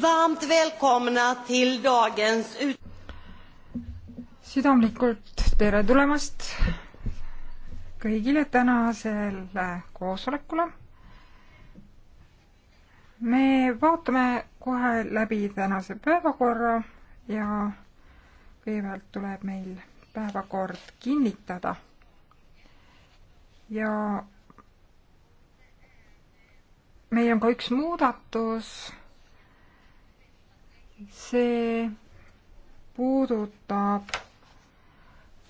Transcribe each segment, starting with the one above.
varmt välkomna till dagens ut- südamlikult tere tulemast kõigile tänasele koosolekule. me vaatame kohe läbi tänase päevakorra ja kõigepealt tuleb meil päevakord kinnitada. ja meil on ka üks muudatus see puudutab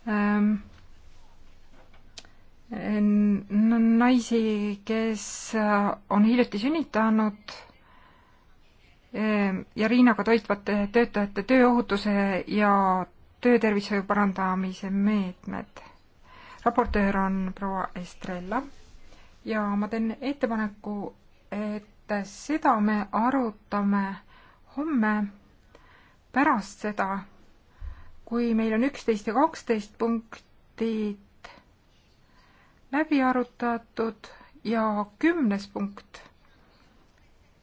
ähm, naisi, kes äh, on hiljuti sünnitanud ähm, ja Riinaga toitvate töötajate tööohutuse ja töötervishoiu parandamise meetmed. raportöör on proua Estrella ja ma teen ettepaneku, et seda me arutame homme pärast seda, kui meil on üksteist ja kaksteist punktid läbi arutatud ja kümnes punkt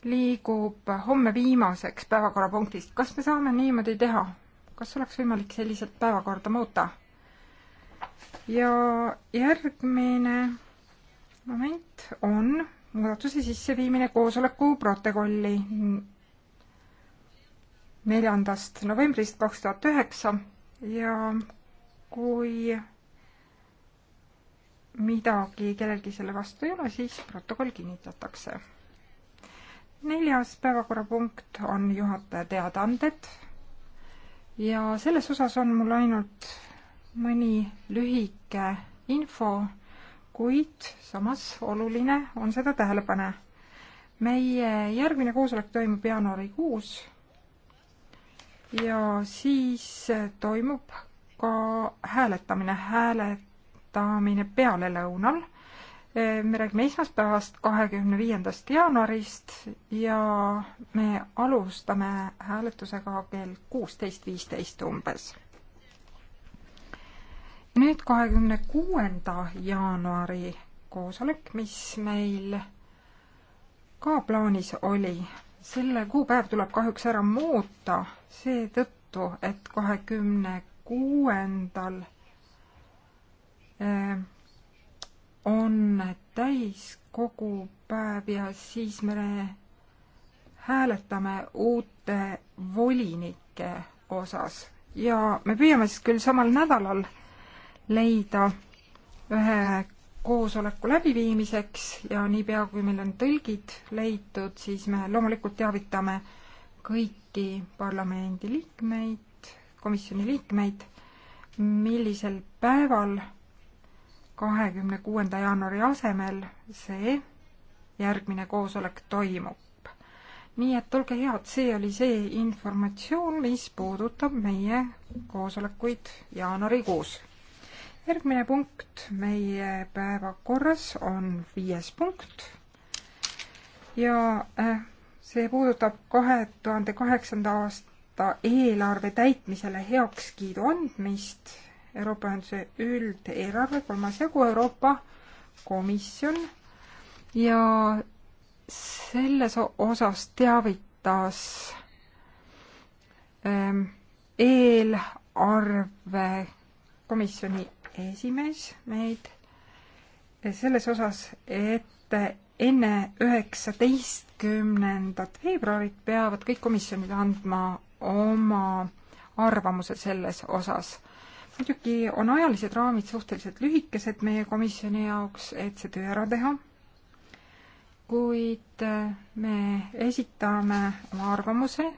liigub homme viimaseks päevakorrapunktist. kas me saame niimoodi teha? kas oleks võimalik selliselt päevakorda muuta? ja järgmine moment on muudatuse sisseviimine koosoleku protokolli neljandast novembrist kaks tuhat üheksa ja kui midagi kellelgi selle vastu ei ole, siis protokoll kinnitatakse. neljas päevakorrapunkt on juhataja teadaanded ja selles osas on mul ainult mõni lühike info, kuid samas oluline on seda tähele panna. meie järgmine koosolek toimub jaanuarikuus ja siis toimub ka hääletamine, hääletamine pealelõunal. me räägime esmaspäevast, kahekümne viiendast jaanuarist ja me alustame hääletusega kell kuusteist viisteist umbes. nüüd kahekümne kuuenda jaanuari koosolek, mis meil ka plaanis oli, selle kuupäev tuleb kahjuks ära muuta seetõttu, et kahekümne kuuendal eh, on täiskogu päev ja siis me hääletame uute volinike osas ja me püüame siis küll samal nädalal leida ühe koosoleku läbiviimiseks ja niipea, kui meil on tõlgid leitud, siis me loomulikult teavitame kõiki parlamendi liikmeid, komisjoni liikmeid, millisel päeval kahekümne kuuenda jaanuari asemel see järgmine koosolek toimub. nii et olge head, see oli see informatsioon, mis puudutab meie koosolekuid jaanuarikuus järgmine punkt meie päevakorras on viies punkt ja äh, see puudutab kahe tuhande kaheksanda aasta eelarve täitmisele heakskiidu andmist Euroopa Ühenduse üldeelarve kolmas jagu Euroopa Komisjon ja selles osas teavitas ähm, eelarve komisjoni esimees meid selles osas, et enne üheksateistkümnendat veebruarit peavad kõik komisjonid andma oma arvamuse selles osas. muidugi on ajalised raamid suhteliselt lühikesed meie komisjoni jaoks, et see töö ära teha, kuid me esitame oma arvamuse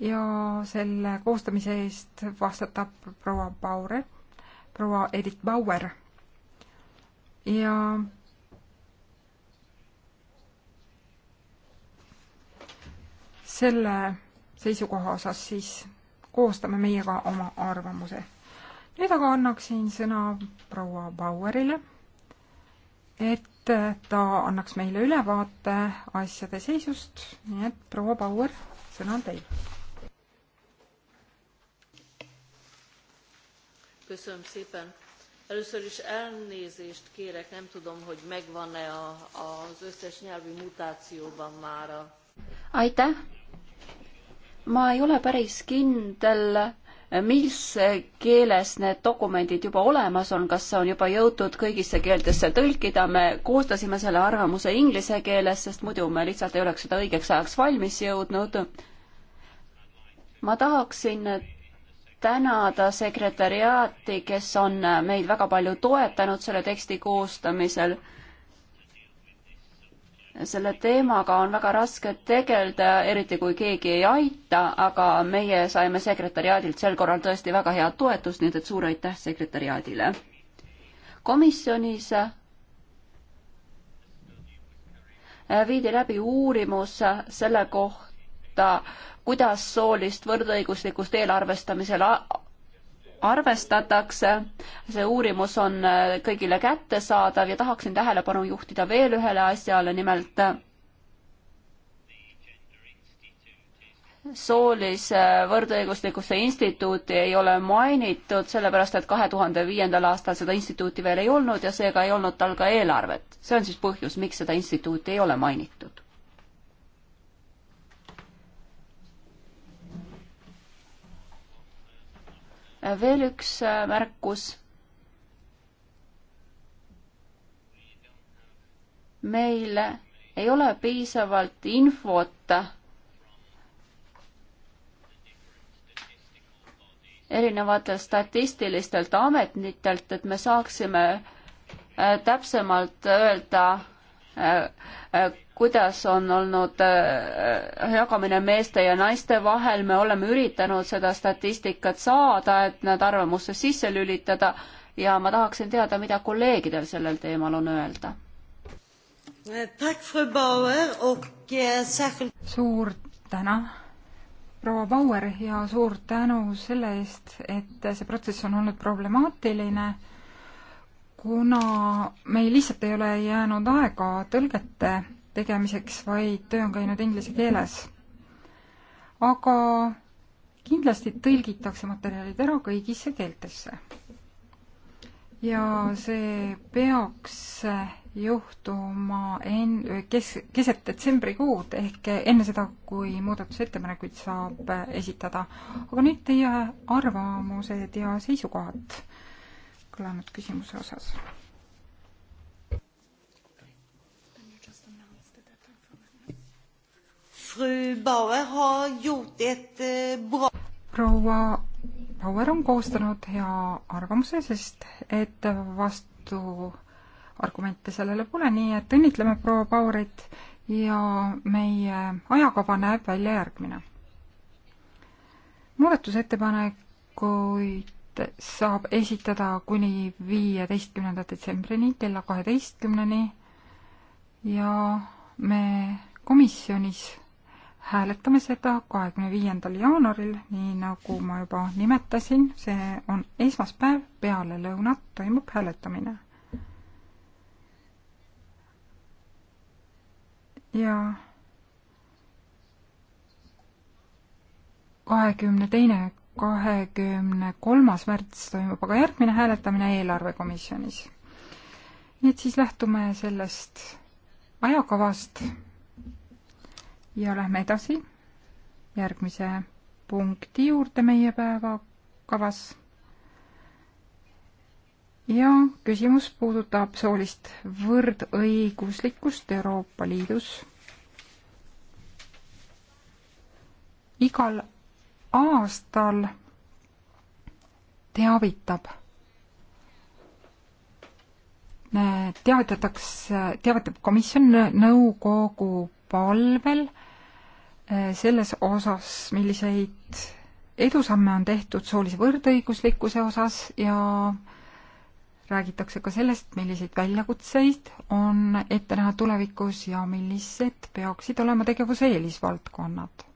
ja selle koostamise eest vastutab proua Paure proua Edith Bauer ja selle seisukoha osas siis koostame meie ka oma arvamuse. nüüd aga annaksin sõna proua Bauerile, et ta annaks meile ülevaate asjade seisust, nii et proua Bauer, sõna on teil Köszönöm szépen. Először is elnézést kérek, nem tudom, hogy megvan-e az összes nyelvi mutációban már a... Aitäh! Ma ei ole päris kindel, mis keeles need dokumendid juba olemas on, kas on juba jõutud kõigisse keeltesse tõlkida, me koostasime selle arvamuse inglise keeles, sest muidu me lihtsalt ei oleks seda õigeks ajaks valmis jõudnud. ma tahaksin tänada sekretäriaati, kes on meid väga palju toetanud selle teksti koostamisel. selle teemaga on väga raske tegeleda, eriti kui keegi ei aita, aga meie saime sekretäriaadilt sel korral tõesti väga head toetust, nii et suur aitäh sekretäriaadile. komisjonis eh, viidi läbi uurimus selle kohta, kohta, kuidas soolist võrdõiguslikkust eelarvestamisel arvestatakse. see uurimus on äh, kõigile kättesaadav ja tahaksin tähelepanu juhtida veel ühele asjale, nimelt soolise võrdõiguslikkuse instituuti ei ole mainitud, sellepärast et kahe tuhande viiendal aastal seda instituuti veel ei olnud ja seega ei olnud tal ka eelarvet. see on siis põhjus, miks seda instituuti ei ole mainitud. veel üks äh, märkus. meil ei ole piisavalt infot erinevatelt statistilistelt ametnitelt, et me saaksime äh, täpsemalt öelda, äh, kuidas on olnud äh, jagamine meeste ja naiste vahel, me oleme üritanud seda statistikat saada, et nad arvamusse sisse lülitada ja ma tahaksin teada, mida kolleegidel sellel teemal on öelda. Eh, suur tänu, proua Bauer ja suur tänu selle eest, et see protsess on olnud problemaatiline kuna meil lihtsalt ei ole jäänud aega tõlgete tegemiseks, vaid töö on käinud inglise keeles. aga kindlasti tõlgitakse materjalid ära kõigisse keeltesse. ja see peaks juhtuma en-, kes-, keset detsembrikuud ehk enne seda, kui muudatusettepanekuid saab esitada. aga nüüd teie arvamused ja seisukohad kõlanud küsimuse osas Fru Bauer har gjort et eh, bra proua Bauer on koostanud hea arvamuse, sest et vastu argumente sellele pole, nii et õnnitleme proua Bauerit ja meie ajakava näeb välja järgmine. muudatusettepanekuid saab esitada kuni viieteistkümnenda detsembrini kella kaheteistkümneni ja me komisjonis hääletame seda kahekümne viiendal jaanuaril, nii nagu ma juba nimetasin, see on esmaspäev peale lõunat toimub hääletamine. ja kahekümne teine, kahekümne kolmas märts toimub aga järgmine hääletamine eelarvekomisjonis. nii et siis lähtume sellest ajakavast ja lähme edasi järgmise punkti juurde meie päevakavas. ja küsimus puudutab soolist võrdõiguslikkust Euroopa Liidus. igal aastal teavitab, teavitatakse, teavitab komisjon nõukogu palvel äh, Äh, selles osas, milliseid edusamme on tehtud soolise võrdõiguslikkuse osas ja räägitakse ka sellest, milliseid väljakutseid on ette näha tulevikus ja millised peaksid olema tegevuse eelisvaldkonnad.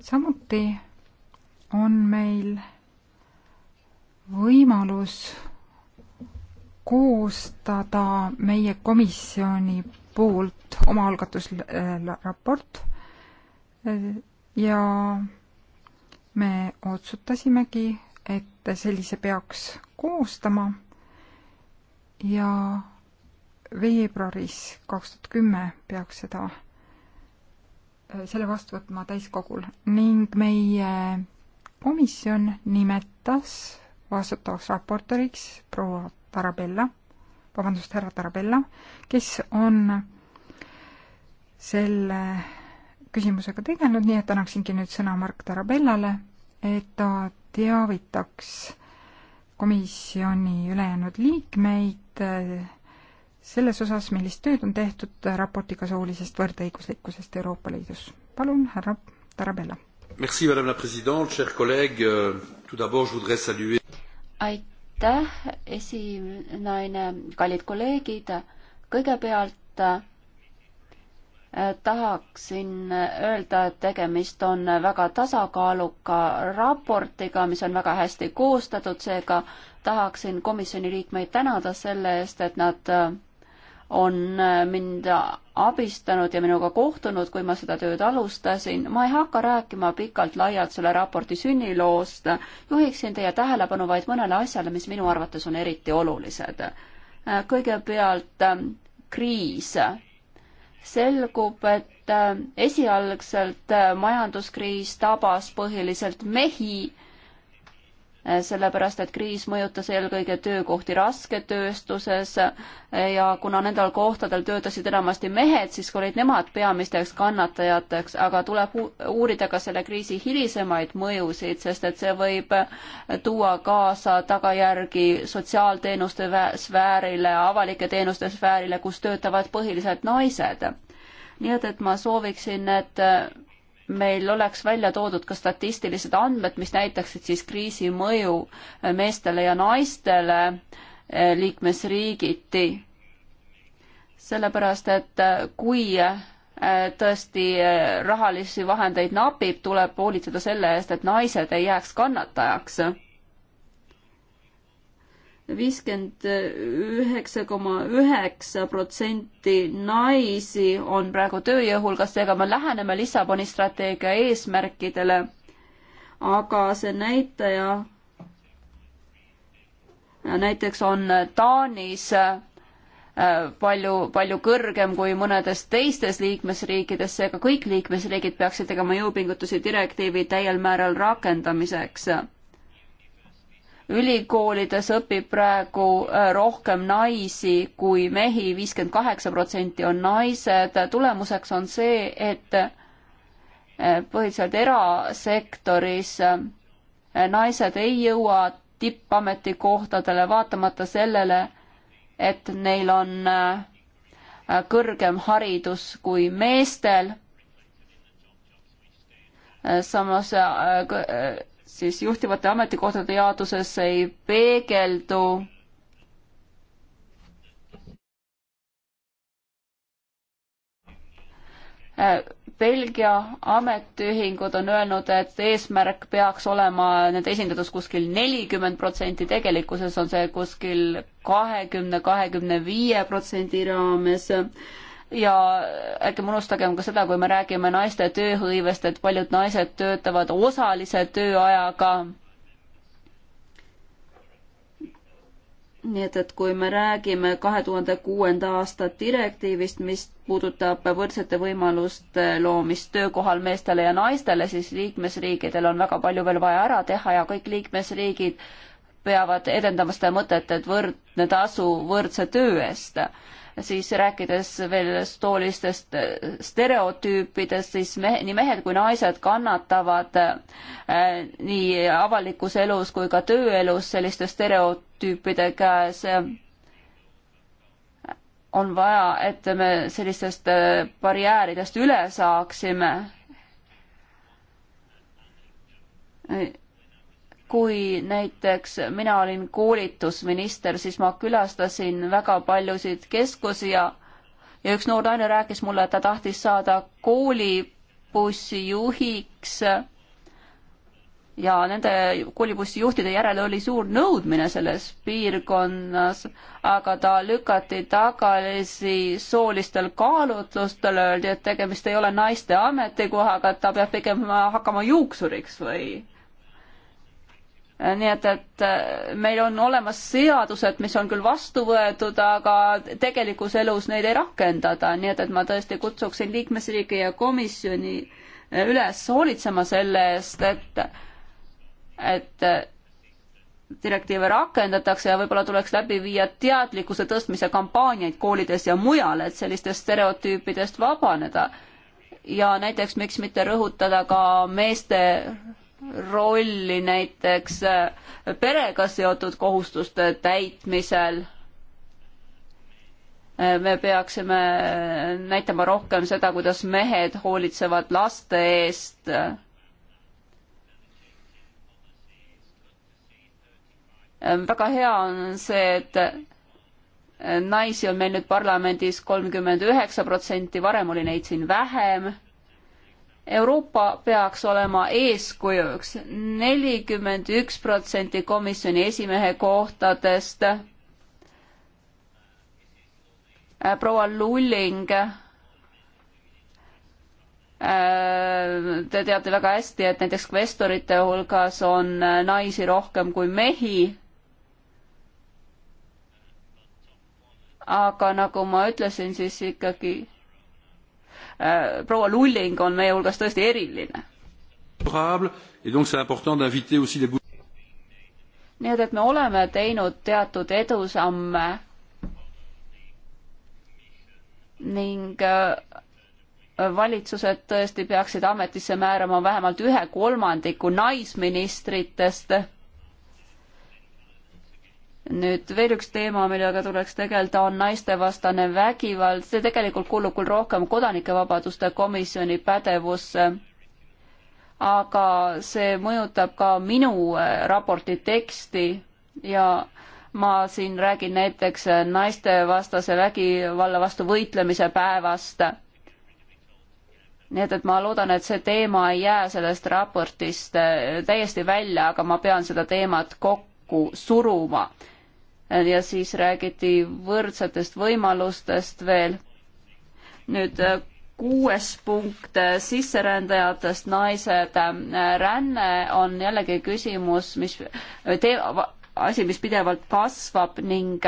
samuti on meil võimalus koostada meie komisjoni poolt omaalgatusraport ja me otsustasimegi, et sellise peaks koostama ja veebruaris kaks tuhat kümme peaks seda, selle vastu võtma täiskogul ning meie komisjon nimetas vastutavaks raportööriks proua Tarabella vabandust, härra Tarabella, kes on selle küsimusega tegelenud, nii et annaksingi nüüd sõna Mark Tarabellale, et ta teavitaks komisjoni ülejäänud liikmeid eh, selles osas, millist tööd on tehtud raportiga soolisest võrdõiguslikkusest Euroopa Liidus. palun, härra Tarabella. Merci, madame la présidente, chers collègues, euh, tout d'abord je voudrais saluer aitäh aitäh, esinaine, kallid kolleegid. kõigepealt äh, tahaksin öelda, et tegemist on väga tasakaaluka raportiga, mis on väga hästi koostatud, seega tahaksin komisjoni liikmeid tänada selle eest, et nad äh, on mind abistanud ja minuga kohtunud, kui ma seda tööd alustasin. ma ei hakka rääkima pikalt-laialt selle raporti sünniloost, juhiksin teie tähelepanu vaid mõnele asjale, mis minu arvates on eriti olulised. kõigepealt ähm, kriis. selgub, et äh, esialgselt äh, majanduskriis tabas põhiliselt mehi Eh, sellepärast et kriis mõjutas eelkõige töökohti rasketööstuses eh, ja kuna nendel kohtadel töötasid enamasti mehed, siis olid nemad peamisteks kannatajateks, aga tuleb uurida ka selle kriisi hilisemaid mõjusid, sest et see võib eh, tuua kaasa tagajärgi sotsiaalteenuste sfäärile, avalike teenuste sfäärile, kus töötavad põhiliselt naised. nii et, et ma sooviksin, et meil oleks välja toodud ka statistilised andmed, mis näitaksid siis kriisi mõju eh, meestele ja naistele eh, liikmesriigiti. sellepärast, et eh, kui tõesti rahalisi vahendeid napib, tuleb hoolitseda selle eest, et naised ei jääks kannatajaks viiskümmend üheksa koma üheksa protsenti naisi on praegu tööjõu hulgas, seega me läheneme Lissaboni strateegia eesmärkidele. aga see näitaja näiteks on Taanis äh, palju, palju kõrgem kui mõnedes teistes liikmesriikides, seega kõik liikmesriigid peaksid tegema jõupingutusi direktiivi täiel määral rakendamiseks ülikoolides õpib praegu äh, rohkem naisi kui mehi, viiskümmend kaheksa protsenti on naised, tulemuseks on see, et äh, põhiliselt erasektoris äh, naised ei jõua tippametikohtadele, vaatamata sellele, et neil on kõrgem haridus kui meestel samas siis juhtivate ametikohtade jaotuses ei peegeldu äh, Belgia ametiühingud on öelnud, et eesmärk peaks olema nende esindatus kuskil nelikümmend protsenti, tegelikkuses on see kuskil kahekümne, kahekümne viie protsendi raames ja ärgem unustagem ka seda, kui me räägime naiste tööhõivest, et paljud naised töötavad osalise tööajaga. nii et, et kui me räägime kahe tuhande kuuenda aasta direktiivist, mis puudutab võrdsete võimaluste loomist töökohal meestele ja naistele, siis liikmesriikidel on väga palju veel vaja ära teha ja kõik liikmesriigid peavad edendama seda mõtet, et võrdne tasu võrdse töö eest siis rääkides veel soolistest stereotüüpidest, siis mehe, nii mehed kui naised kannatavad äh, nii avalikus elus kui ka tööelus selliste stereotüüpide käes. on vaja, et me sellistest äh, barjääridest üle saaksime äh, kui näiteks mina olin koolitusminister, siis ma külastasin väga paljusid keskusi ja ja üks noor naine rääkis mulle, et ta tahtis saada koolibussijuhiks. ja nende koolibussijuhtide järele oli suur nõudmine selles piirkonnas, aga ta lükati tagasi soolistel kaalutlustel, öeldi, et tegemist ei ole naiste ametikohaga, et ta peab pigem hakkama juuksuriks või Äh, nii et, et äh, meil on olemas seadused, mis on küll vastu võetud, aga tegelikus elus neid ei rakendada, nii et, et ma tõesti kutsuksin liikmesriigi ja komisjoni äh, üles hoolitsema selle eest, et, et direktiive rakendatakse ja võib-olla tuleks läbi viia teadlikkuse tõstmise kampaaniaid koolides ja mujal, et sellistest stereotüüpidest vabaneda. ja näiteks miks mitte rõhutada ka meeste rolli näiteks äh, perega seotud kohustuste täitmisel. Äh, me peaksime näitama rohkem seda, kuidas mehed hoolitsevad laste eest. Äh, väga hea on see, et naisi on meil nüüd parlamendis kolmkümmend üheksa protsenti, varem oli neid siin vähem Euroopa peaks olema eeskujuks. nelikümmend üks protsenti komisjoni esimehe kohtadest äh, proua Lulling, äh, te teate väga hästi, et näiteks kvestorite hulgas on äh, naisi rohkem kui mehi. aga nagu ma ütlesin, siis ikkagi Äh, proua Lulling on meie hulgas tõesti eriline. nii et, et me oleme teinud teatud edusamme ning äh, valitsused tõesti peaksid ametisse määrama vähemalt ühe kolmandiku naisministritest nüüd veel üks teema, millega tuleks tegeleda, on naistevastane vägivald. see tegelikult kuulub küll rohkem kodanikevabaduste komisjoni pädevusse, aga see mõjutab ka minu äh, raporti teksti ja ma siin räägin näiteks äh, naistevastase vägivalla vastu võitlemise päevast. nii et, et ma loodan, et see teema ei jää sellest raportist äh, täiesti välja, aga ma pean seda teemat kokku suruma ja siis räägiti võrdsetest võimalustest veel. nüüd äh, kuues punkt äh, sisserändajatest naised, äh, ränne on jällegi küsimus, mis, asi, mis pidevalt kasvab ning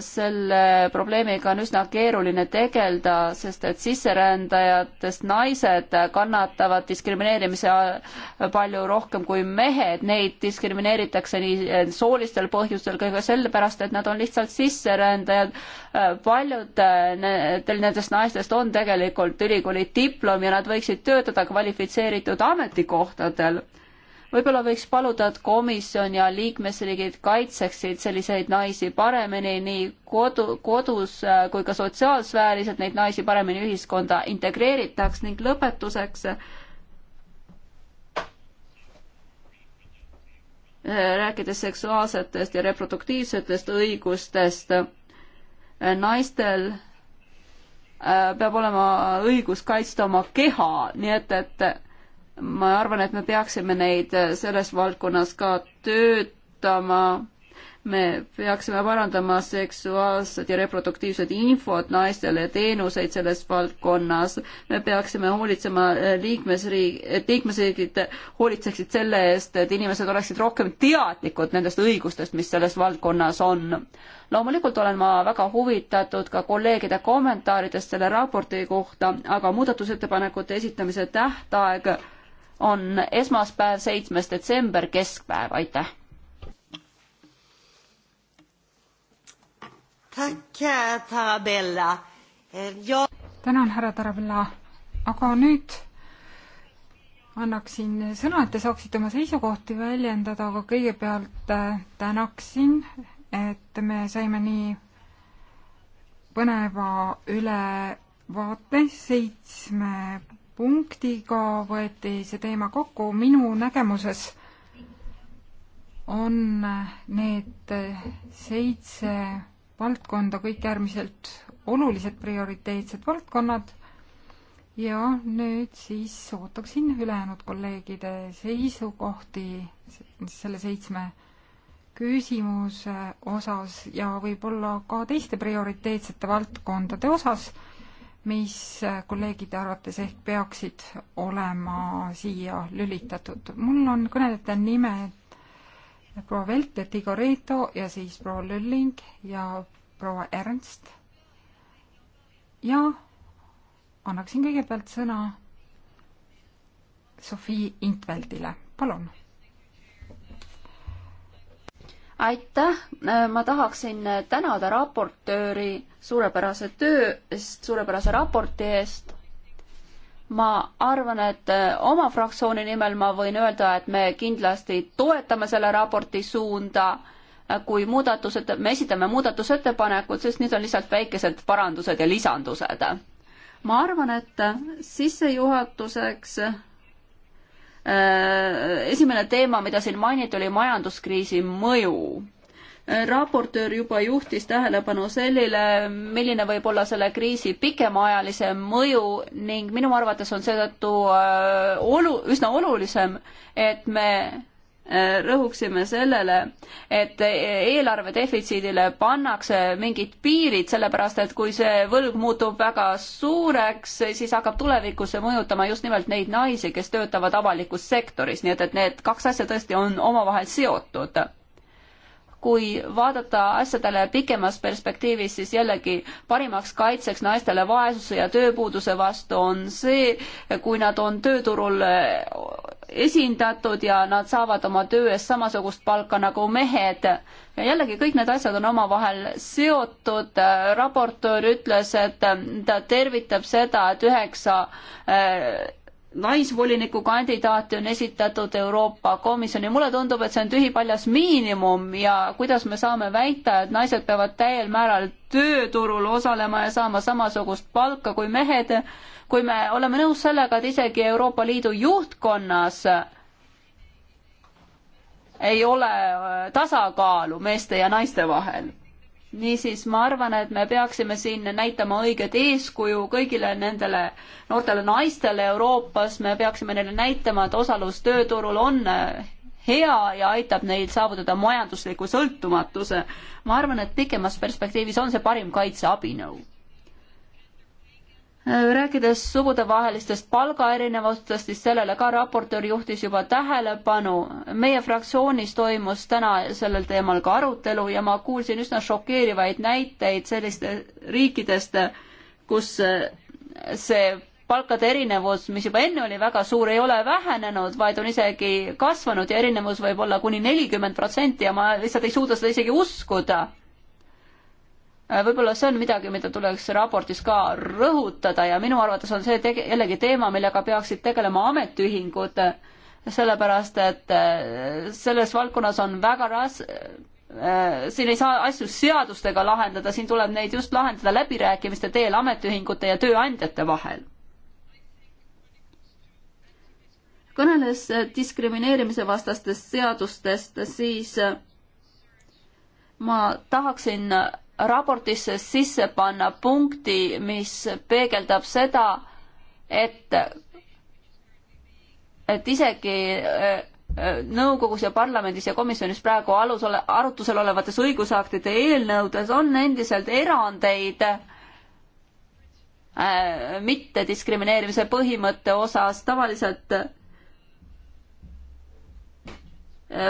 selle probleemiga on üsna keeruline tegeleda, sest et sisserändajatest naised kannatavad diskrimineerimise palju rohkem kui mehed, neid diskrimineeritakse nii soolistel põhjustel kui ka sellepärast, et nad on lihtsalt sisserändajad. paljud nendest naistest on tegelikult ülikooli diplom ja nad võiksid töötada kvalifitseeritud ametikohtadel võib-olla võiks paluda, et komisjon ja liikmesriigid kaitseksid selliseid naisi paremini nii kodu, kodus äh, kui ka sotsiaalsfääris, et neid naisi paremini ühiskonda integreeritaks ning lõpetuseks äh, rääkides seksuaalsetest ja reproduktiivsetest õigustest, äh, naistel peab olema õigus kaitsta oma keha, nii et, et ma arvan, et me peaksime neid äh, selles valdkonnas ka töötama, me peaksime parandama seksuaalset ja reproduktiivset infot naistele, teenuseid selles valdkonnas, me peaksime hoolitsema äh, liikmesriik, et liikmesriigid hoolitseksid selle eest, et inimesed oleksid rohkem teadlikud nendest õigustest, mis selles valdkonnas on. loomulikult olen ma väga huvitatud ka kolleegide kommentaaridest selle raporti kohta, aga muudatusettepanekute esitamise tähtaeg on esmaspäev, seitsmes detsember, keskpäev, aitäh. Eh, tänan, härra Tarabella, aga nüüd annaksin sõna, et te saaksite oma seisukohti väljendada, aga kõigepealt eh, tänaksin, et me saime nii põneva ülevaate seitsme punktiga võeti see teema kokku. minu nägemuses on need seitse valdkonda kõik äärmiselt olulised prioriteetsed valdkonnad ja nüüd siis ootaksin ülejäänud kolleegide seisukohti selle seitsme küsimuse osas ja võib-olla ka teiste prioriteetsete valdkondade osas mis kolleegide arvates ehk peaksid olema siia lülitatud. mul on kõnelejate nimed proua Velter Tigoreto ja siis proua Lülling ja proua Ernst. ja annaksin kõigepealt sõna Sofii Intveldile, palun aitäh, äh, ma tahaksin tänada raportööri suurepärase töö eest, suurepärase raporti eest. ma arvan, et äh, oma fraktsiooni nimel ma võin öelda, et me kindlasti toetame selle raporti suunda, äh, kui muudatused, me esitame muudatusettepanekud, sest need on lihtsalt väikesed parandused ja lisandused. ma arvan, et sissejuhatuseks Äh, esimene teema, mida siin mainiti, oli majanduskriisi mõju. Äh, raportöör juba juhtis tähelepanu sellele, milline võib olla selle kriisi pikemaajalise mõju ning minu arvates on seetõttu äh, olu-, üsna olulisem, et me rõhuksime sellele, et eelarve defitsiidile pannakse mingid piirid, sellepärast et kui see võlg muutub väga suureks, siis hakkab tulevikus see mõjutama just nimelt neid naisi, kes töötavad avalikus sektoris, nii et, et need kaks asja tõesti on omavahel seotud kui vaadata asjadele pikemas perspektiivis, siis jällegi parimaks kaitseks naistele vaesuse ja tööpuuduse vastu on see, kui nad on tööturul esindatud ja nad saavad oma töö eest samasugust palka nagu mehed. ja jällegi kõik need asjad on omavahel seotud. raportöör ütles, et ta tervitab seda, et üheksa naisvoliniku kandidaati on esitatud Euroopa Komisjoni. mulle tundub, et see on tühipaljas miinimum ja kuidas me saame väita, et naised peavad täiel määral tööturul osalema ja saama samasugust palka kui mehed, kui me oleme nõus sellega, et isegi Euroopa Liidu juhtkonnas ei ole äh, tasakaalu meeste ja naiste vahel niisiis ma arvan, et me peaksime siin näitama õiget eeskuju kõigile nendele noortele naistele Euroopas, me peaksime neile näitama, et osalus tööturul on hea ja aitab neil saavutada majandusliku sõltumatuse. ma arvan, et pikemas perspektiivis on see parim kaitseabinõu rääkides sugudevahelistest palgaerinevustest, siis sellele ka raportöör juhtis juba tähelepanu. meie fraktsioonis toimus täna sellel teemal ka arutelu ja ma kuulsin üsna šokeerivaid näiteid sellistest riikidest, kus see palkade erinevus, mis juba enne oli väga suur, ei ole vähenenud, vaid on isegi kasvanud ja erinevus võib olla kuni nelikümmend protsenti ja ma lihtsalt ei suuda seda isegi uskuda Äh, võib-olla see on midagi, mida tuleks raportis ka rõhutada ja minu arvates on see tege-, jällegi teema, millega peaksid tegelema ametiühingud, sellepärast et äh, selles valdkonnas on väga ras-, äh, siin ei saa asju seadustega lahendada, siin tuleb neid just lahendada läbirääkimiste teel ametiühingute ja tööandjate vahel. kõneles diskrimineerimise vastastest seadustest, siis ma tahaksin raportisse sisse panna punkti, mis peegeldab seda, et, et isegi äh, äh, nõukogus ja parlamendis ja komisjonis praegu alus ole, arutusel olevates õigusaktide eelnõudes on endiselt erandeid äh, mittediskrimineerimise põhimõtte osas tavaliselt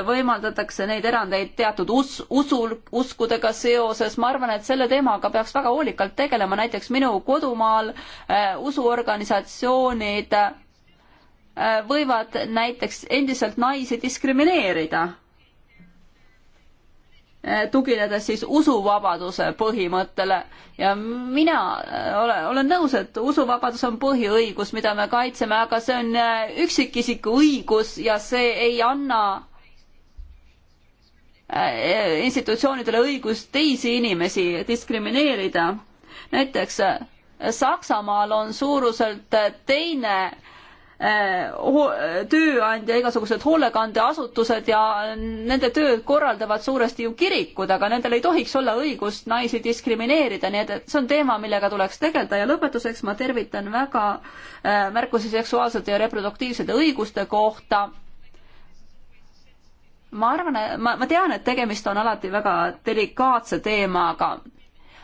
võimaldatakse neid erandeid teatud us-, usul, uskudega seoses, ma arvan, et selle teemaga peaks väga hoolikalt tegelema, näiteks minu kodumaal äh, usuorganisatsioonid äh, võivad näiteks endiselt naisi diskrimineerida äh,, tuginedes siis usuvabaduse põhimõttele ja mina äh, ole, olen nõus, et usuvabadus on põhiõigus, mida me kaitseme, aga see on äh, üksikisiku õigus ja see ei anna Äh, institutsioonidele õigus teisi inimesi diskrimineerida. näiteks äh, Saksamaal on suuruselt äh, teine tööandja, igasugused hoolekandeasutused ja nende tööd korraldavad suuresti ju kirikud, aga nendel ei tohiks olla õigust naisi diskrimineerida, nii et, et see on teema, millega tuleks tegeleda ja lõpetuseks ma tervitan väga märkusi seksuaalsete ja reproduktiivsete õiguste kohta ma arvan, ma, ma tean, et tegemist on alati väga delikaatse teemaga,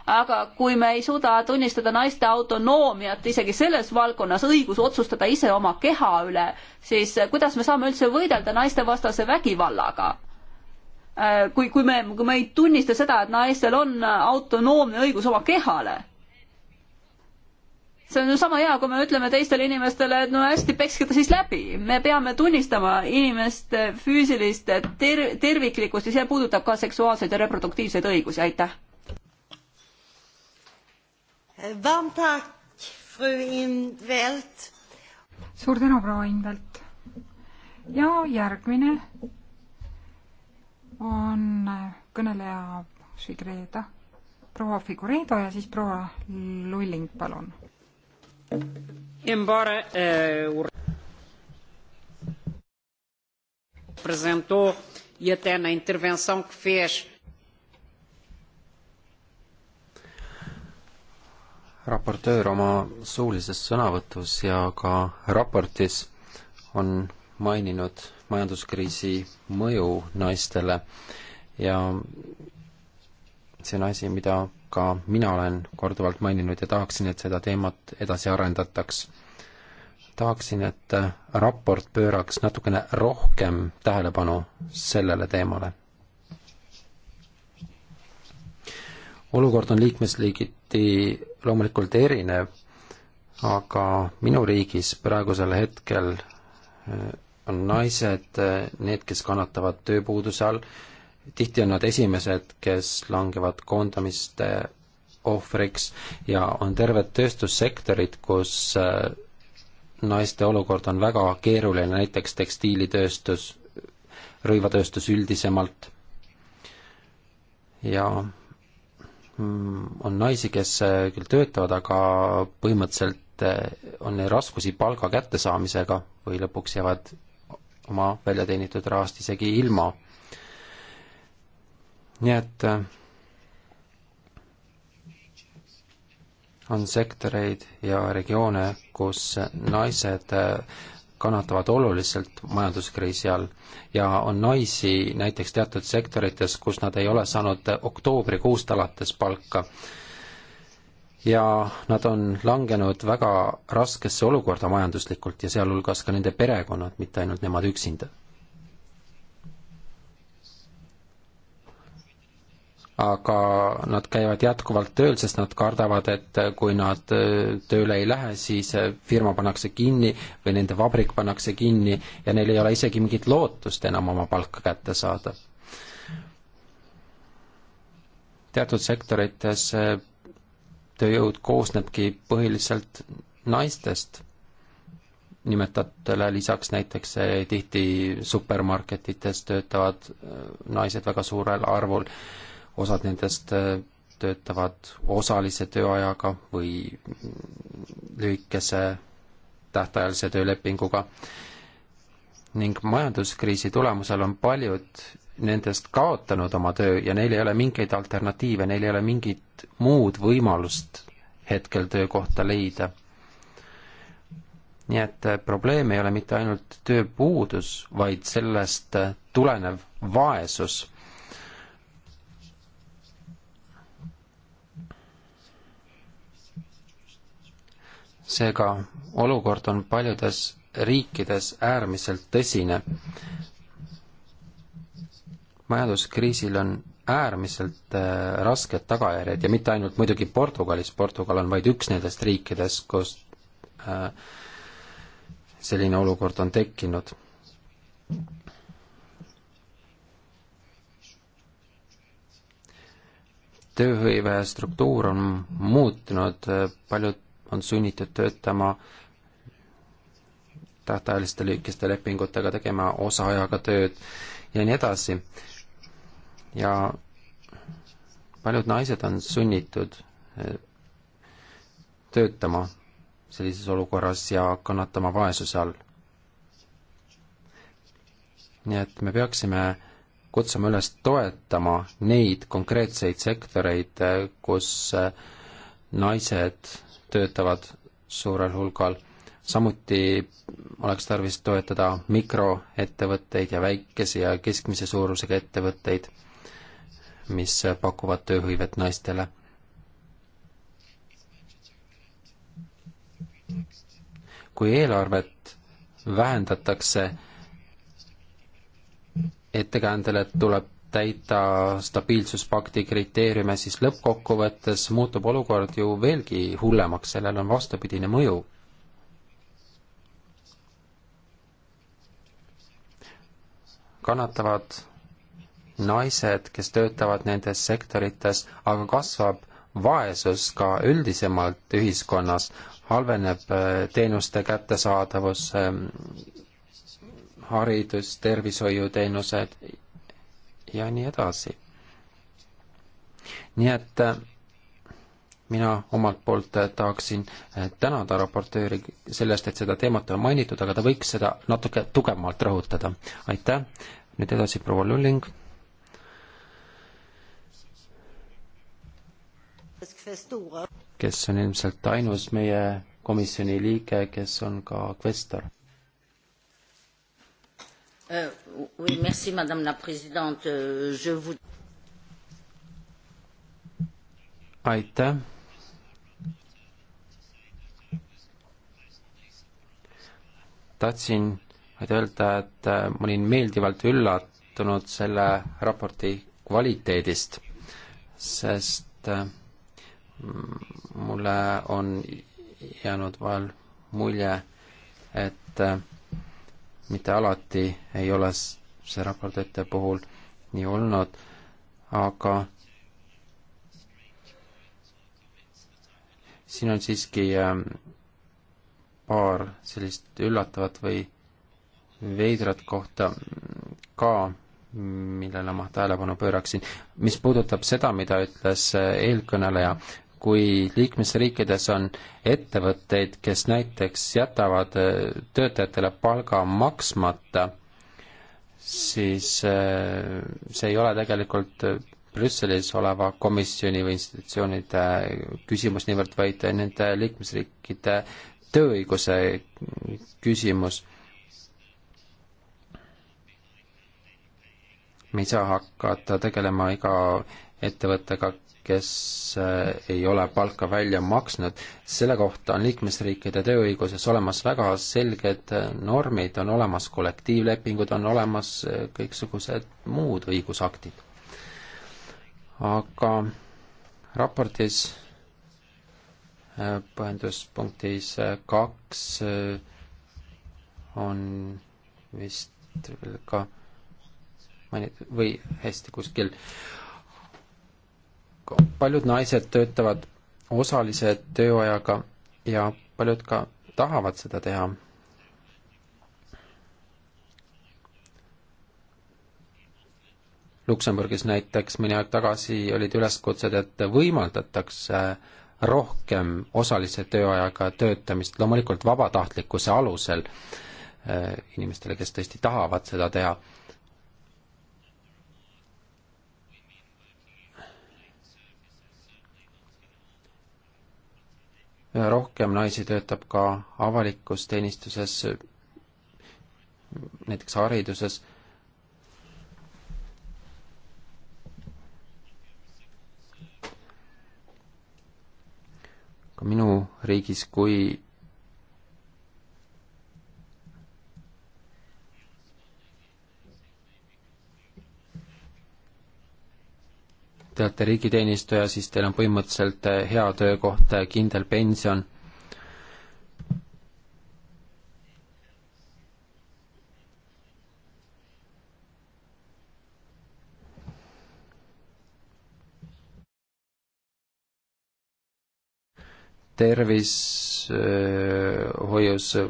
aga kui me ei suuda tunnistada naiste autonoomiat isegi selles valdkonnas, õigus otsustada ise oma keha üle, siis kuidas me saame üldse võidelda naistevastase vägivallaga? Äh, kui, kui me, kui me ei tunnista seda, et naistel on autonoomne õigus oma kehale see on ju sama hea, kui me ütleme teistele inimestele, et no hästi, pekske ta siis läbi. me peame tunnistama inimeste füüsilist ter-, terviklikkust ja see puudutab ka seksuaalseid ja reproduktiivseid õigusi, aitäh. suur tänu, proua Invelt. ja järgmine on kõneleja Sigreeda, proua Figureedo ja siis proua Lulling, palun Embora uh, o apresentou e até na intervenção que fez. raportöör oma suulises sõnavõtus ja ka raportis on maininud majanduskriisi mõju naistele ja see on asi, mida ka mina olen korduvalt maininud ja tahaksin, et seda teemat edasi arendataks. tahaksin, et raport pööraks natukene rohkem tähelepanu sellele teemale. olukord on liikmesliigiti loomulikult erinev, aga minu riigis praegusel hetkel eh, on naised eh, need, kes kannatavad tööpuuduse all, tihti on nad esimesed, kes langevad koondamiste ohvriks ja on terved tööstussektorid, kus äh, naiste olukord on väga keeruline, näiteks tekstiilitööstus, rõivatööstus üldisemalt. ja mm, on naisi, kes äh, küll töötavad, aga põhimõtteliselt äh, on neil raskusi palga kättesaamisega või lõpuks jäävad oma väljateenitud rahast isegi ilma nii et äh, on sektoreid ja regioone, kus naised äh, kannatavad oluliselt majanduskriisi all ja on naisi näiteks teatud sektorites, kus nad ei ole saanud oktoobrikuust alates palka ja nad on langenud väga raskesse olukorda majanduslikult ja sealhulgas ka nende perekonnad, mitte ainult nemad üksinda. aga nad käivad jätkuvalt tööl, sest nad kardavad, et kui nad äh, tööle ei lähe, siis äh, firma pannakse kinni või nende vabrik pannakse kinni ja neil ei ole isegi mingit lootust enam oma palka kätte saada. teatud sektorites äh, tööjõud koosnebki põhiliselt naistest, nimetatele lisaks näiteks tihti supermarketites töötavad naised väga suurel arvul osad nendest äh, töötavad osalise tööajaga või lühikese tähtajalise töölepinguga. ning majanduskriisi tulemusel on paljud nendest kaotanud oma töö ja neil ei ole mingeid alternatiive, neil ei ole mingit muud võimalust hetkel töökohta leida. nii et äh, probleem ei ole mitte ainult tööpuudus, vaid sellest äh, tulenev vaesus seega olukord on paljudes riikides äärmiselt tõsine. majanduskriisil on äärmiselt äh, rasked tagajärjed ja mitte ainult muidugi Portugalis, Portugal on vaid üks nendest riikidest, kus äh, selline olukord on tekkinud. tööhõive struktuur on muutunud, äh, paljud on sunnitud töötama tähtajaliste lühikeste lepingutega, tegema osaajaga tööd ja nii edasi. ja paljud naised on sunnitud eh, töötama sellises olukorras ja kannatama vaesuse all. nii et me peaksime kutsume üles toetama neid konkreetseid sektoreid, eh, kus eh, naised töötavad suurel hulgal, samuti oleks tarvis toetada mikroettevõtteid ja väikese ja keskmise suurusega ettevõtteid, mis pakuvad tööhõivet naistele. kui eelarvet vähendatakse ettekäändel, et tuleb täita stabiilsuspakti kriteeriume, siis lõppkokkuvõttes muutub olukord ju veelgi hullemaks, sellel on vastupidine mõju. kannatavad naised, kes töötavad nendes sektorites, aga kasvab vaesus ka üldisemalt ühiskonnas, halveneb äh, teenuste kättesaadavus, ähm, haridus, tervishoiuteenused ja nii edasi. nii et äh, mina omalt poolt äh, tahaksin äh, tänada raportööri sellest, et seda teemat on mainitud, aga ta võiks seda natuke tugevamalt rõhutada. aitäh, nüüd edasi proua Lulling. kes on ilmselt ainus meie komisjoni liige, kes on ka kvestor Euh, oui, merci Madame la Présidente. Euh, je vous... aitäh. tahtsin vaid öelda, et äh, ma olin meeldivalt üllatunud selle raporti kvaliteedist, sest äh, mulle on jäänud vahel mulje, et äh, mitte alati ei ole see raport ette puhul nii olnud, aga siin on siiski ähm, paar sellist üllatavat või veidrat kohta ka, millele ma tähelepanu pööraksin. mis puudutab seda, mida ütles eelkõneleja, kui liikmesriikides on ettevõtteid, kes näiteks jätavad äh, töötajatele palga maksmata, siis äh, see ei ole tegelikult äh, Brüsselis oleva komisjoni või institutsioonide küsimus niivõrd, vaid nende liikmesriikide tööõiguse küsimus. me ei saa hakata tegelema iga ettevõttega, kes äh, ei ole palka välja maksnud. selle kohta on liikmesriikide tööõiguses olemas väga selged äh, normid, on olemas kollektiivlepingud, on olemas äh, kõiksugused muud õigusaktid. aga raportis põhjenduspunktis kaks on vist ka mainitud või hästi kuskil paljud naised töötavad osalise tööajaga ja paljud ka tahavad seda teha. Luksemburgis näiteks mõni aeg tagasi olid üleskutsed, et võimaldatakse rohkem osalise tööajaga töötamist, loomulikult vabatahtlikkuse alusel eh, inimestele, kes tõesti tahavad seda teha rohkem naisi töötab ka avalikus teenistuses, näiteks hariduses. ka minu riigis, kui te olete riigiteenistuja, siis teil on põhimõtteliselt eh, hea töökoht, eh, kindel pension. tervishoius eh,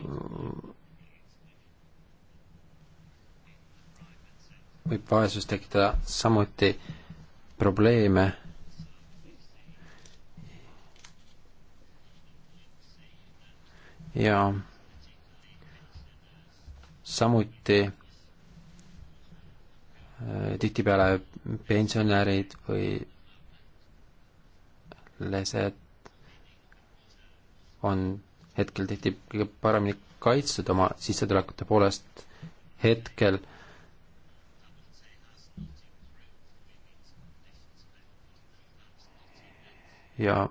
võib vaesus tekitada samuti probleeme ja samuti äh, tihtipeale pensionärid või lesed on hetkel tihti kõige paremini kaitstud oma sissetulekute poolest hetkel ja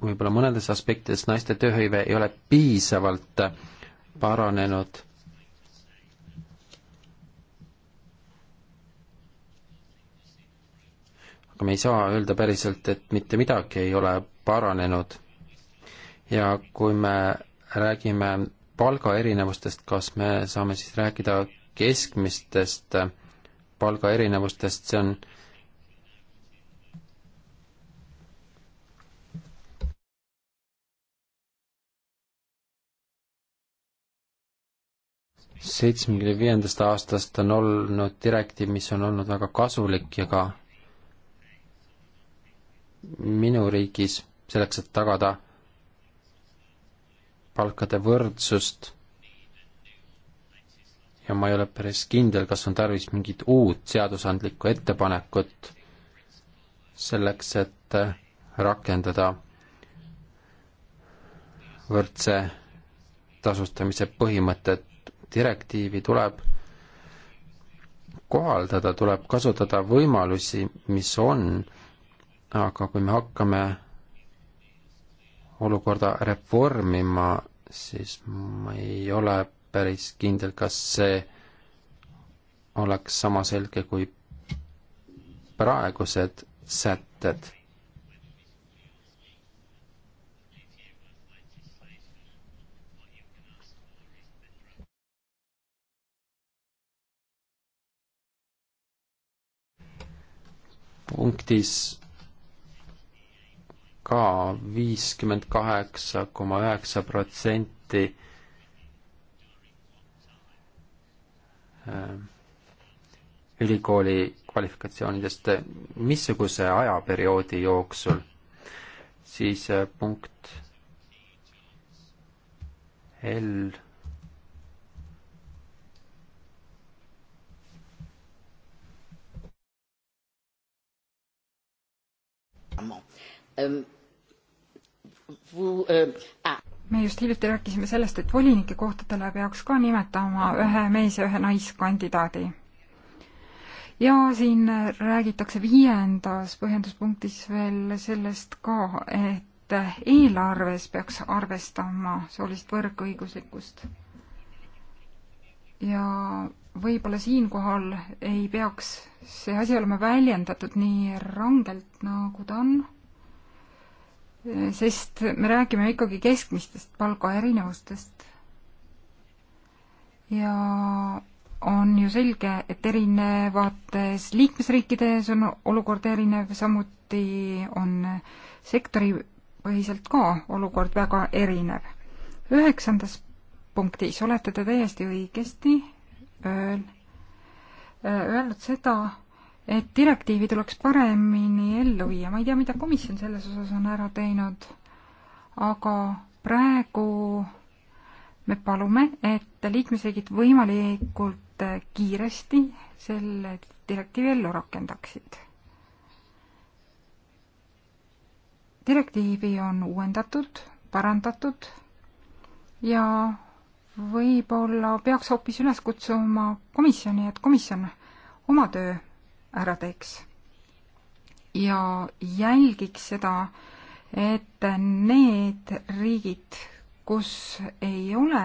võib-olla mõnedes aspektides naiste tööhõive ei ole piisavalt paranenud. aga me ei saa öelda päriselt, et mitte midagi ei ole paranenud. ja kui me räägime palgaerinevustest, kas me saame siis rääkida keskmistest palgaerinevustest, see on äh, seitsmekümne viiendast aastast on olnud direktiiv, mis on olnud väga kasulik ja ka minu riigis selleks, et tagada palkade võrdsust ja ma ei ole päris kindel, kas on tarvis mingit uut seadusandlikku ettepanekut selleks, et rakendada võrdse tasustamise põhimõtet direktiivi tuleb kohaldada, tuleb kasutada võimalusi, mis on, aga kui me hakkame olukorda reformima, siis ma ei ole päris kindel, kas see oleks sama selge kui praegused sätted punktis ka viiskümmend kaheksa koma üheksa protsenti ülikooli kvalifikatsioonidest, missuguse ajaperioodi jooksul, siis eh, punkt L Ähm, ähm, ah. me just hiljuti rääkisime sellest, et volinike kohtadele peaks ka nimetama ühe mees- ja ühe naiskandidaadi. ja siin räägitakse viiendas põhjenduspunktis veel sellest ka, et eelarves peaks arvestama soolist võrgõiguslikkust. ja võib-olla siinkohal ei peaks see asi olema väljendatud nii rangelt, nagu ta on sest me räägime ikkagi keskmistest palgaerinevustest. ja on ju selge, et erinevates liikmesriikides on olukord erinev, samuti on sektoripõhiselt ka olukord väga erinev. üheksandas punktis olete te täiesti õigesti öel, öelnud seda, et direktiivi tuleks paremini ellu viia. ma ei tea, mida komisjon selles osas on ära teinud, aga praegu me palume, et liikmesriigid võimalikult kiiresti selle direktiivi ellu rakendaksid. direktiivi on uuendatud, parandatud ja võib-olla peaks hoopis üles kutsuma komisjoni, et komisjon oma töö ära teeks. ja jälgiks seda, et need riigid, kus ei ole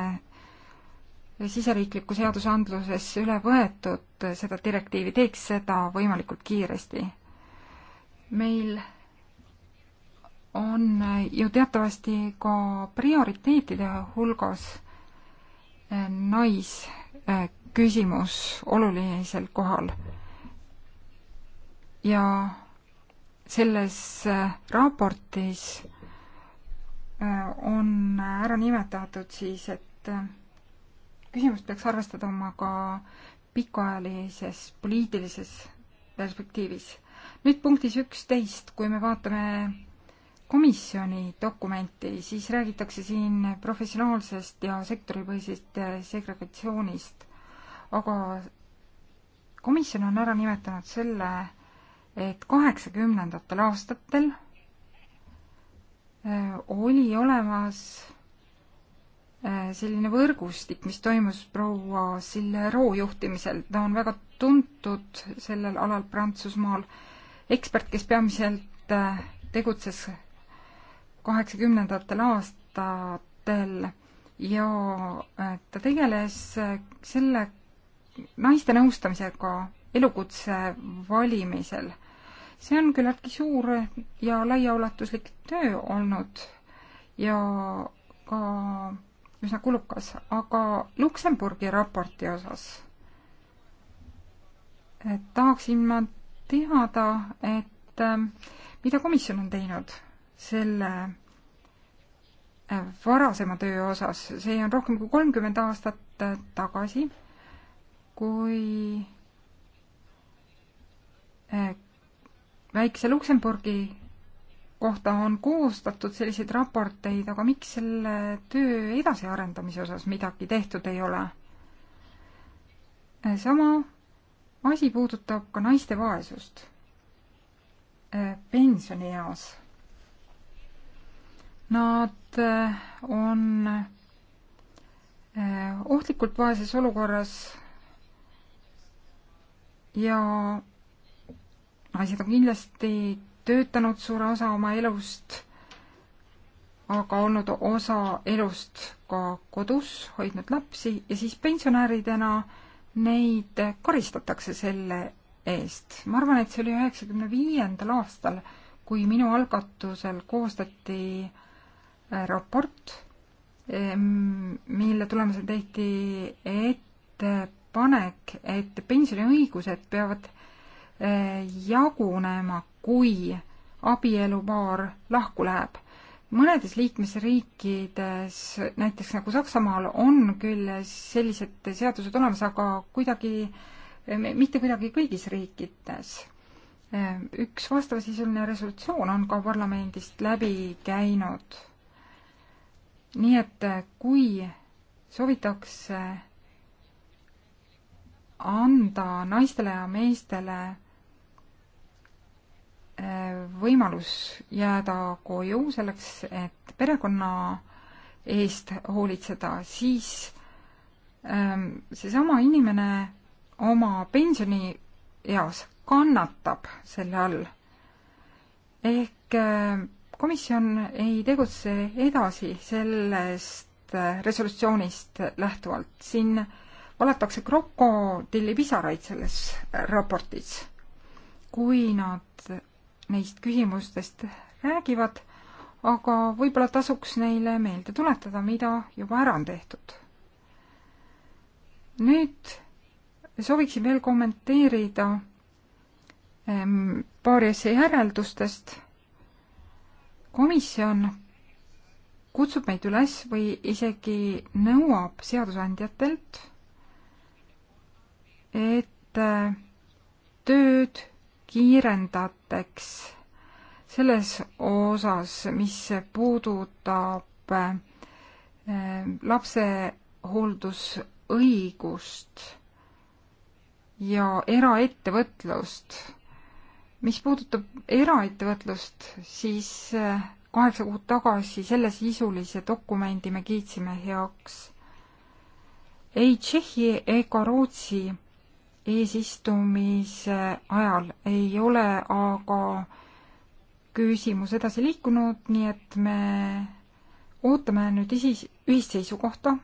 siseriikliku seadusandluses üle võetud seda direktiivi, teeks seda võimalikult kiiresti. meil on ju teatavasti ka prioriteetide hulgas naisküsimus äh, olulisel kohal ja selles äh, raportis äh, on ära nimetatud siis, et äh, küsimust peaks arvestatama ka pikaajalises poliitilises perspektiivis. nüüd punktis üksteist, kui me vaatame komisjoni dokumenti, siis räägitakse siin professionaalsest ja sektoripõhisest segregatsioonist, aga komisjon on ära nimetanud selle, et kaheksakümnendatel aastatel äh, oli olemas äh, selline võrgustik, mis toimus proua Silleroo juhtimisel, ta on väga tuntud sellel alal Prantsusmaal, ekspert, kes peamiselt äh, tegutses kaheksakümnendatel aastatel ja ta tegeles selle naiste nõustamisega elukutse valimisel see on küllaltki suur ja laiaulatuslik töö olnud ja ka üsna kulukas, aga Luksemburgi raporti osas et tahaksin ma teada, et ähm, mida komisjon on teinud selle äh, varasema töö osas, see on rohkem kui kolmkümmend aastat äh, tagasi, kui äh, väikse Luksemburgi kohta on koostatud selliseid raporteid, aga miks selle töö edasiarendamise osas midagi tehtud ei ole? sama asi puudutab ka naiste vaesust eh, pensionieas. Nad eh, on eh, ohtlikult vaeses olukorras ja naised on kindlasti töötanud suure osa oma elust, aga olnud osa elust ka kodus, hoidnud lapsi ja siis pensionäridena neid karistatakse selle eest. ma arvan, et see oli üheksakümne viiendal aastal, kui minu algatusel koostati äh, raport, mille tulemusel tehti ettepanek, et pensioniõigused peavad Äh, jagunema, kui abielupaar lahku läheb. mõnedes liikmesriikides, näiteks nagu Saksamaal, on küll sellised seadused olemas, aga kuidagi, äh, mitte kuidagi kõigis riikides. Äh, üks vastavasisuline resolutsioon on ka parlamendist läbi käinud. nii et kui soovitakse anda naistele ja meestele Äh, võimalus jääda koju selleks, et perekonna eest hoolitseda, siis ähm, seesama inimene oma pensionieas kannatab selle all. ehk äh, komisjon ei tegutse edasi sellest äh, resolutsioonist lähtuvalt. siin valatakse krokodillipisaraid selles raportis, kui nad neist küsimustest räägivad, aga võib-olla tasuks neile meelde tuletada, mida juba ära on tehtud. nüüd sooviksin veel kommenteerida ehm, paari asja järeldustest. komisjon kutsub meid üles või isegi nõuab seadusandjatelt, et eh, tööd kiirendateks selles osas, mis puudutab eh, lapsehooldusõigust ja eraettevõtlust. mis puudutab eraettevõtlust, siis eh, kaheksa kuud tagasi sellesisulise dokumendi me kiitsime heaks. ei Tšehhi ega Rootsi eesistumise ajal ei ole aga küsimus edasi liikunud, nii et me ootame nüüd isis-, ühisseisukohta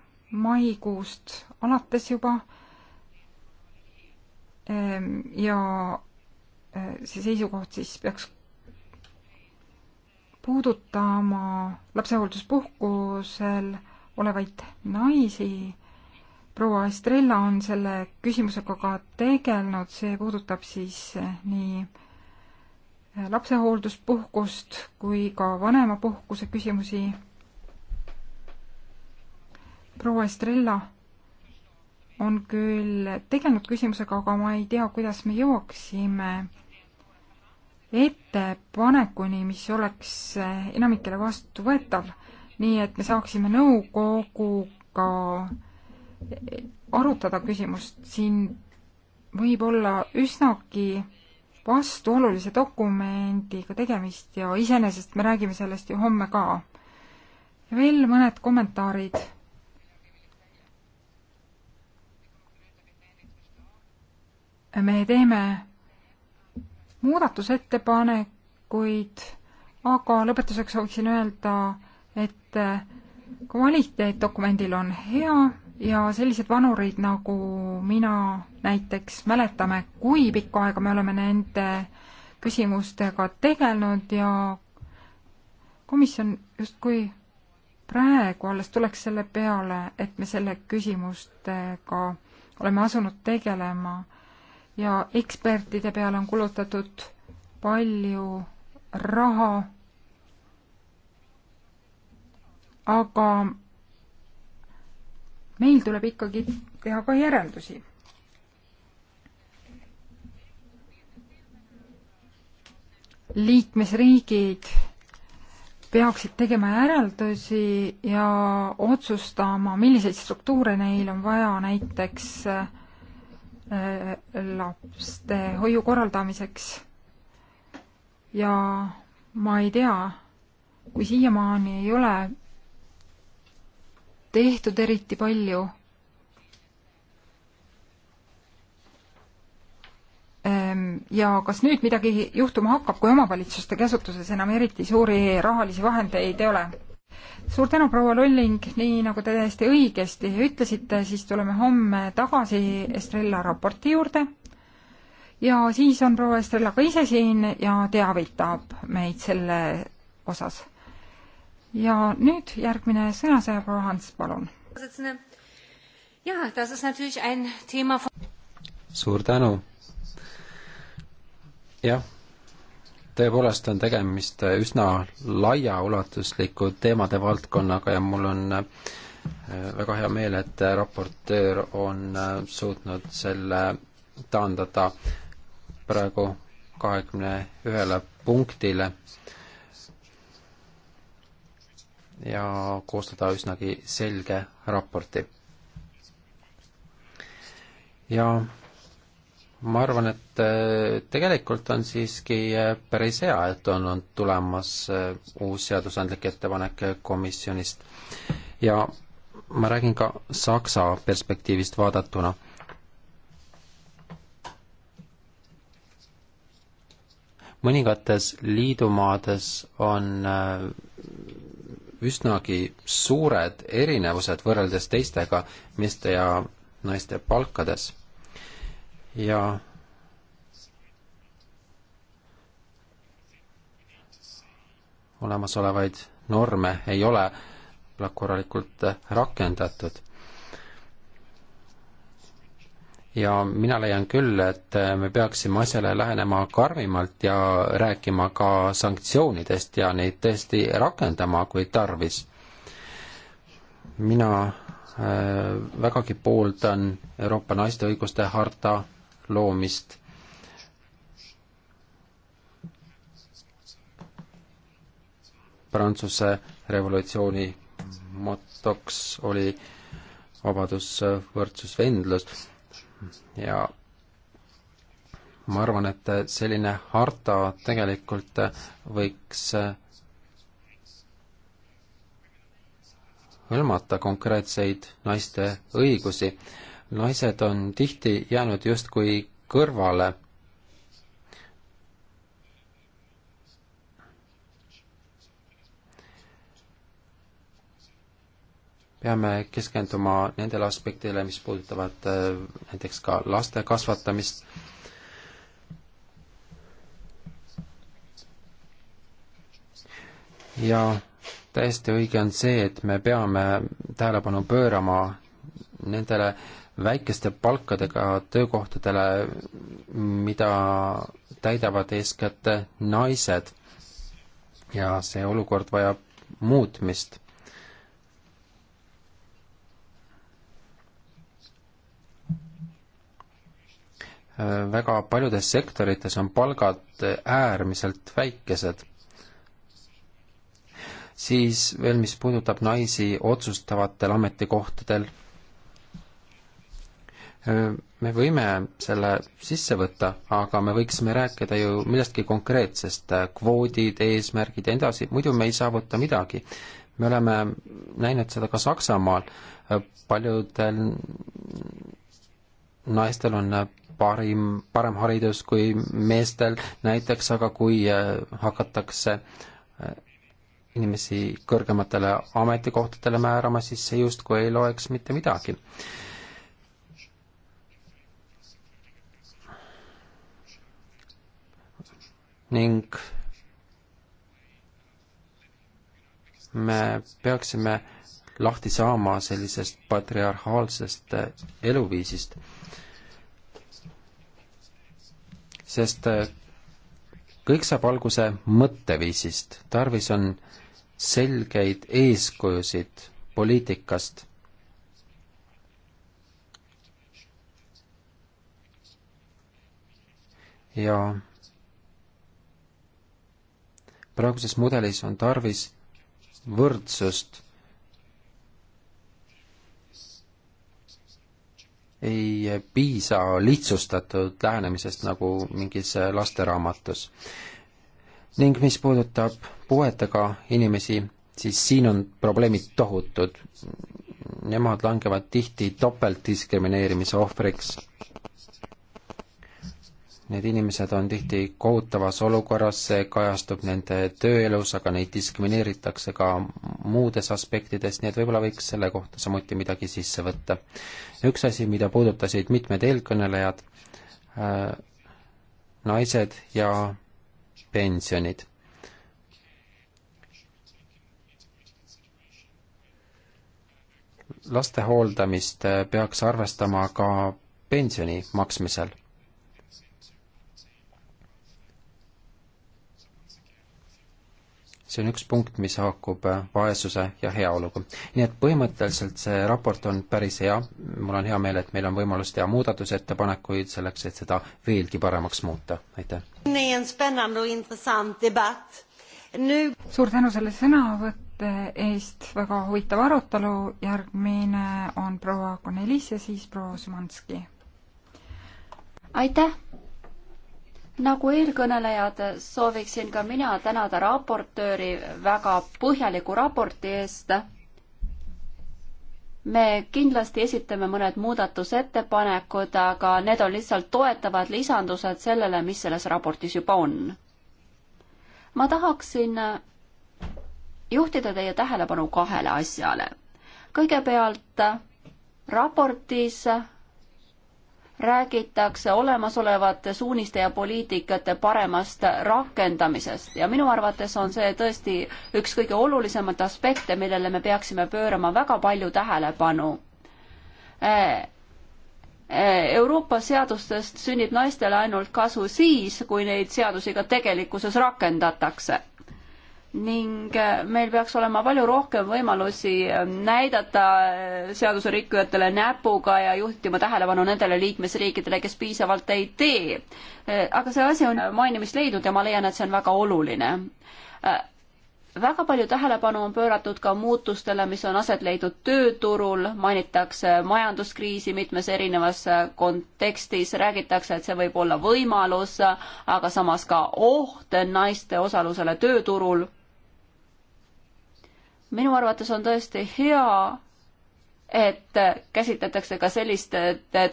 maikuust alates juba ehm, ja eh, see seisukoht siis peaks puudutama lapsehoolduspuhkusel olevaid naisi proua Estrella on selle küsimusega ka tegelenud, see puudutab siis eh, nii eh, lapsehoolduspuhkust kui ka vanemapuhkuse küsimusi. proua Estrella on küll tegelenud küsimusega, aga ma ei tea, kuidas me jõuaksime ettepanekuni, mis oleks eh, enamikele vastuvõetav, nii et me saaksime nõukoguga arutada küsimust, siin võib olla üsnagi vastuolulise dokumendiga tegemist ja iseenesest me räägime sellest ju homme ka. ja veel mõned kommentaarid. me teeme muudatusettepanekuid, aga lõpetuseks sooviksin öelda, et kvaliteet dokumendil on hea, ja sellised vanurid nagu mina näiteks mäletame, kui pikka aega me oleme nende küsimustega tegelenud ja komisjon justkui praegu alles tuleks selle peale, et me selle küsimustega oleme asunud tegelema ja ekspertide peale on kulutatud palju raha, aga meil tuleb ikkagi teha ka järeldusi. liikmesriigid peaksid tegema järeldusi ja otsustama, milliseid struktuure neil on vaja näiteks äh, laste hoiu korraldamiseks. ja ma ei tea, kui siiamaani ei ole tehtud eriti palju. Ehm, ja kas nüüd midagi juhtuma hakkab, kui omavalitsuste käsutuses enam eriti suuri rahalisi vahendeid ei ole? suur tänu, proua Lolling, nii nagu te täiesti õigesti ütlesite, siis tuleme homme tagasi Estrella raporti juurde ja siis on proua Estrella ka ise siin ja teavitab meid selle osas ja nüüd järgmine sõna saab proua Hans, palun. suur tänu. jah, tõepoolest on tegemist üsna laiaulatusliku teemade valdkonnaga ja mul on äh, väga hea meel, et raportöör on äh, suutnud selle taandada praegu kahekümne ühele punktile ja koostada üsnagi selge raporti. ja ma arvan, et äh, tegelikult on siiski äh, päris hea, et on, on tulemas äh, uus seadusandlik ettepanek komisjonist. ja ma räägin ka Saksa perspektiivist vaadatuna. mõningates liidumaades on üsnagi suured erinevused võrreldes teistega meeste ja naiste palkades. ja olemasolevaid norme ei ole korralikult rakendatud ja mina leian küll, et äh, me peaksime asjale lähenema karmimalt ja rääkima ka sanktsioonidest ja neid tõesti rakendama, kui tarvis. mina äh, vägagi pooldan Euroopa naiste õiguste harta loomist. Prantsuse revolutsiooni motoks oli vabadus, võrdsus, vendlus ja ma arvan, et selline harta tegelikult võiks hõlmata konkreetseid naiste õigusi. naised on tihti jäänud justkui kõrvale peame keskenduma nendele aspektidele, mis puudutavad äh, näiteks ka laste kasvatamist. ja täiesti õige on see, et me peame tähelepanu pöörama nendele väikeste palkadega töökohtadele, mida täidavad eeskätt naised. ja see olukord vajab muutmist väga paljudes sektorites on palgad äärmiselt väikesed. siis veel, mis puudutab naisi otsustavatel ametikohtadel, me võime selle sisse võtta, aga me võiksime rääkida ju millestki konkreetsest, kvoodid, eesmärgid ja nii edasi, muidu me ei saavuta midagi. me oleme näinud seda ka Saksamaal, paljudel naistel on parim, parem haridus kui meestel, näiteks aga kui äh, hakatakse äh, inimesi kõrgematele ametikohtadele määrama, siis see justkui ei loeks mitte midagi. ning me peaksime lahti saama sellisest patriarhaalsest äh, eluviisist äh, sest äh, kõik saab alguse mõtteviisist, tarvis on selgeid eeskujusid poliitikast. ja praeguses mudelis on tarvis võrdsust ei piisa lihtsustatud lähenemisest nagu mingis lasteraamatus. ning mis puudutab puuetega inimesi, siis siin on probleemid tohutud. Nemad langevad tihti topeltdiskrimineerimise ohvriks Need inimesed on tihti kohutavas olukorras, see kajastub nende tööelus, aga neid diskrimineeritakse ka muudes aspektides, nii et võib-olla võiks selle kohta samuti midagi sisse võtta. üks asi, mida puudutasid mitmed eelkõnelejad, äh, naised ja pensionid. laste hooldamist äh, peaks arvestama ka pensioni maksmisel see on üks punkt, mis haakub äh, vaesuse ja heaoluga. nii et põhimõtteliselt see raport on päris hea, mul on hea meel, et meil on võimalus teha muudatusettepanekuid selleks, et seda veelgi paremaks muuta, aitäh. suur tänu selle sõnavõtte eest, väga huvitav arutelu, järgmine on proua Konelis ja siis proua Sumanski. aitäh nagu eelkõnelejad, sooviksin ka mina tänada raportööri väga põhjaliku raporti eest. me kindlasti esitame mõned muudatusettepanekud, aga need on lihtsalt toetavad lisandused sellele, mis selles raportis juba on. ma tahaksin juhtida teie tähelepanu kahele asjale. kõigepealt raportis räägitakse olemasolevate suuniste ja poliitikate paremast rakendamisest ja minu arvates on see tõesti üks kõige olulisemaid aspekte, millele me peaksime pöörama väga palju tähelepanu. Äh, äh, Euroopa seadustest sünnib naistele ainult kasu siis, kui neid seadusi ka tegelikkuses rakendatakse ning äh, meil peaks olema palju rohkem võimalusi äh, näidata äh, seaduserikkujatele näpuga ja juhtima tähelepanu nendele liikmesriikidele, kes piisavalt ei tee. aga see asi on mainimist leidnud ja ma leian, et see on väga oluline. väga palju tähelepanu on pööratud ka muutustele, mis on aset leidnud tööturul, mainitakse majanduskriisi mitmes erinevas kontekstis, räägitakse, et see võib olla võimalus, aga samas ka oht naiste osalusele tööturul minu arvates on tõesti hea, et käsitletakse ka sellist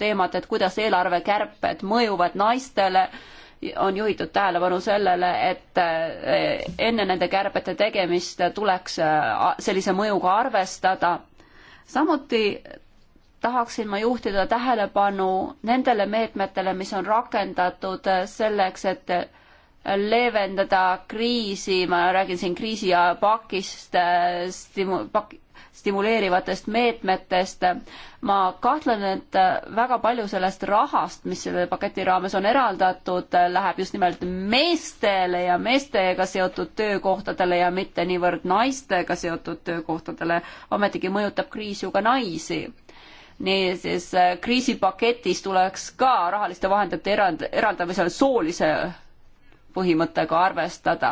teemat, et kuidas eelarvekärped mõjuvad naistele, on juhitud tähelepanu sellele, et eh, enne nende kärbete tegemist tuleks eh, sellise mõjuga arvestada. samuti tahaksin ma juhtida tähelepanu nendele meetmetele, mis on rakendatud selleks, et leevendada kriisi, ma räägin siin kriisi ja pakist äh, stimu-, pak-, stimuleerivatest meetmetest. ma kahtlen, et väga palju sellest rahast, mis selle paketi raames on eraldatud, läheb just nimelt meestele ja meestega seotud töökohtadele ja mitte niivõrd naistega seotud töökohtadele. ometigi mõjutab kriis ju ka naisi niisiis äh, kriisipaketis tuleks ka rahaliste vahendite erand, eraldamisel soolise põhimõttega arvestada.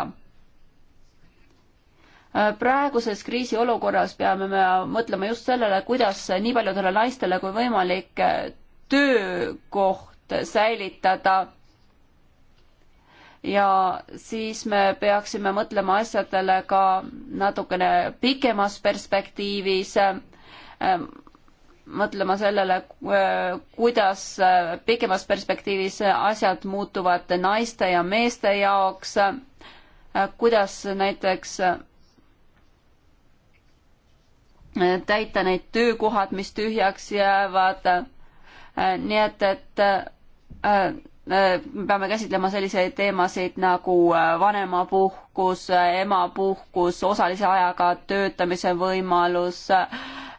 Äh, praeguses kriisiolukorras peame me mõtlema just sellele, kuidas nii paljudele naistele kui võimalik äh, töökoht säilitada. ja siis me peaksime mõtlema asjadele ka natukene pikemas perspektiivis äh, mõtlema sellele, äh, kuidas äh, pikemas perspektiivis asjad muutuvad naiste ja meeste jaoks, äh, kuidas näiteks täita need töökohad, mis tühjaks jäävad. nii et, et me peame käsitlema selliseid teemasid nagu vanemapuhkus, emapuhkus, osalise ajaga töötamise võimalus äh,,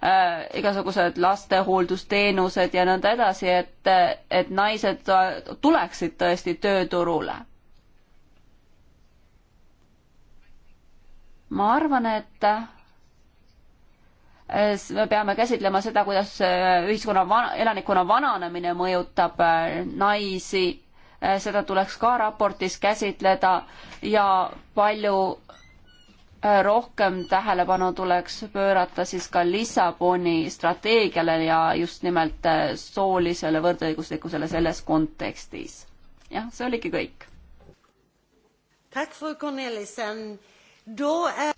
Äh, igasugused lastehooldusteenused ja nõnda edasi, et, et naised tuleksid tõesti tööturule. ma arvan, et äh, me peame käsitlema seda, kuidas äh, ühiskonna van-, elanikkonna vananemine mõjutab naisi, seda tuleks ka raportis käsitleda ja palju rohkem tähelepanu tuleks pöörata siis ka Lissaboni strateegiale ja just nimelt äh, soolisele võrdõiguslikkusele selles kontekstis. jah, see oligi kõik.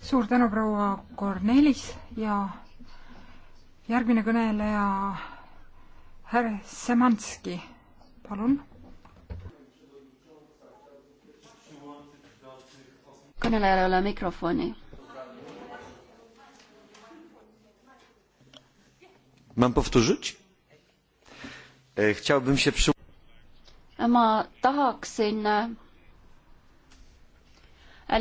suur tänu, proua Kornelis ja järgmine kõneleja, härra Semanski, palun kõnelejal ei ole mikrofoni. E, ma tahaksin e,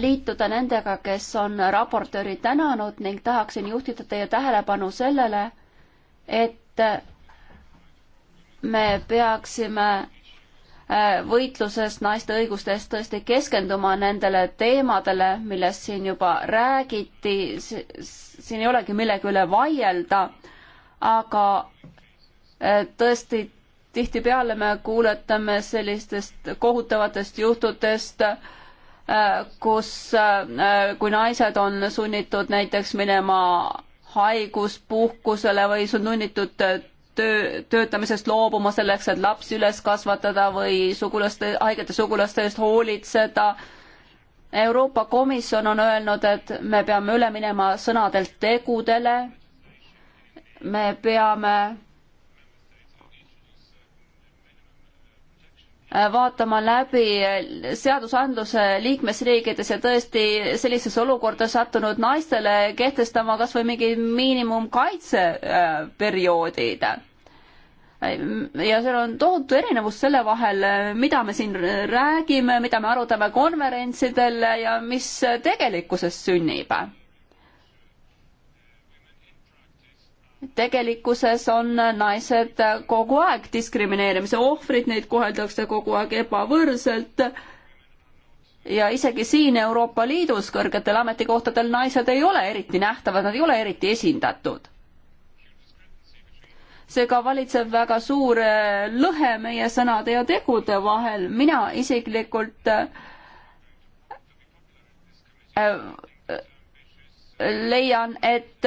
liituda nendega, kes on raportööri tänanud ning tahaksin juhtida teie tähelepanu sellele, et e, me peaksime võitluses naiste õiguste eest tõesti keskenduma nendele teemadele, millest siin juba räägiti, siin ei olegi millegi üle vaielda, aga eh, tõesti tihtipeale me kuuletame sellistest kohutavatest juhtudest, eh, kus, eh, kui naised on sunnitud näiteks minema haiguspuhkusele või sunnitud töö, töötamisest loobuma selleks, et lapsi üles kasvatada või sugulaste, haigete sugulaste eest hoolitseda. Euroopa Komisjon on öelnud, et me peame üle minema sõnadelt tegudele. me peame vaatama läbi seadusandluse liikmesriikides ja tõesti sellisesse olukorda sattunud naistele kehtestama kas või mingi miinimumkaitseperioodid äh, ja seal on tohutu erinevus selle vahel, mida me siin räägime, mida me arutame konverentsidel ja mis tegelikkuses sünnib. tegelikkuses on naised kogu aeg diskrimineerimise ohvrid, neid koheldakse kogu aeg ebavõrdselt ja isegi siin Euroopa Liidus kõrgetel ametikohtadel naised ei ole eriti nähtavad, nad ei ole eriti esindatud seega valitseb väga suur äh, lõhe meie sõnade ja tegude vahel. mina isiklikult äh, äh, leian, et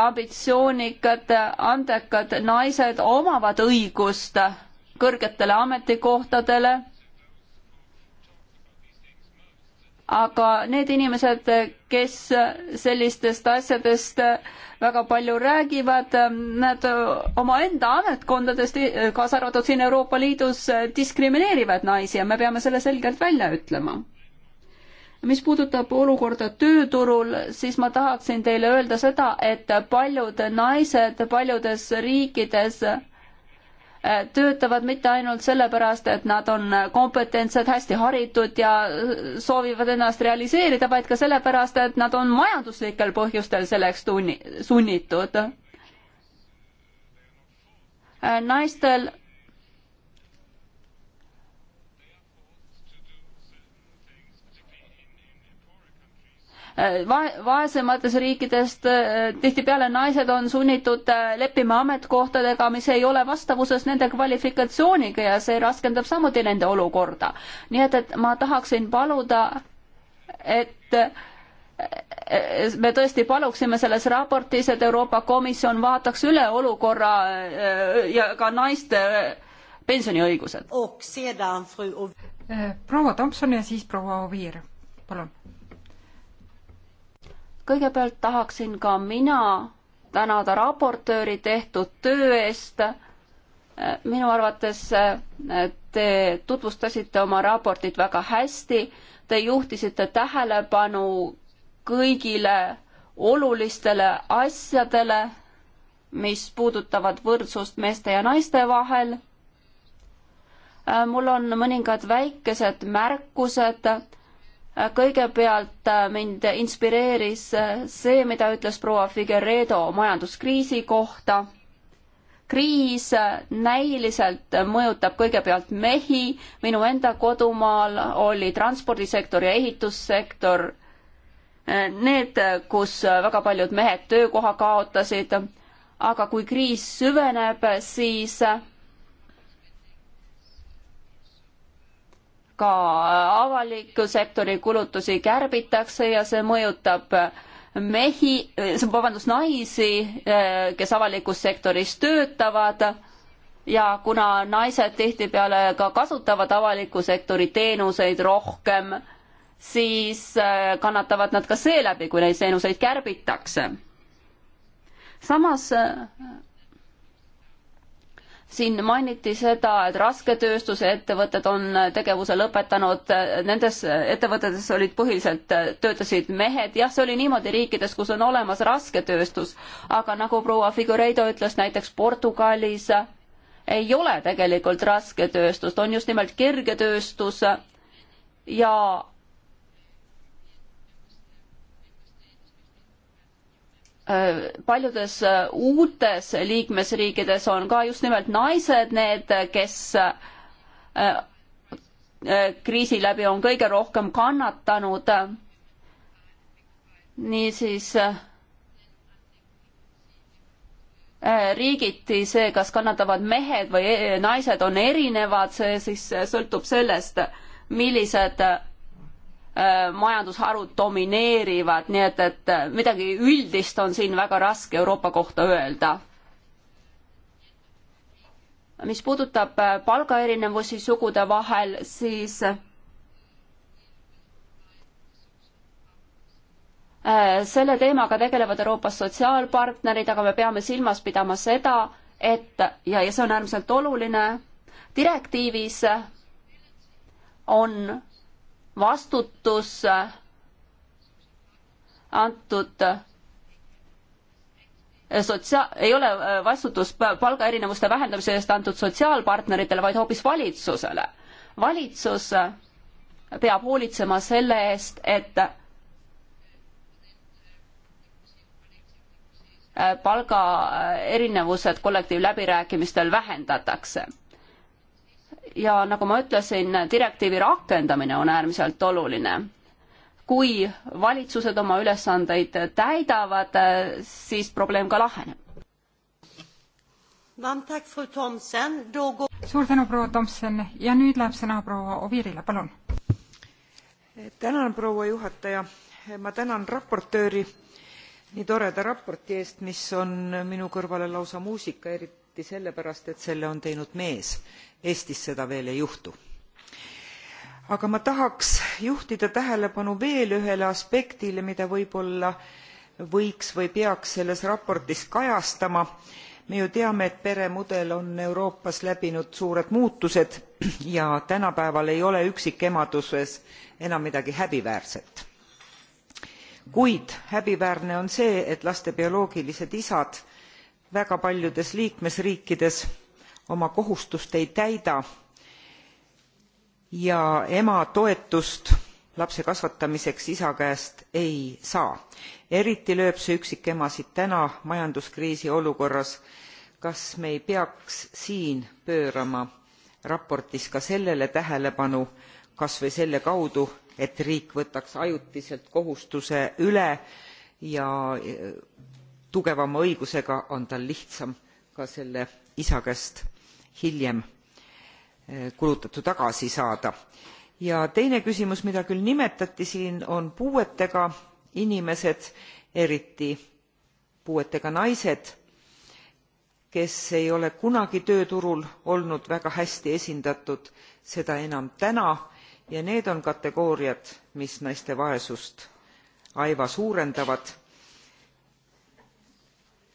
ambitsioonikad, andekad naised omavad õigust kõrgetele ametikohtadele aga need inimesed, kes sellistest asjadest väga palju räägivad, nad omaenda ametkondadest, kaasa arvatud siin Euroopa Liidus, diskrimineerivad naisi ja me peame selle selgelt välja ütlema. mis puudutab olukorda tööturul, siis ma tahaksin teile öelda seda, et paljud naised paljudes riikides Äh, töötavad mitte ainult sellepärast, et nad on äh, kompetentsed, hästi haritud ja äh, soovivad ennast realiseerida, vaid ka sellepärast, et nad on majanduslikel põhjustel selleks tunni, sunnitud. naistel Äh, vaesemates riikidest äh, tihtipeale naised on sunnitud äh, leppima ametkohtadega, mis ei ole vastavuses nende kvalifikatsiooniga ja see raskendab samuti nende olukorda. nii et, et ma tahaksin paluda, et me tõesti paluksime selles raportis, et Euroopa Komisjon vaataks üle olukorra ja ka naiste pensioniõigused. proua Tomson ja siis proua Oviir, palun kõigepealt tahaksin ka mina tänada raportööri tehtud töö eest. minu arvates eh, te tutvustasite oma raportit väga hästi, te juhtisite tähelepanu kõigile olulistele asjadele, mis puudutavad võrdsust meeste ja naiste vahel. Eh, mul on mõningad väikesed märkused kõigepealt äh, mind inspireeris äh, see, mida ütles proua Figueredo majanduskriisi kohta. kriis äh, näiliselt mõjutab kõigepealt mehi, minu enda kodumaal oli transpordisektor ja ehitussektor need, kus väga paljud mehed töökoha kaotasid, aga kui kriis süveneb, siis ka avaliku sektori kulutusi kärbitakse ja see mõjutab mehi, vabandust, naisi, kes avalikus sektoris töötavad ja kuna naised tihtipeale ka kasutavad avaliku sektori teenuseid rohkem, siis äh, kannatavad nad ka seeläbi, kui neid teenuseid kärbitakse. samas äh, siin mainiti seda, et rasketööstuse ettevõtted on tegevuse lõpetanud, nendes ettevõtetes olid põhiliselt, töötasid mehed, jah, see oli niimoodi riikides, kus on olemas rasketööstus, aga nagu proua Figureido ütles, näiteks Portugalis ei ole tegelikult rasketööstust, on just nimelt kergetööstus ja Äh, paljudes äh, uutes liikmesriikides on ka just nimelt naised need, kes äh, kriisi läbi on kõige rohkem kannatanud. niisiis riigiti see, kas kannatavad mehed või e-, naised, on erinevad, see siis sõltub sellest, millised Äh, majandusharud domineerivad, nii et, et äh, midagi üldist on siin väga raske Euroopa kohta öelda. mis puudutab äh, palgaerinevusi sugude vahel, siis selle teemaga tegelevad Euroopas sotsiaalpartnerid, aga me peame silmas pidama seda, et ja, ja see on äärmiselt oluline, direktiivis on vastutus äh, antud äh, sotsia-, ei ole äh, vastutus palgaerinevuste vähendamise eest antud sotsiaalpartneritele, vaid hoopis valitsusele. valitsus peab hoolitsema selle eest, et palgaerinevused kollektiivläbirääkimistel vähendatakse ja nagu ma ütlesin, direktiivi rakendamine on äärmiselt oluline. kui valitsused oma ülesandeid täidavad, siis probleem ka laheneb. suur tänu, proua Tomson ja nüüd läheb sõna proua Oviirile, palun. tänan, proua juhataja. ma tänan raportööri nii toreda raporti eest mis on minu kõrvale lausa muusika eriti sellepärast et selle on teinud mees eestis seda veel ei juhtu. aga ma tahaks juhtida tähelepanu veel ühele aspektile mida võib olla võiks või peaks selles raportis kajastama me ju teame et peremudel on euroopas läbinud suured muutused ja tänapäeval ei ole üksikemaduses enam midagi häbiväärset kuid häbiväärne on see et laste bioloogilised isad väga paljudes liikmesriikides oma kohustust ei täida ja ema toetust lapse kasvatamiseks isa käest ei saa. eriti lööb see üksikemasid täna majanduskriisi olukorras. kas me ei peaks siin pöörama raportis ka sellele tähelepanu kas või selle kaudu et riik võtaks ajutiselt kohustuse üle ja tugevama õigusega on tal lihtsam ka selle isa käest hiljem eh, kulutatu tagasi saada. ja teine küsimus mida küll nimetati siin on puuetega inimesed eriti puuetega naised kes ei ole kunagi tööturul olnud väga hästi esindatud seda enam täna ja need on kategooriad mis naiste vaesust aiva suurendavad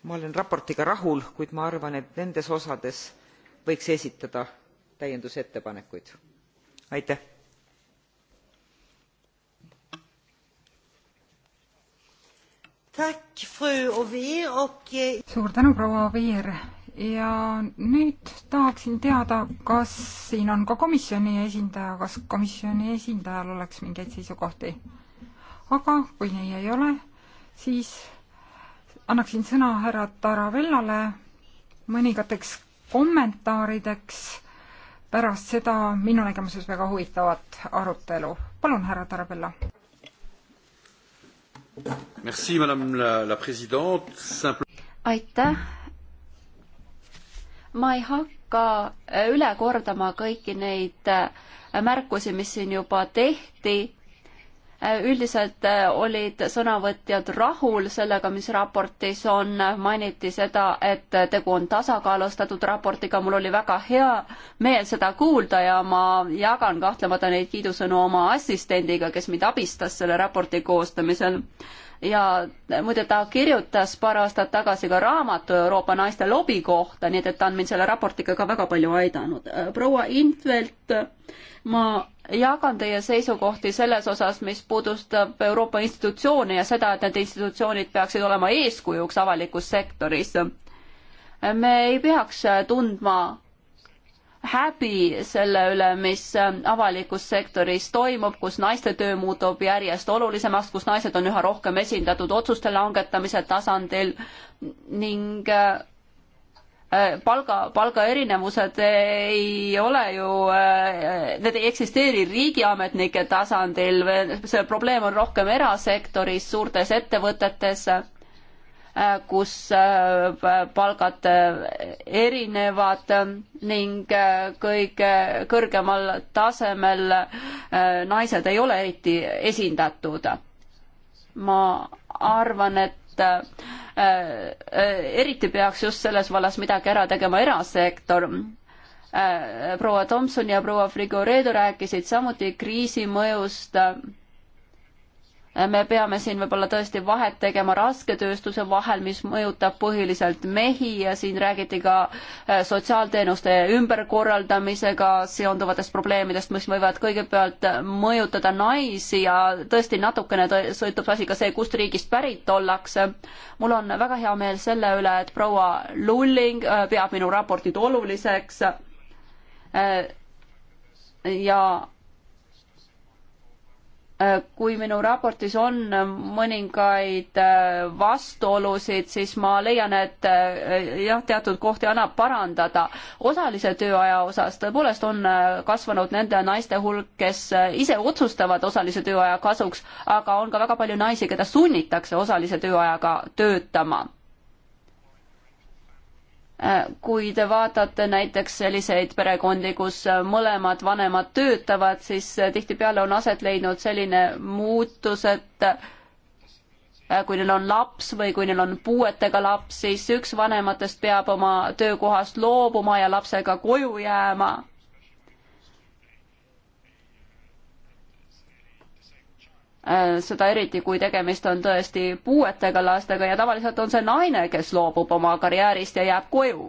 ma olen raportiga rahul kuid ma arvan et nendes osades võiks esitada täiendusettepanekuid. aitäh! Eh, suur tänu proua Oviir ja nüüd tahaksin teada, kas siin on ka komisjoni esindaja, kas komisjoni esindajal oleks mingeid seisukohti? aga kui neid ei ole, siis annaksin sõna härra Taravellale mõningateks kommentaarideks pärast seda minu nägemuses väga huvitavat arutelu. palun, härra Tarabella. aitäh. ma ei hakka äh, üle kordama kõiki neid äh, märkusi, mis siin juba tehti üldiselt äh, olid sõnavõtjad rahul sellega, mis raportis on, mainiti seda, et tegu on tasakaalustatud raportiga, mul oli väga hea meel seda kuulda ja ma jagan kahtlemata neid kiidusõnu oma assistendiga, kes mind abistas selle raporti koostamisel. ja muide, ta kirjutas paar aastat tagasi ka raamatu Euroopa naiste lobi kohta, nii et, et ta on mind selle raportiga ka väga palju aidanud. proua Intvelt, ma jagan teie seisukohti selles osas, mis puudustab Euroopa institutsioone ja seda, et need institutsioonid peaksid olema eeskujuks avalikus sektoris. me ei peaks tundma häbi selle üle, mis avalikus sektoris toimub, kus naiste töö muutub järjest olulisemaks, kus naised on üha rohkem esindatud otsuste langetamise tasandil ning Äh, palga, palgaerinevused ei ole ju, äh, need ei eksisteeri riigiametnike tasandil, see probleem on rohkem erasektoris, suurtes ettevõtetes, äh, kus palgad erinevad ning kõige kõrgemal tasemel naised ei ole eriti esindatud. ma arvan, et et äh, äh, eriti peaks just selles vallas midagi ära tegema erasektor. Äh, proua Tomson ja proua Frigoredo rääkisid samuti kriisi mõjust me peame siin võib-olla tõesti vahet tegema rasketööstuse vahel, mis mõjutab põhiliselt mehi ja siin räägiti ka äh, sotsiaalteenuste ümberkorraldamisega seonduvatest probleemidest, mis võivad kõigepealt äh, mõjutada naisi ja tõesti natukene sõltub asi ka see, kust riigist pärit ollakse. mul on väga hea meel selle üle, et proua Lulling äh, peab minu raportit oluliseks ja Äh, kui minu raportis on äh, mõningaid äh, vastuolusid, siis ma leian, et jah, teatud kohti annab parandada. osalise tööaja osas tõepoolest on kasvanud nende naiste hulk, kes ise otsustavad osalise tööaja kasuks, aga on ka väga palju naisi, keda sunnitakse osalise tööajaga töötama Äh, kui te vaatate näiteks selliseid perekondi, kus äh, mõlemad vanemad töötavad, siis äh, tihtipeale on aset leidnud selline muutus, et kui neil on laps või kui neil on puuetega laps, siis üks vanematest peab oma töökohast loobuma ja lapsega koju jääma Äh, seda eriti, kui tegemist on tõesti puuetega lastega ja tavaliselt on see naine, kes loobub oma karjäärist ja jääb koju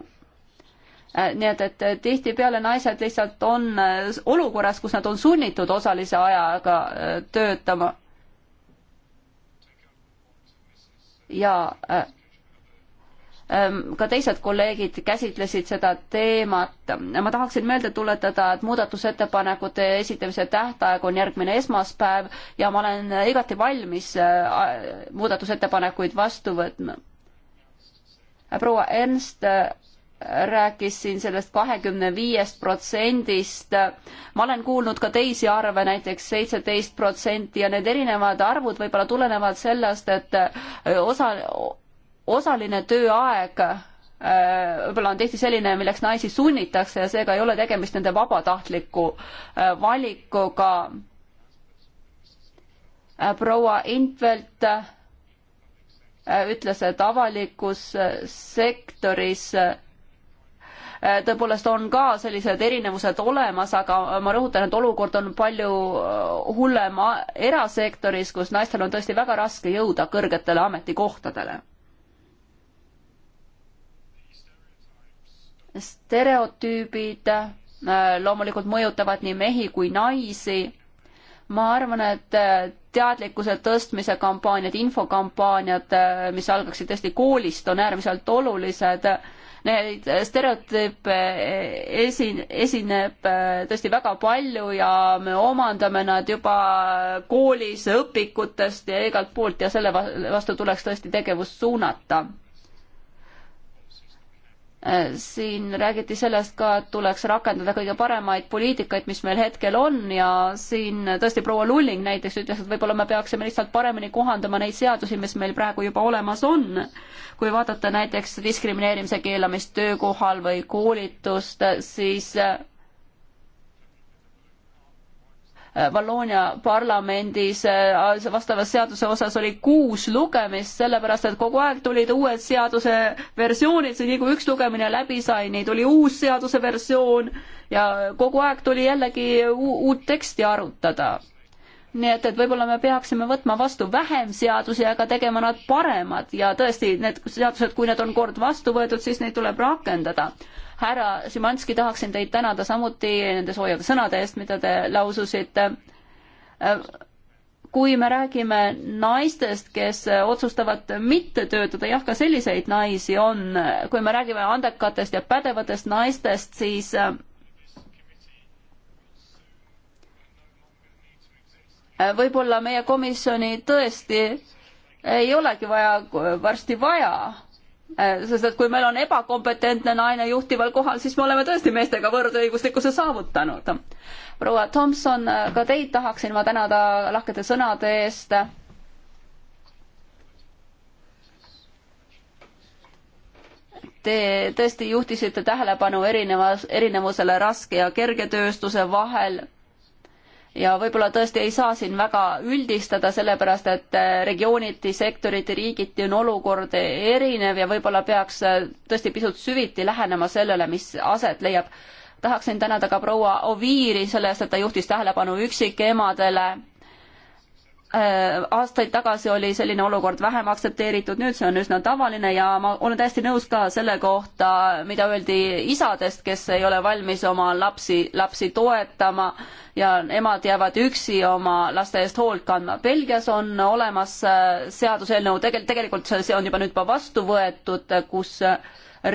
äh, nii et, et tihtipeale naised lihtsalt on äh, olukorras, kus nad on sunnitud osalise ajaga töötama. ja Ehm, ka teised kolleegid käsitlesid seda teemat. ma tahaksin meelde tuletada, et muudatusettepanekute esitamise tähtaeg on järgmine esmaspäev ja ma olen igati valmis äh, muudatusettepanekuid vastu võtma. proua Ernst äh, rääkis siin sellest kahekümne viiest protsendist. ma olen kuulnud ka teisi arve, näiteks seitseteist protsenti ja need erinevad arvud võib-olla tulenevad sellest, et äh, osa osaline tööaeg äh, võib-olla on tihti selline, milleks naisi sunnitakse ja seega ei ole tegemist nende vabatahtliku äh, valikuga. Äh, proua Intvelt ütles, et avalikus sektoris tõepoolest on ka sellised erinevused olemas, aga ma rõhutan, et olukord on palju hullem erasektoris, kus naistel on tõesti väga raske jõuda kõrgetele ametikohtadele stereotüübid äh, loomulikult mõjutavad nii mehi kui naisi. ma arvan, et äh, teadlikkuse tõstmise kampaaniad, infokampaaniad, äh, mis algaksid tõesti koolist, on äärmiselt olulised. Neid stereotüüpe esin-, esineb tõesti väga palju ja me omandame nad juba koolis, õpikutest ja igalt poolt ja selle vastu tuleks tõesti tegevust suunata Äh, siin räägiti sellest ka, et tuleks rakendada kõige paremaid poliitikaid, mis meil hetkel on ja siin tõesti proua Lulling näiteks ütles, et võib-olla me peaksime lihtsalt paremini kohandama neid seadusi, mis meil praegu juba olemas on. kui vaadata näiteks diskrimineerimise keelamist töökohal või koolitust, siis äh, Valloonia äh, parlamendis äh, vastava seaduse osas oli kuus lugemist, sellepärast et kogu aeg tulid uued seaduse versioonid, nii kui üks lugemine läbi sai, nii tuli uus seaduse versioon ja kogu aeg tuli jällegi uut teksti arutada. nii et, et võib-olla me peaksime võtma vastu vähem seadusi, aga tegema nad paremad ja tõesti, need seadused, kui need on kord vastu võetud, siis neid tuleb rakendada härra Šimanski, tahaksin teid tänada samuti nende soojade sõnade eest, mida te laususite. kui me räägime naistest, kes otsustavad mitte töötada, jah, ka selliseid naisi on, kui me räägime andekatest ja pädevatest naistest, siis äh, võib-olla meie komisjoni tõesti ei olegi vaja, varsti vaja Äh, sest et kui meil on ebakompetentne naine juhtival kohal, siis me oleme tõesti meestega võrdõiguslikkuse saavutanud. proua Tomson, äh, ka teid tahaksin ma tänada lahkete sõnade eest. Te tõesti juhtisite tähelepanu erinevas, erinevusele raske ja kerge tööstuse vahel ja võib-olla tõesti ei saa siin väga üldistada, sellepärast et äh, regiooniti, sektoriti, riigiti on olukord erinev ja võib-olla peaks äh, tõesti pisut süviti lähenema sellele, mis aset leiab. tahaksin tänada ka proua Oviiri selle eest, et ta juhtis tähelepanu üksikemadele Äh, aastaid tagasi oli selline olukord vähem aktsepteeritud, nüüd see on üsna tavaline ja ma olen täiesti nõus ka selle kohta, mida öeldi isadest, kes ei ole valmis oma lapsi, lapsi toetama ja emad jäävad üksi oma laste eest hoolt kandma. Belgias on olemas äh, seaduseelnõu, tegel-, tegelikult see on juba nüüd juba vastu võetud, kus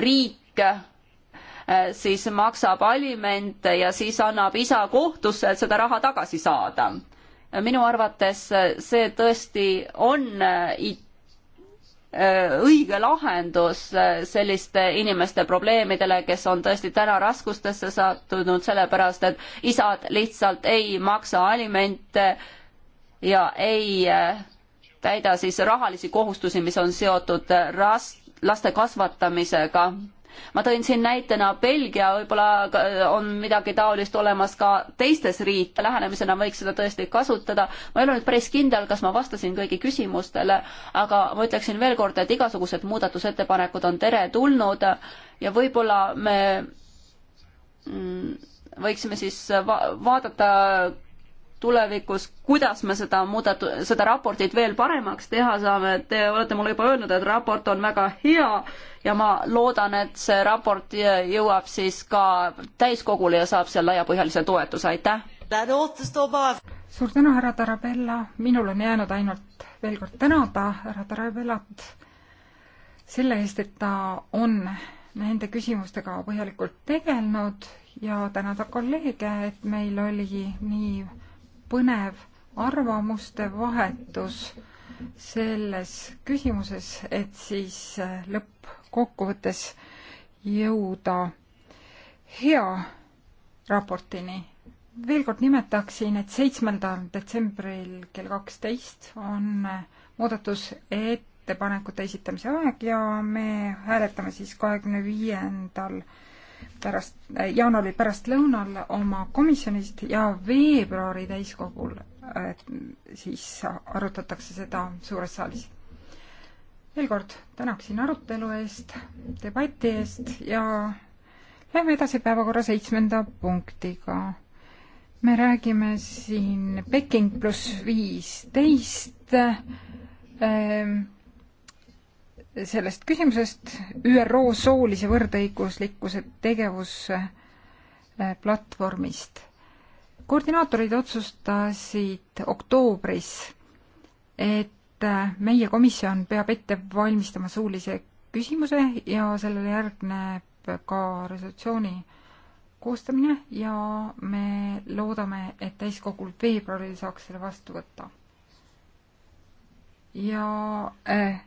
riik äh, siis maksab alimente ja siis annab isa kohtusse, et seda raha tagasi saada minu arvates see tõesti on äh, äh, õige lahendus äh, selliste inimeste probleemidele, kes on tõesti täna raskustesse sattunud, sellepärast et isad lihtsalt ei maksa alimente ja ei täida siis rahalisi kohustusi, mis on seotud ras-, laste kasvatamisega ma tõin siin näitena Belgia, võib-olla äh, on midagi taolist olemas ka teistes riik, lähenemisena võiks seda tõesti kasutada. ma ei ole nüüd päris kindel, kas ma vastasin kõigi küsimustele, aga ma ütleksin veel kord, et igasugused muudatusettepanekud on teretulnud ja võib-olla me mm, võiksime siis va vaadata tulevikus, kuidas me seda muudat-, seda raportit veel paremaks teha saame, te olete mulle juba öelnud, et raport on väga hea ja ma loodan, et see raport jõuab siis ka täiskogule ja saab seal laiapõhjalise toetuse, aitäh! suur tänu, härra Tarabella, minul on jäänud ainult veel kord tänada härra Tarabellat selle eest, et ta on nende küsimustega põhjalikult tegelenud ja tänada kolleege, et meil oli nii põnev arvamuste vahetus selles küsimuses, et siis äh, lõppkokkuvõttes jõuda hea raportini. veel kord nimetaksin, et seitsmendal detsembril kell kaksteist on äh, muudatusettepanekute esitamise aeg ja me hääletame siis kahekümne viiendal pärast, jaanuari pärastlõunal oma komisjonist ja veebruari täiskogul siis arutatakse seda suures saalis. veel kord tänaksin arutelu eest, debati eest ja lähme edasi päevakorra seitsmenda punktiga. me räägime siin Peking pluss viisteist ehm, sellest küsimusest ÜRO soolise võrdõiguslikkuse tegevusplatvormist. Äh, koordinaatorid otsustasid oktoobris, et äh, meie komisjon peab ette valmistama suulise küsimuse ja sellele järgneb ka resolutsiooni koostamine ja me loodame, et täiskogul veebruaril saaks selle vastu võtta. ja äh, eh,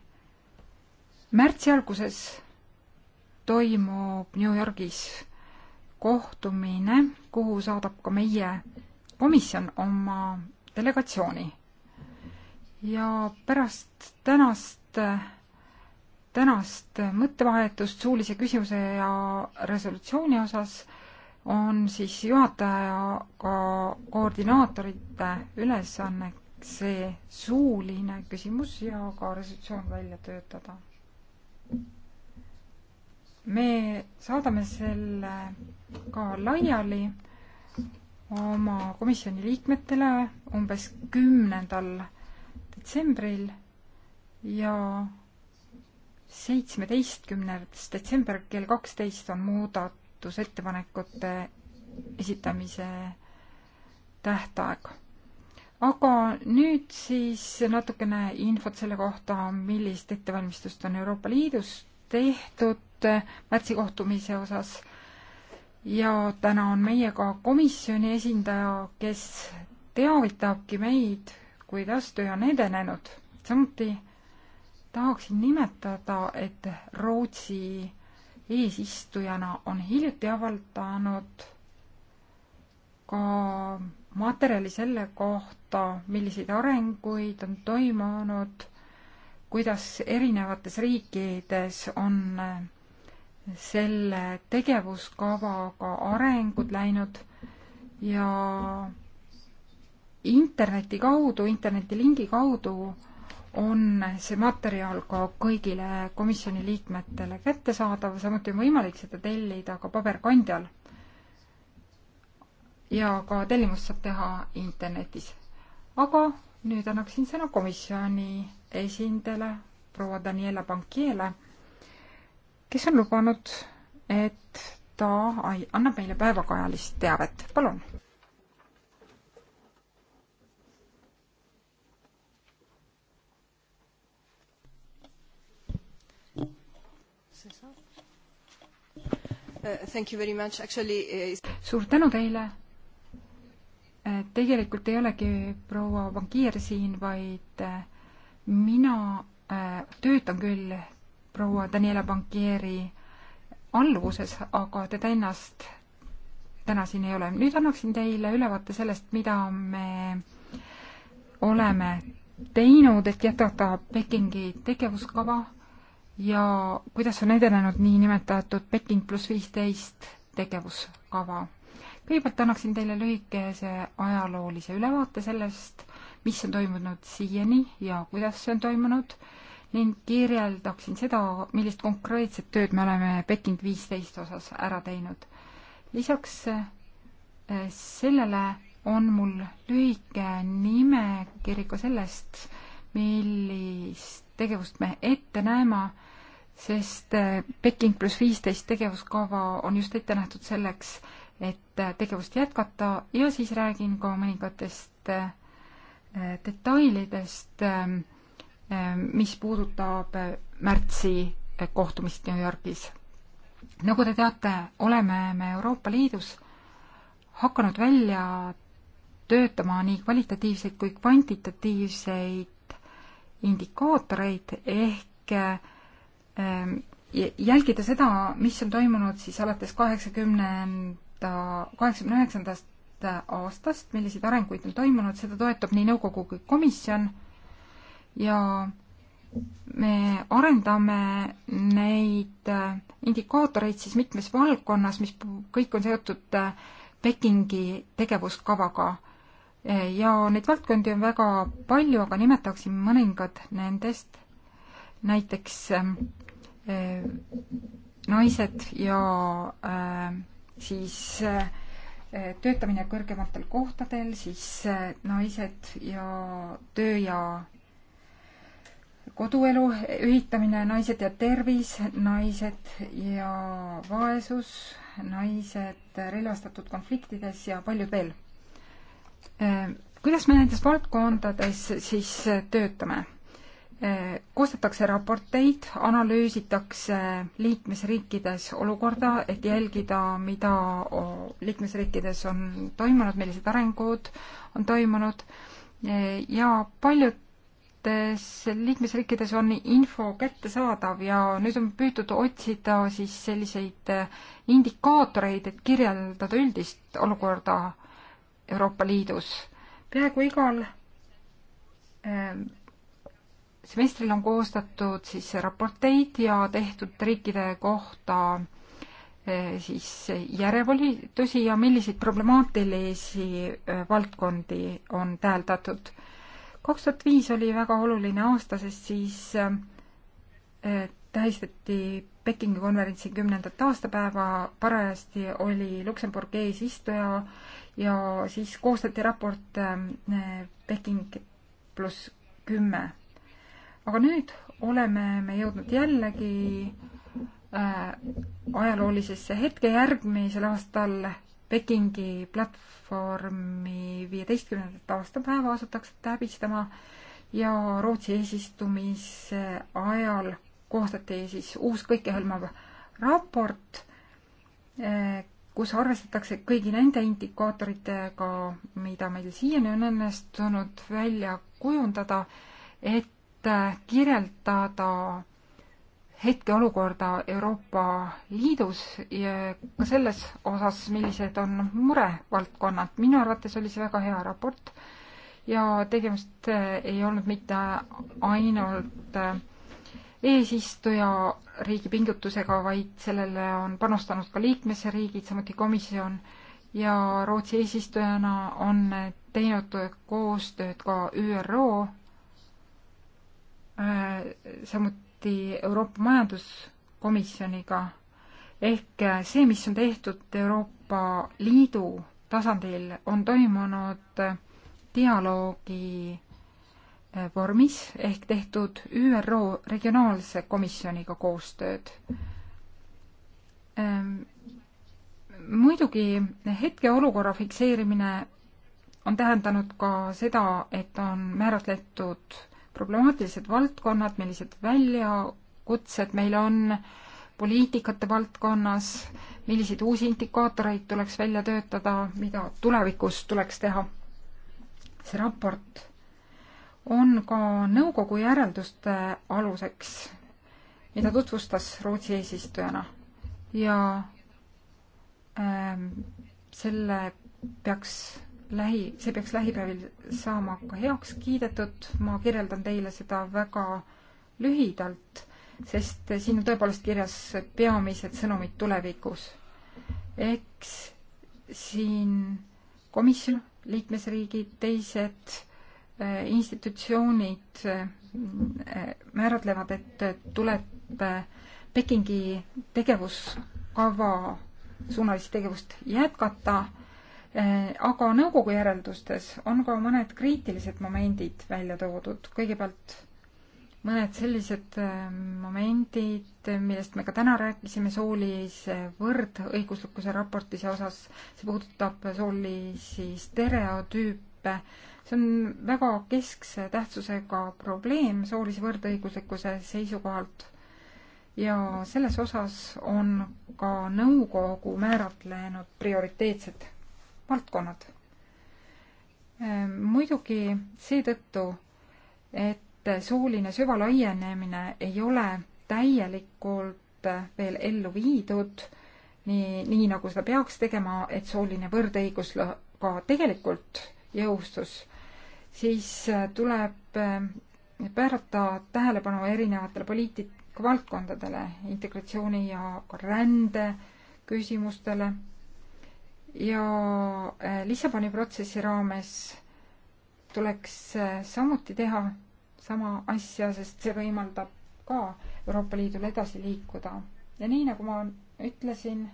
märtsi alguses toimub New Yorgis kohtumine, kuhu saadab ka meie komisjon oma delegatsiooni. ja pärast tänast, tänast mõttevahetust suulise küsimuse ja resolutsiooni osas on siis juhatajaga koordinaatorite ülesanne see suuline küsimus ja ka resolutsioon välja töötada me saadame selle ka laiali oma komisjoni liikmetele umbes kümnendal detsembril ja seitsmeteistkümnes detsember kell kaksteist on muudatusettepanekute esitamise tähtaeg. aga nüüd siis natukene infot selle kohta, millist ettevalmistust on Euroopa Liidus tehtud koostööd märtsi kohtumise osas ja täna on meiega komisjoni esindaja, kes teavitabki meid, kuidas töö on edenenud. samuti tahaksin nimetada, et Rootsi eesistujana on hiljuti avaldanud ka materjali selle kohta, milliseid arenguid on toimunud, kuidas erinevates riikides on selle tegevuskavaga arengud läinud ja interneti kaudu, internetilingi kaudu on see materjal ka kõigile komisjoni liikmetele kättesaadav, samuti on võimalik seda tellida ka paberkandjal. ja ka tellimust saab teha internetis. aga nüüd annaksin sõna komisjoni esindajale, proua Daniela Bankiele kes on lubanud, et ta annab meile päevakajalist teavet, palun. Uh, Actually... Uh, suur tänu teile. Uh, tegelikult ei olegi proua Vankier siin, vaid mina töötan küll proua Daniela Bankieri alluvuses, aga teda ennast täna siin ei ole. nüüd annaksin teile ülevaate sellest, mida me oleme teinud, et jätkata Pekingi tegevuskava ja kuidas on edenenud niinimetatud Peking pluss viisteist tegevuskava. kõigepealt annaksin teile lühikese ajaloolise ülevaate sellest, mis on toimunud siiani ja kuidas see on toimunud ning kirjeldaksin seda, millist konkreetset tööd me oleme Peking viisteist osas ära teinud. lisaks eh, sellele on mul lühike nimekiri ka sellest, millist tegevust me ette näeme, sest eh, Peking pluss viisteist tegevuskava on just ette nähtud selleks, et eh, tegevust jätkata ja siis räägin ka mõningatest detailidest äh, Ehm, mis puudutab eh, märtsi eh, kohtumist New Yorgis. nagu te teate, oleme me Euroopa Liidus hakanud välja töötama nii kvalitatiivseid kui kvantitatiivseid indikaatoreid ehk ehm, jälgida seda, mis on toimunud siis alates kaheksakümnenda, kaheksakümne üheksandast aastast, milliseid arenguid on toimunud, seda toetab nii nõukogu kui komisjon ja me arendame neid äh, indikaatoreid siis mitmes valdkonnas, mis kõik on seotud äh, Pekingi tegevuskavaga. Äh, ja neid valdkondi on väga palju, aga nimetaksin mõningad nendest. näiteks ähm, äh, naised ja äh, siis äh, töötamine kõrgematel kohtadel, siis naised ja töö ja koduelu ühitamine, naised ja tervis, naised ja vaesus, naised relvastatud konfliktides ja paljud veel. Ehm, kuidas me nendes valdkondades siis töötame? Ehm, koostatakse raporteid, analüüsitakse liikmesriikides olukorda, et jälgida, mida liikmesriikides on toimunud, millised arengud on toimunud ehm, ja paljud erinevates liikmesriikides on info kättesaadav ja nüüd on püütud otsida siis selliseid indikaatoreid, et kirjeldada üldist olukorda Euroopa Liidus. peaaegu igal ähm, semestril on koostatud siis raporteid ja tehtud riikide kohta äh, siis järjevolitusi ja milliseid problemaatilisi äh, valdkondi on täheldatud kaks tuhat viis oli väga oluline aasta, sest siis äh, tähistati Pekingi konverentsi kümnendat aastapäeva, parajasti oli Luksemburg eesistuja ja siis koostati raport äh, Peking pluss kümme. aga nüüd oleme me jõudnud jällegi äh, ajaloolisesse hetke järgmisel aastal Pekingi platvormi viieteistkümnendat aastapäeva asutakse täbistama ja Rootsi eesistumise ajal koostati siis uus kõikehõlmav raport, eh, kus arvestatakse kõigi nende indikaatoritega, mida meil siiani on õnnestunud välja kujundada, et kirjeldada hetkeolukorda Euroopa Liidus ja ka selles osas, millised on murevaldkonnad. minu arvates oli see väga hea raport ja tegemist äh, ei olnud mitte ainult äh, eesistuja riigi pingutusega, vaid sellele on panustanud ka liikmesriigid, samuti komisjon ja Rootsi eesistujana on teinud koostööd ka ÜRO, äh, samuti lahti Euroopa Majanduskomisjoniga ehk see, mis on tehtud Euroopa Liidu tasandil, on toimunud dialoogi eh, vormis ehk tehtud ÜRO regionaalse komisjoniga koostööd. Ehm, muidugi hetkeolukorra fikseerimine on tähendanud ka seda, et on määratletud problemaatilised valdkonnad, millised väljakutsed meil on poliitikate valdkonnas, milliseid uusi indikaatoreid tuleks välja töötada, mida tulevikus tuleks teha. see raport on ka nõukogu järelduste aluseks, mida tutvustas Rootsi eesistujana ja ähm, selle peaks lähi, see peaks lähipäevil saama ka heaks kiidetud, ma kirjeldan teile seda väga lühidalt, sest siin on tõepoolest kirjas peamised sõnumid tulevikus. eks siin komisjon, liikmesriigid, teised eh, institutsioonid eh, määratlevad, et tuleb eh, Pekingi tegevuskava suunalist tegevust jätkata Äh, aga nõukogu järeldustes on ka mõned kriitilised momendid välja toodud. kõigepealt mõned sellised äh, momendid, millest me ka täna rääkisime soolise võrdõiguslikkuse raportise osas. see puudutab soolisi stereotüüpe. see on väga keskse tähtsusega probleem soolise võrdõiguslikkuse seisukohalt ja selles osas on ka nõukogu määratlenud prioriteetsed valdkonnad. Ehm, muidugi seetõttu, et sooline süvalaienemine ei ole täielikult veel ellu viidud, nii, nii nagu seda peaks tegema, et sooline võrdõigus ka tegelikult jõustus, siis tuleb ehm, pöörata tähelepanu erinevatele poliitikavaldkondadele, integratsiooni ja ka rände küsimustele ja eh, Lissaboni protsessi raames tuleks eh, samuti teha sama asja, sest see võimaldab ka Euroopa Liidul edasi liikuda. ja nii, nagu ma ütlesin,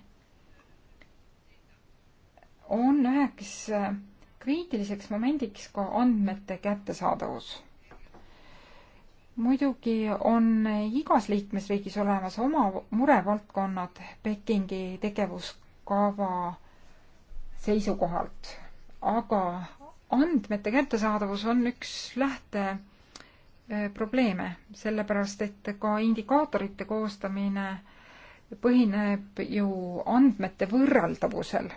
on üheks eh, kriitiliseks momendiks ka andmete kättesaadavus. muidugi on igas liikmesriigis olemas oma murevaldkonnad Pekingi tegevuskava seisukohalt, aga andmete kättesaadavus on üks lähte eh, probleeme, sellepärast et ka indikaatorite koostamine põhineb ju andmete võrreldavusel.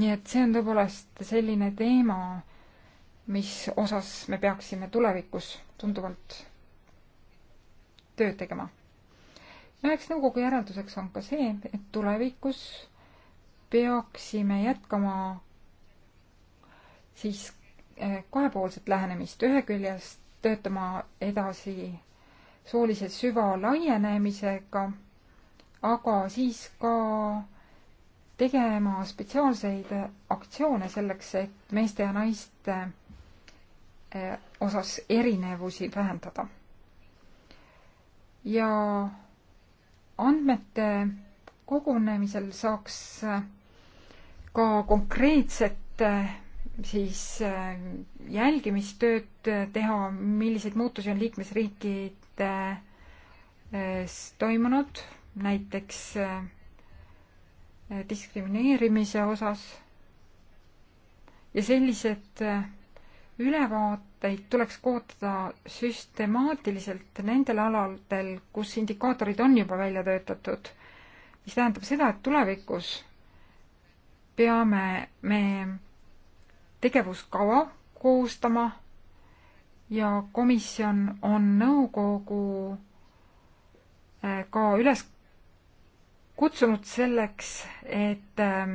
nii et see on tõepoolest selline teema, mis osas me peaksime tulevikus tunduvalt tööd tegema. üheks nõukogu järelduseks on ka see, et tulevikus peaksime jätkama siis eh, kahepoolset lähenemist, ühe küljest töötama edasi soolise süvalaienemisega, aga siis ka tegema spetsiaalseid aktsioone selleks, et meeste ja naiste eh, osas erinevusi vähendada. ja andmete kogunemisel saaks ka konkreetset äh, siis äh, jälgimistööd äh, teha, milliseid muutusi on liikmesriikides toimunud, näiteks diskrimineerimise osas. ja sellised ülevaateid tuleks koostada süstemaatiliselt nendel aladel, kus indikaatorid on juba välja töötatud, mis tähendab seda, et tulevikus peame me tegevuskava koostama ja komisjon on nõukogu eh, ka üles kutsunud selleks, et ehm,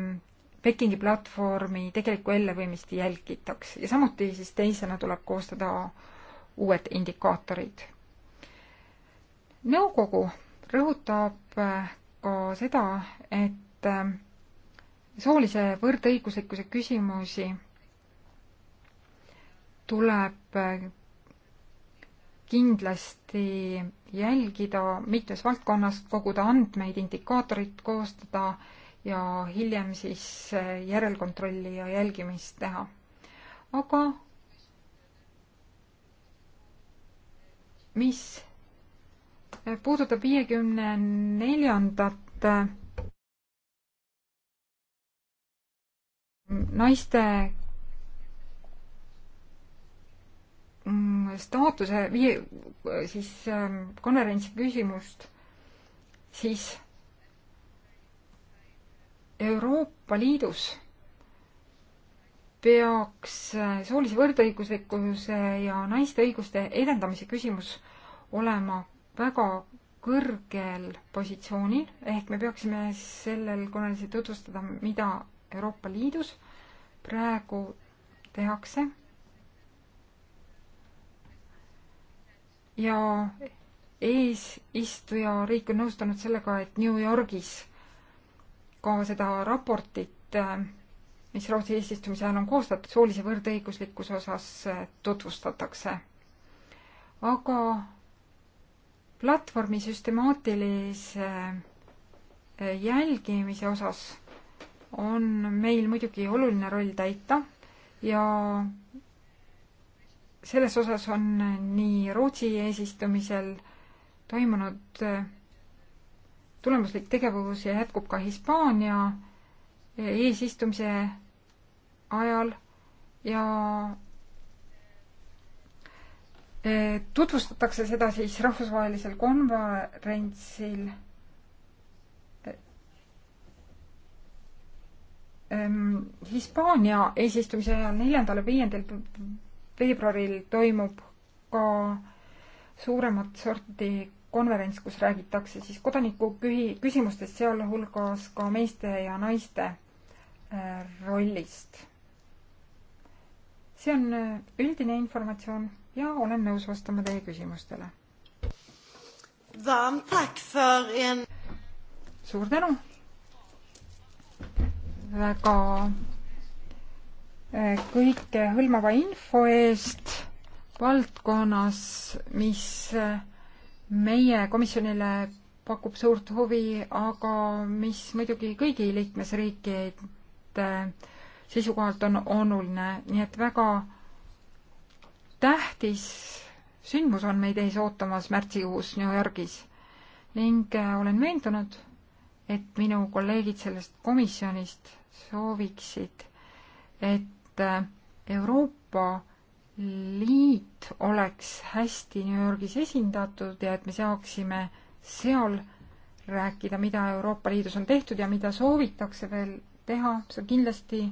Pekingi platvormi tegelikku elluviimist jälgitaks ja samuti siis teisena tuleb koostada uued indikaatorid. nõukogu rõhutab eh, ka seda, et ehm, soolise võrdõiguslikkuse küsimusi tuleb äh, kindlasti jälgida mitmes valdkonnas, koguda andmeid, indikaatorid koostada ja hiljem siis äh, järelkontrolli ja jälgimist teha. aga mis äh, puudutab viiekümne neljandat naiste mm, staatuse vii-, siis ähm, konverentsi küsimust, siis Euroopa Liidus peaks äh, soolise võrdõiguslikkuse ja naiste õiguste edendamise küsimus olema väga kõrgel positsioonil, ehk me peaksime sellel konverentsil tutvustada, mida Euroopa Liidus praegu tehakse. ja eesistuja riik on nõustunud sellega, et New Yorgis ka seda raportit, mis Rootsi eesistumise ajal on koostatud soolise võrdõiguslikkuse osas, tutvustatakse. aga platvormi süstemaatilise jälgimise osas on meil muidugi oluline roll täita ja selles osas on nii Rootsi eesistumisel toimunud eh, tulemuslik tegevus ja jätkub ka Hispaania eh, eesistumise ajal ja eh, tutvustatakse seda siis rahvusvahelisel konverentsil Ehm, Hispaania eesistumise ajal neljandal ja viiendal veebruaril toimub ka suuremat sorti konverents, kus räägitakse siis kodanikukühi-, küsimustest, sealhulgas ka meeste ja naiste äh, rollist. see on äh, üldine informatsioon ja olen nõus vastama teie küsimustele. suur tänu! väga eh, kõikehõlmava info eest valdkonnas, mis eh, meie komisjonile pakub suurt huvi, aga mis muidugi kõigi liikmesriikide eh, seisukohalt on oluline, nii et väga tähtis sündmus on meid ees ootamas märtsikuus New Yorgis ning olen veendunud, et minu kolleegid sellest komisjonist sooviksid, et äh, Euroopa Liit oleks hästi New Yorgis esindatud ja et me saaksime seal rääkida, mida Euroopa Liidus on tehtud ja mida soovitakse veel teha, see on kindlasti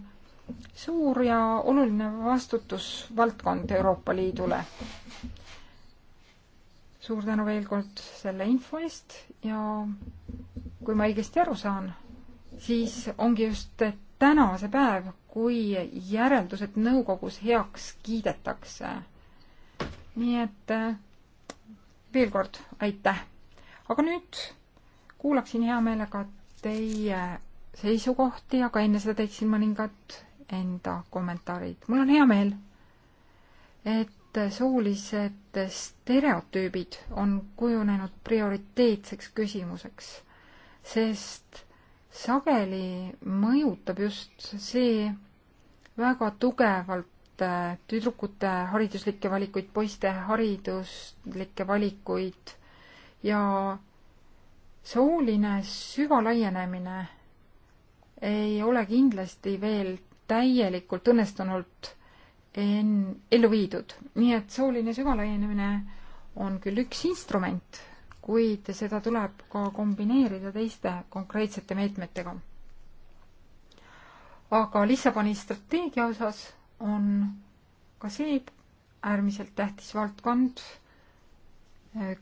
suur ja oluline vastutusvaldkond Euroopa Liidule suur tänu veel kord selle info eest ja kui ma õigesti aru saan, siis ongi just täna see päev, kui järeldused nõukogus heaks kiidetakse. nii et eh, veel kord aitäh. aga nüüd kuulaksin hea meelega teie seisukohti, aga enne seda teeksin mõningad enda kommentaarid. mul on hea meel, et et soolised stereotüübid on kujunenud prioriteetseks küsimuseks, sest sageli mõjutab just see väga tugevalt äh, tüdrukute hariduslikke valikuid, poiste hariduslikke valikuid ja sooline süvalaienemine ei ole kindlasti veel täielikult õnnestunult en-, ellu viidud. nii et sooline süvalainemine on küll üks instrument, kuid seda tuleb ka kombineerida teiste konkreetsete meetmetega. aga Lissaboni strateegia osas on ka see äärmiselt tähtis valdkond,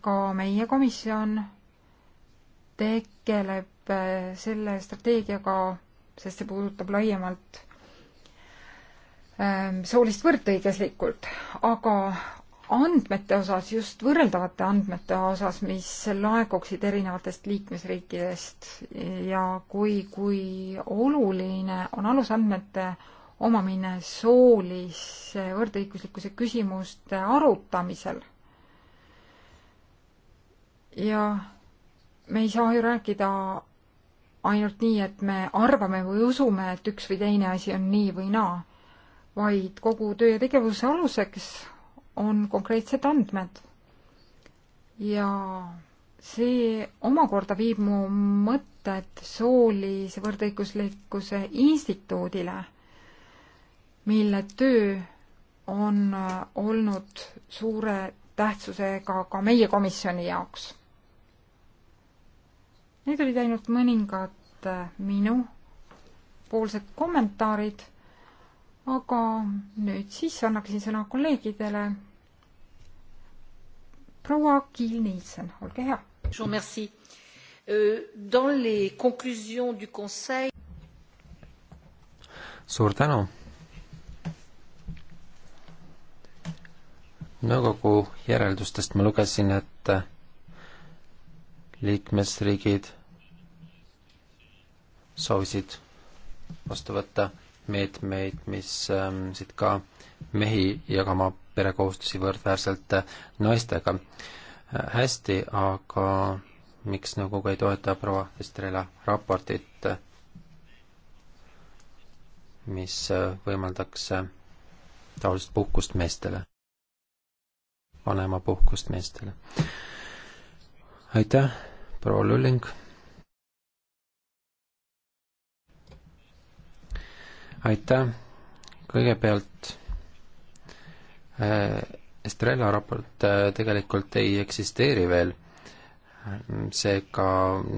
ka meie komisjon tegeleb äh, selle strateegiaga, sest see puudutab laiemalt Ähm, soolist võrdõiguslikult, aga andmete osas, just võrreldavate andmete osas, mis laekuksid erinevatest liikmesriikidest ja kui, kui oluline on alusandmete omamine soolise võrdõiguslikkuse küsimuste arutamisel. ja me ei saa ju rääkida ainult nii, et me arvame või usume, et üks või teine asi on nii või naa vaid kogu töö ja tegevuse aluseks on konkreetsed andmed. ja see omakorda viib mu mõtted soolise võrdõiguslikkuse instituudile, mille töö on olnud suure tähtsusega ka meie komisjoni jaoks. Need olid ainult mõningad äh, minu poolsed kommentaarid aga nüüd siis annaksin sõna kolleegidele. proua Kiil-Nielsen, olge hea. Euh, suur tänu. nõukogu järeldustest ma lugesin, et liikmesriigid soovisid vastu võtta meetmeid, mis ähm, siit ka mehi jagama perekohustusi võrdväärselt äh, naistega äh,. hästi, aga miks nõukogu ei toeta proua Estrela raportit, mis äh, võimaldaks äh, taolist puhkust meestele, vanemapuhkust meestele? aitäh, proua Lulling aitäh, kõigepealt äh, Estrella raport äh, tegelikult ei eksisteeri veel, seega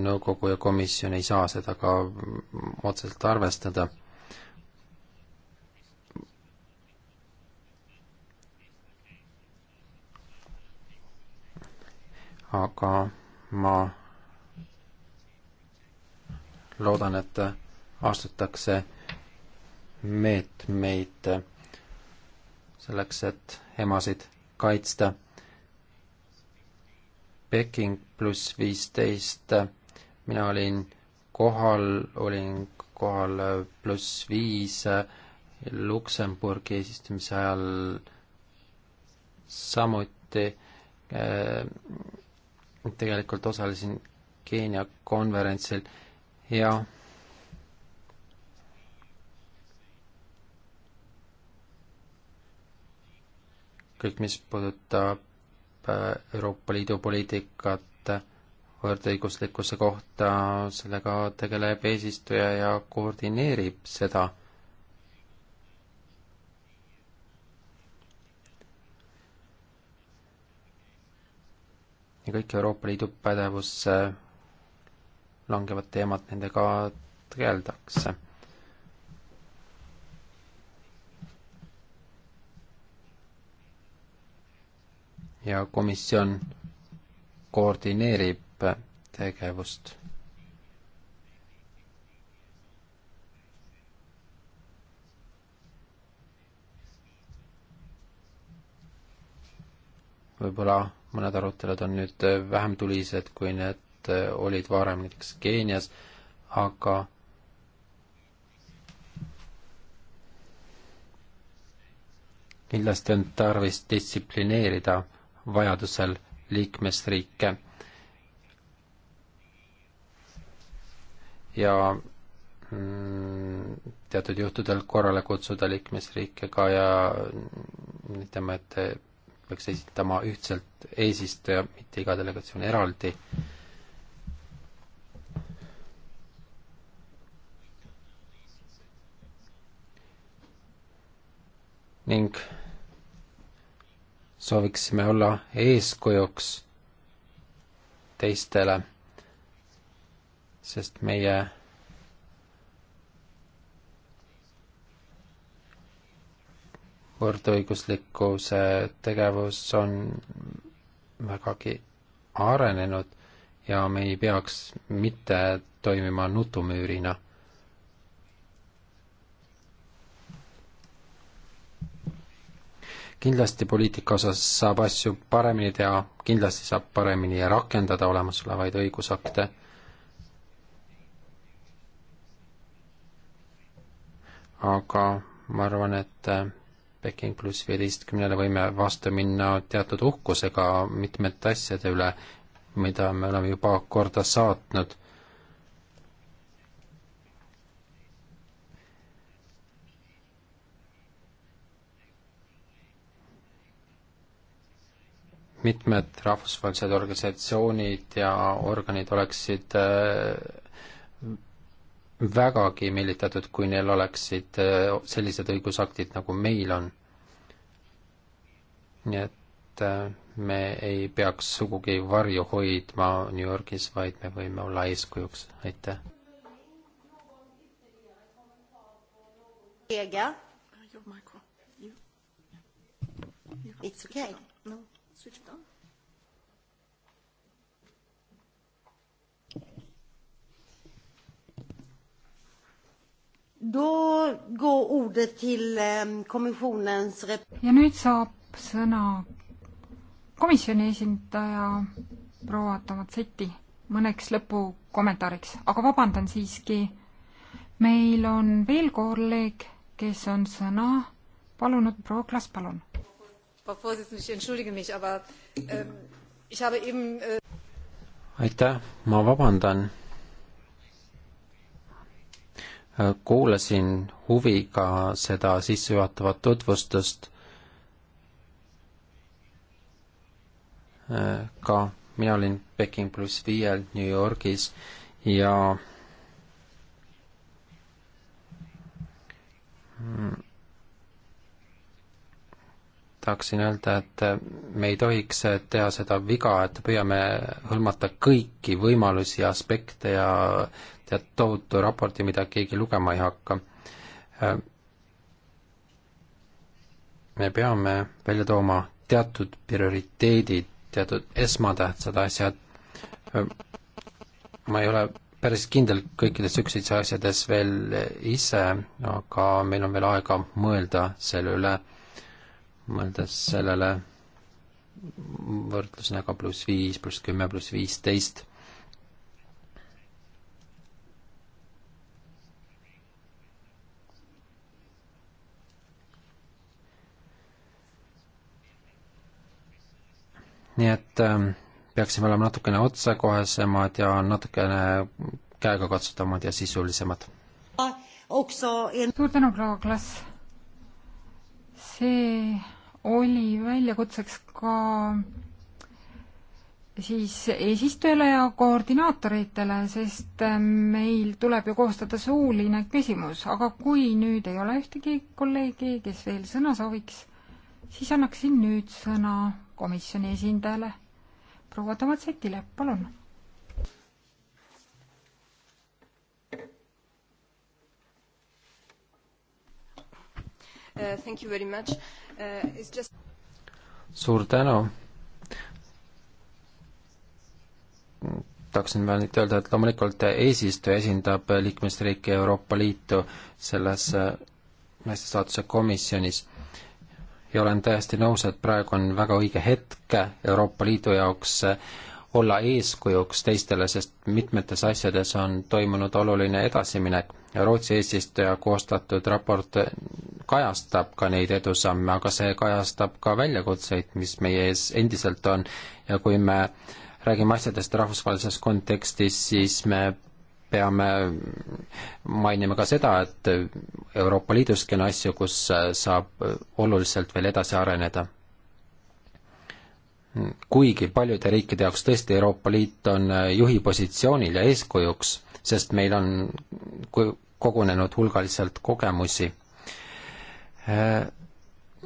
nõukogu ja komisjon ei saa seda ka otseselt arvestada. aga ma loodan, et astutakse meetmeid selleks, et emasid kaitsta. Peking pluss viisteist, mina olin kohal, olin kohal pluss viis Luksemburgi eesistumise ajal samuti tegelikult osalesin Keenia konverentsil ja kõik, mis puudutab äh, Euroopa Liidu poliitikat äh, võrdõiguslikkuse kohta, sellega tegeleb eesistuja ja koordineerib seda. ja kõik Euroopa Liidu pädevusse langevad teemad, nendega tegeldakse ja komisjon koordineerib tegevust. võib-olla mõned arutelud on nüüd vähem tulised, kui need olid varem näiteks Keenias, aga kindlasti on tarvis distsiplineerida vajadusel liikmesriike. ja mm, teatud juhtudel korrale kutsuda liikmesriike ka ja ütleme, et peaks esitama ühtselt eesistuja, mitte iga delegatsioon eraldi. ning sooviksime olla eeskujuks teistele, sest meie võrdõiguslikkuse tegevus on vägagi arenenud ja me ei peaks mitte toimima nutumüürina. kindlasti poliitika osas saab asju paremini teha, kindlasti saab paremini rakendada olemasolevaid õigusakte. aga ma arvan, et Peking pluss viieteistkümnele võime vastu minna teatud uhkusega mitmete asjade üle, mida me oleme juba korda saatnud mitmed rahvusvahelised organisatsioonid ja organid oleksid äh, vägagi meelitatud, kui neil oleksid äh, sellised õigusaktid, nagu meil on. nii et äh, me ei peaks sugugi varju hoidma New Yorgis, vaid me võime olla eeskujuks, aitäh. Uh, It's okay. No. Przeczytam. Ehm, ja nüüd saab sõna komisjoni esindaja proua Tomatseti mõneks lõpukommentaariks, aga vabandan siiski, meil on veel kolleeg, kes on sõna palunud, proua Klas, palun Frau Vorsitzende, ich entschuldige mich, aber äh, ich habe eben äh aitäh, ma vabandan. Äh, kuulasin huviga seda sissejuhatavat tutvustust. Äh, ka mina olin Peking pluss viiel New Yorgis ja mm, tahaksin öelda, et me ei tohiks teha seda viga, et püüame hõlmata kõiki võimalusi ja aspekte ja tead, tohutu raporti, mida keegi lugema ei hakka. me peame välja tooma teatud prioriteedid, teatud esmatähtsad asjad. ma ei ole päris kindel kõikides niisugustes asjades veel ise, aga meil on veel aega mõelda selle üle mõeldes sellele võrdlusena ka pluss viis, pluss kümme, pluss viisteist. nii et ähm, peaksime olema natukene otsekohesemad ja natukene käegakatsutavamad ja sisulisemad. Ah, suur tänu, proua Klas. see oli väljakutseks ka siis eesistujale ja koordinaatoritele, sest äh, meil tuleb ju koostada suuline küsimus, aga kui nüüd ei ole ühtegi kolleegi, kes veel sõna sooviks, siis annaksin nüüd sõna komisjoni esindajale, proua Tomatsetile, palun Uh, thank you very much. Uh, it's just suur tänu. tahaksin veel nüüd öelda, et loomulikult eesistuja esindab liikmesriiki Euroopa Liitu selles naiste äh, staatuse komisjonis ja olen täiesti nõus, et praegu on väga õige hetk Euroopa Liidu jaoks äh, olla eeskujuks teistele, sest mitmetes asjades on toimunud oluline edasiminek Rootsi eesistuja koostatud raport kajastab ka neid edusamme, aga see kajastab ka väljakutseid, mis meie ees endiselt on ja kui me räägime asjadest rahvusvahelises kontekstis, siis me peame mainima ka seda, et Euroopa Liiduski on asju, kus saab oluliselt veel edasi areneda. kuigi paljude riikide jaoks tõesti Euroopa Liit on juhi positsioonil ja eeskujuks, sest meil on kogunenud hulgaliselt kogemusi. Äh,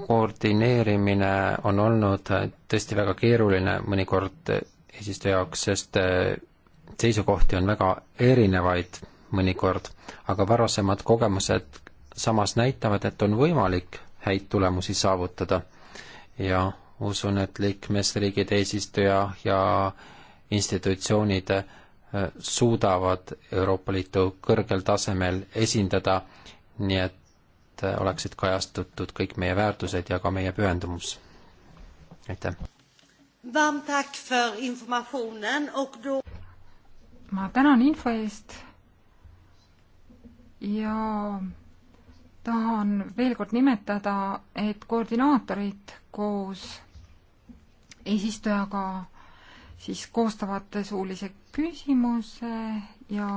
koordineerimine on olnud tõesti väga keeruline mõnikord eesistuja jaoks, sest äh, seisukohti on väga erinevaid mõnikord, aga varasemad kogemused samas näitavad, et on võimalik häid tulemusi saavutada ja usun, et liikmesriigid, eesistuja ja institutsioonid Äh, suudavad Euroopa Liitu kõrgel tasemel esindada, nii et äh, oleksid kajastatud kõik meie väärtused ja ka meie pühendumus. aitäh! ma tänan info eest ja tahan veel kord nimetada, et koordinaatorid koos eesistujaga siis koostavad suulise küsimuse ja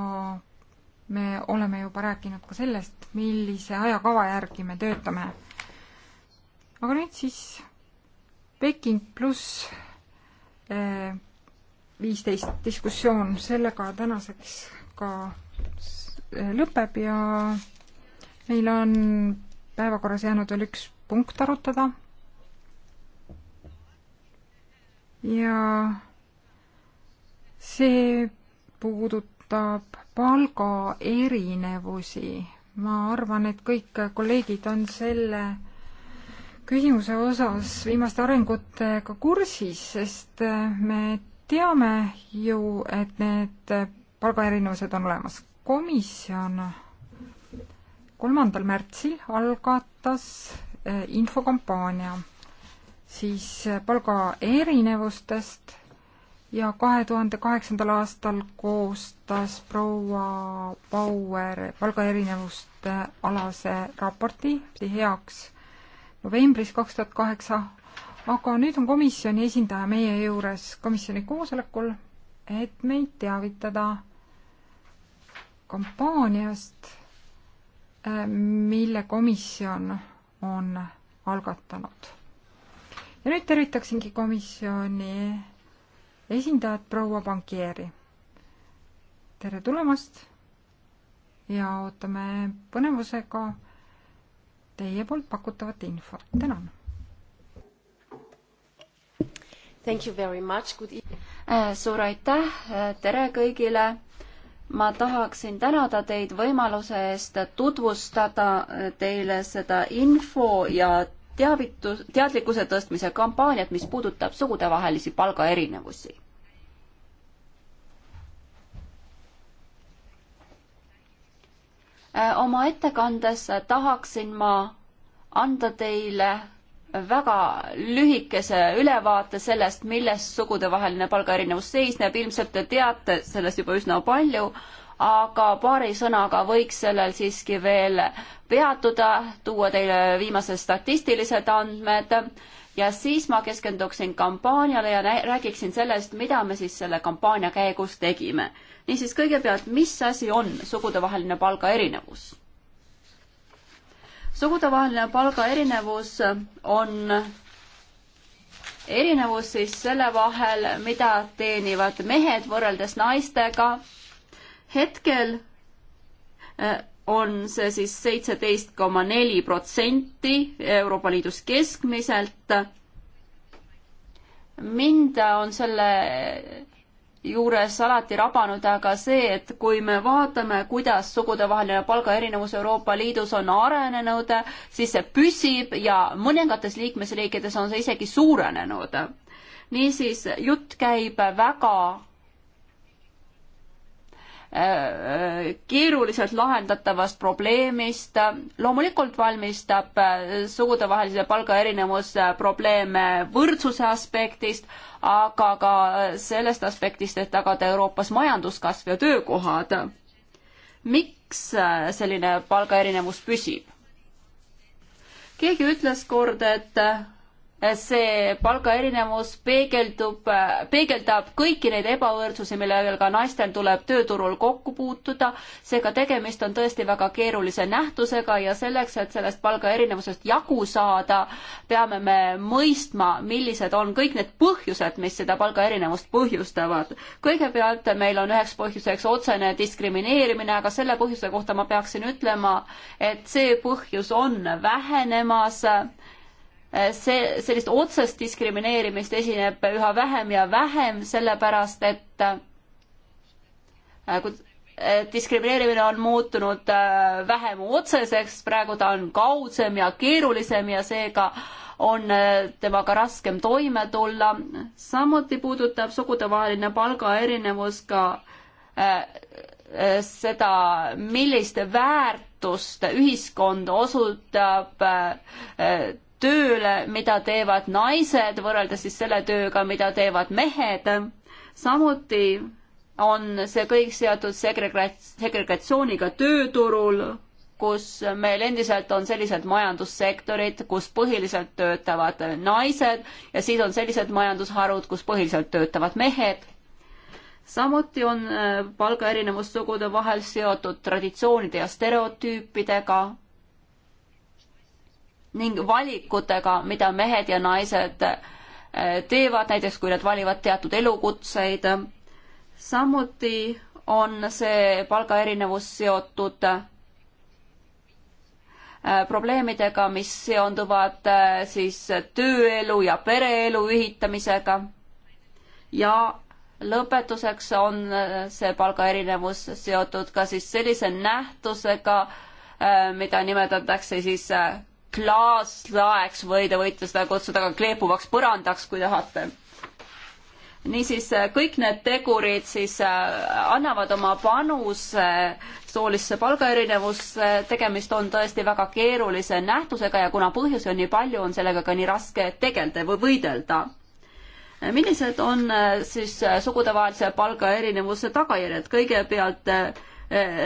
me oleme juba rääkinud ka sellest, millise ajakava järgi me töötame. aga nüüd siis Peking pluss eh, viisteist diskussioon sellega tänaseks ka eh, lõpeb ja meil on päevakorras jäänud veel üks punkt arutada. ja see puudutab palgaerinevusi. ma arvan, et kõik kolleegid on selle küsimuse osas viimaste arengutega kursis, sest me teame ju, et need palgaerinevused on olemas. komisjon kolmandal märtsil algatas eh, infokampaania siis palgaerinevustest ja kahe tuhande kaheksandal aastal koostas proua Bauer palgaerinevuste alase raporti, pidi heaks novembris kaks tuhat kaheksa, aga nüüd on komisjoni esindaja meie juures komisjoni koosolekul, et meid teavitada kampaaniast, mille komisjon on algatanud. ja nüüd tervitaksingi komisjoni esindajat, proua Bankieri. tere tulemast ja ootame põnevusega teie poolt pakutavat infot. tänan! Thank you very much, good evening! Äh, suur aitäh, äh, tere kõigile! ma tahaksin tänada teid võimaluse eest tutvustada äh, teile seda info ja teavitus, teadlikkuse tõstmise kampaaniat, mis puudutab sugudevahelisi palgaerinevusi. Äh, oma ettekandes tahaksin ma anda teile väga lühikese ülevaate sellest, milles sugudevaheline palgaerinevus seisneb, ilmselt te teate sellest juba üsna palju aga paari sõnaga võiks sellel siiski veel peatuda, tuua teile viimased statistilised andmed ja siis ma keskenduksin kampaaniale ja räägiksin sellest, mida me siis selle kampaania käigus tegime. niisiis, kõigepealt, mis asi on sugudevaheline palgaerinevus? sugudevaheline palgaerinevus on erinevus siis selle vahel, mida teenivad mehed võrreldes naistega hetkel äh, on see siis seitseteist koma neli protsenti Euroopa Liidus keskmiselt. mind on selle juures alati rabanud aga see, et kui me vaatame, kuidas sugudevaheline palgaerinevus Euroopa Liidus on arenenud, siis see püsib ja mõningates liikmesriikides on see isegi suurenenud. niisiis, jutt käib väga keeruliselt lahendatavast probleemist. loomulikult valmistab äh, sugudevahelise palgaerinevus äh, probleeme võrdsuse aspektist, aga ka sellest aspektist, et tagada Euroopas majanduskasv ja töökohad. miks äh, selline palgaerinevus püsib? keegi ütles kord, et see palgaerinevus peegeldub, peegeldab kõiki neid ebavõrdsusi, millega naistel tuleb tööturul kokku puutuda, seega tegemist on tõesti väga keerulise nähtusega ja selleks, et sellest palgaerinevusest jagu saada, peame me mõistma, millised on kõik need põhjused, mis seda palgaerinevust põhjustavad. kõigepealt meil on üheks põhjuseks otsene diskrimineerimine, aga selle põhjuse kohta ma peaksin ütlema, et see põhjus on vähenemas Eh, see, sellist otsest diskrimineerimist esineb üha vähem ja vähem, sellepärast et eh, eh, diskrimineerimine on muutunud vähem otseseks, praegu ta on kaudsem ja keerulisem ja seega on temaga raskem toime tulla. samuti puudutab sugudevaheline palgaerinevus ka seda, millist väärtust ühiskond osutab tööle, mida teevad naised, võrreldes siis selle tööga, mida teevad mehed. samuti on see kõik seotud segregat-, segregatsiooniga tööturul, kus meil endiselt on sellised majandussektorid, kus põhiliselt töötavad naised ja siis on sellised majandusharud, kus põhiliselt töötavad mehed. samuti on äh, palgaerinevus sugude vahel seotud traditsioonide ja stereotüüpidega ning valikutega, mida mehed ja naised äh, teevad, näiteks kui nad valivad teatud elukutseid. samuti on see palgaerinevus seotud äh, probleemidega, mis seonduvad äh, siis tööelu ja pereelu ühitamisega. ja lõpetuseks on see palgaerinevus seotud ka siis sellise nähtusega, mida nimetatakse siis klaaslaeks või te võite seda kutsuda ka kleepuvaks põrandaks, kui tahate. niisiis äh, kõik need tegurid siis äh, annavad oma panuse soolisse palgaerinevusse, tegemist on tõesti väga keerulise nähtusega ja kuna põhjusi on nii palju, on sellega ka nii raske tegeleda või võidelda millised on äh, siis sugudevahelise palgaerinevuse tagajärjed? kõigepealt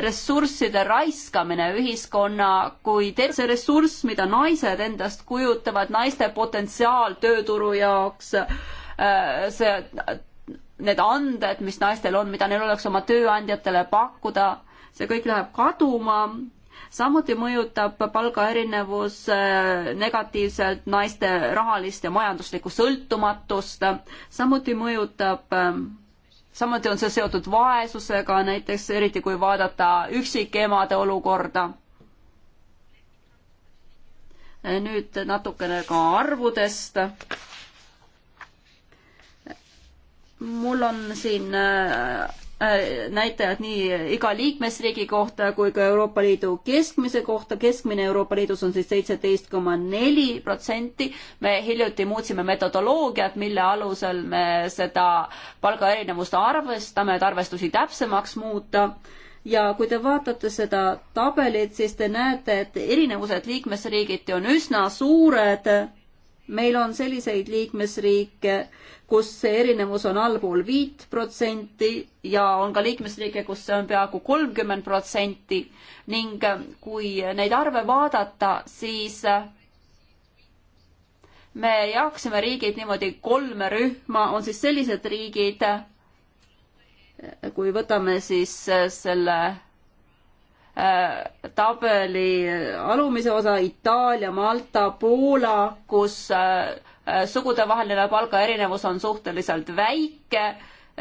ressursside raiskamine ühiskonna kui terve ressurss, mida naised endast kujutavad, naiste potentsiaal tööturu jaoks, äh, see, need anded, mis naistel on, mida neil oleks oma tööandjatele pakkuda, see kõik läheb kaduma samuti mõjutab palgaerinevus äh, negatiivselt naiste rahalist ja majanduslikku sõltumatust, samuti mõjutab äh, samuti on see seotud vaesusega, näiteks eriti kui vaadata üksikemade olukorda. nüüd natukene ka arvudest. mul on siin äh, Äh, näitajad nii iga liikmesriigi kohta kui ka Euroopa Liidu keskmise kohta. keskmine Euroopa Liidus on siis seitseteist koma neli protsenti. me hiljuti muutsime metodoloogiat, mille alusel me seda palgaerinevust arvestame, et arvestusi täpsemaks muuta ja kui te vaatate seda tabelit, siis te näete, et erinevused liikmesriigiti on üsna suured meil on selliseid liikmesriike, kus see erinevus on allpool viit protsenti ja on ka liikmesriike, kus see on peaaegu kolmkümmend protsenti ning äh, kui neid arve vaadata, siis äh, me jaoksime riigid niimoodi kolme rühma, on siis sellised riigid, äh, kui võtame siis selle Äh, tabeli alumise osa Itaalia, Malta, Poola, kus äh, äh, sugudevaheline palgaerinevus on suhteliselt väike.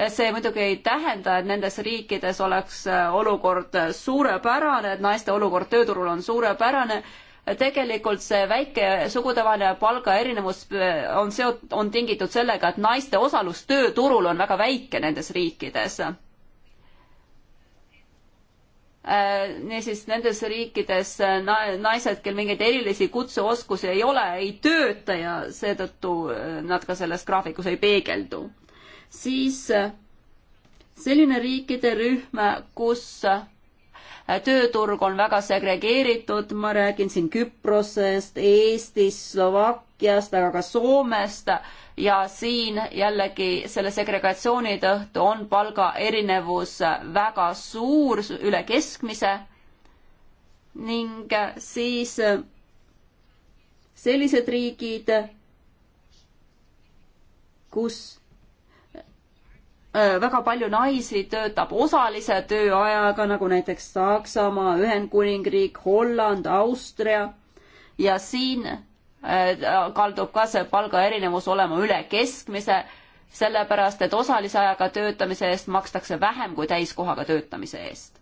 see muidugi ei tähenda, et nendes riikides oleks olukord suurepärane, et naiste olukord tööturul on suurepärane. tegelikult see väike sugudevaheline palgaerinevus on seot-, on tingitud sellega, et naiste osalus tööturul on väga väike nendes riikides Äh, niisiis nendes riikides äh, naised, kel mingeid erilisi kutseoskusi ei ole, ei tööta ja seetõttu äh, nad ka selles graafikus ei peegeldu. siis selline riikide rühm, kus tööturg on väga segregeeritud, ma räägin siin Küprosest, Eestist, Slovakkiast, aga ka Soomest ja siin jällegi selle segregatsiooni tõttu on palgaerinevus väga suur, üle keskmise ning siis sellised riigid, kus Äh, väga palju naisi töötab osalise tööajaga, nagu näiteks Saksamaa, Ühendkuningriik, Holland, Austria ja siin äh, kaldub ka see palgaerinevus olema üle keskmise, sellepärast et osalise ajaga töötamise eest makstakse vähem kui täiskohaga töötamise eest.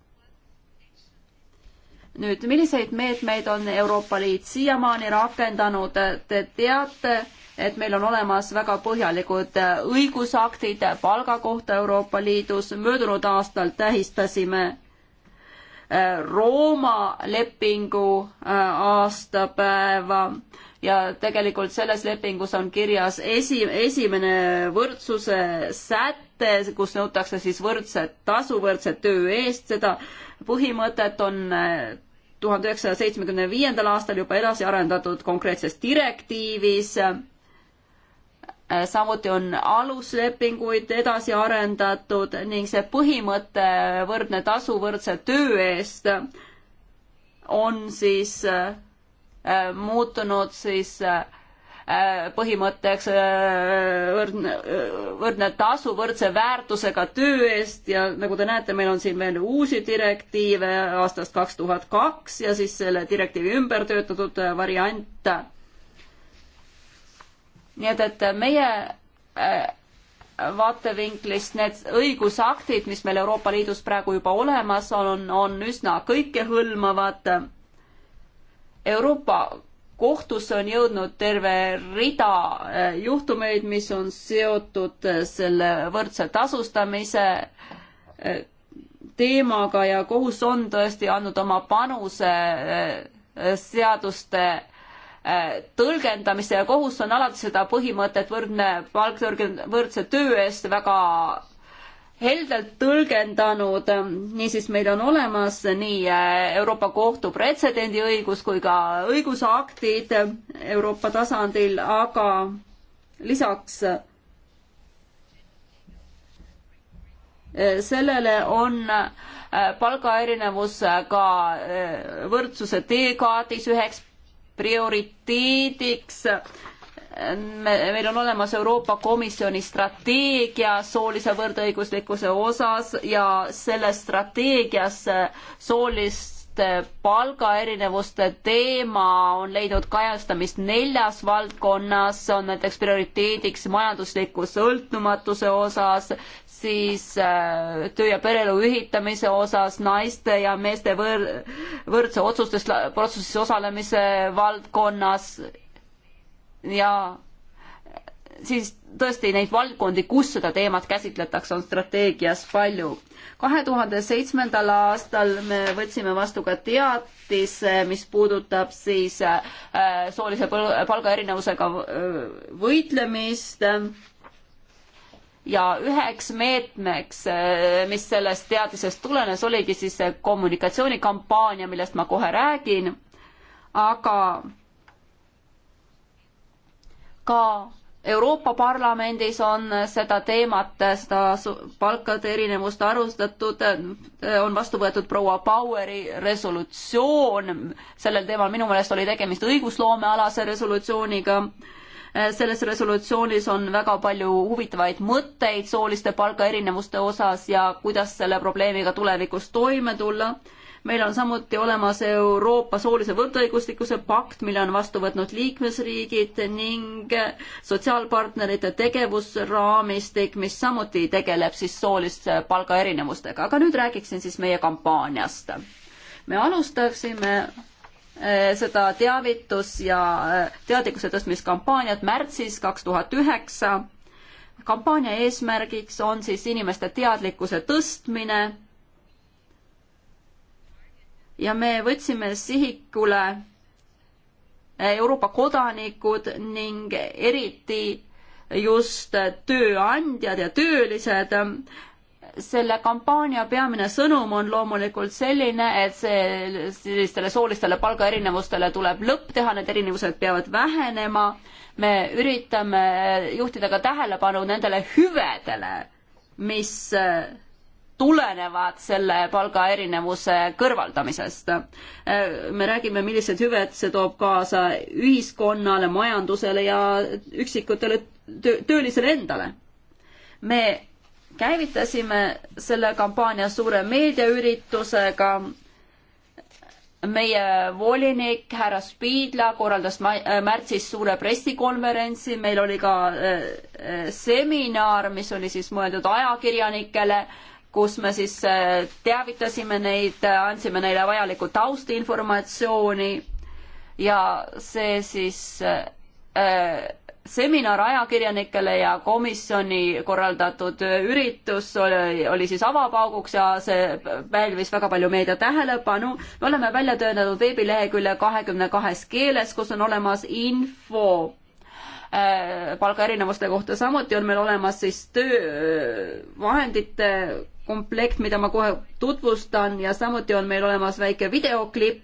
nüüd, milliseid meetmeid on Euroopa Liit siiamaani rakendanud, te teate, et meil on olemas väga põhjalikud äh, õigusaktid palga kohta Euroopa Liidus. möödunud aastal tähistasime äh, Rooma lepingu äh, aastapäeva ja tegelikult selles lepingus on kirjas esi, esimene võrdsuse säte, kus nõutakse siis võrdset tasu võrdse töö eest, seda põhimõtet on tuhande üheksasaja seitsmekümne viiendal aastal juba edasi arendatud konkreetses direktiivis Äh, samuti on aluslepinguid edasi arendatud ning see põhimõte võrdne tasu võrdse töö eest on siis äh, muutunud siis äh, põhimõtteks äh, võrdne, äh, võrdne tasu võrdse väärtusega töö eest ja nagu te näete, meil on siin veel uusi direktiive aastast kaks tuhat kaks ja siis selle direktiivi ümber töötatud äh, variant nii et, et meie äh, vaatevinklist need õigusaktid, mis meil Euroopa Liidus praegu juba olemas on, on üsna kõikehõlmavad. Euroopa kohtusse on jõudnud terve rida äh, juhtumeid, mis on seotud äh, selle võrdse tasustamise teemaga ja kohus on tõesti andnud oma panuse seaduste tõlgendamist ja kohus on alati seda põhimõtet võrdne palk võrdse töö eest väga heldelt tõlgendanud, niisiis meil on olemas nii äh, Euroopa Kohtu pretsedendiõigus kui ka õigusaktid Euroopa tasandil, aga lisaks äh, sellele on äh, palgaerinevus ka võrdsuse teekaardis üheks prioriteediks. me, meil on olemas Euroopa Komisjoni strateegia soolise võrdõiguslikkuse osas ja selles strateegias soolist palgaerinevuste teema on leidnud kajastamist neljas valdkonnas, on näiteks prioriteediks majandusliku sõltumatuse osas, siis äh, töö ja pereelu ühitamise osas, naiste ja meeste võr-, võrdse otsustes, protsessis osalemise valdkonnas ja siis tõesti neid valdkondi, kus seda teemat käsitletakse, on strateegias palju. kahe tuhande seitsmendal aastal me võtsime vastu ka teatise, mis puudutab siis äh, soolise palgaerinevusega äh, võitlemist ja üheks meetmeks, eh, mis sellest teadmisest tulenes, oligi siis see kommunikatsioonikampaania, millest ma kohe räägin, aga ka Euroopa Parlamendis on seda teemat, seda palkade erinevust arustatud, on vastu võetud proua Baueri resolutsioon, sellel teemal minu meelest oli tegemist õigusloomealase resolutsiooniga Äh, selles resolutsioonis on väga palju huvitavaid mõtteid sooliste palgaerinevuste osas ja kuidas selle probleemiga tulevikus toime tulla. meil on samuti olemas Euroopa soolise võrdõiguslikkuse pakt, mille on vastu võtnud liikmesriigid ning sotsiaalpartnerite tegevusraamistik, mis samuti tegeleb siis sooliste palgaerinevustega, aga nüüd räägiksin siis meie kampaaniast. me alustaksime Eh, seda teavitus- ja eh, teadlikkuse tõstmiskampaaniat märtsis kaks tuhat üheksa. kampaania eesmärgiks on siis inimeste teadlikkuse tõstmine. ja me võtsime sihikule eh, Euroopa kodanikud ning eriti just tööandjad ja töölised selle kampaania peamine sõnum on loomulikult selline, et see, sellistele soolistele palgaerinevustele tuleb lõpp teha, need erinevused peavad vähenema. me üritame juhtida ka tähelepanu nendele hüvedele, mis eh, tulenevad selle palgaerinevuse kõrvaldamisest. Eh, me räägime, millised hüved see toob kaasa ühiskonnale, majandusele ja üksikutele töö, töölisele endale. me käivitasime selle kampaania suure meediaüritusega. meie volinik härra Spiidla korraldas äh, märtsis suure pressikonverentsi, meil oli ka äh, äh, seminar, mis oli siis mõeldud ajakirjanikele, kus me siis teavitasime neid, andsime neile vajalikku taustinformatsiooni ja see siis äh, seminar ajakirjanikele ja komisjoni korraldatud üritus oli, oli siis avapauguks ja see pälvis väga palju meedia tähelepanu. me oleme välja töötanud veebilehekülje kahekümne kahes keeles, kus on olemas info äh, palgaerinevuste kohta, samuti on meil olemas siis töövahendite äh, komplekt, mida ma kohe tutvustan ja samuti on meil olemas väike videoklipp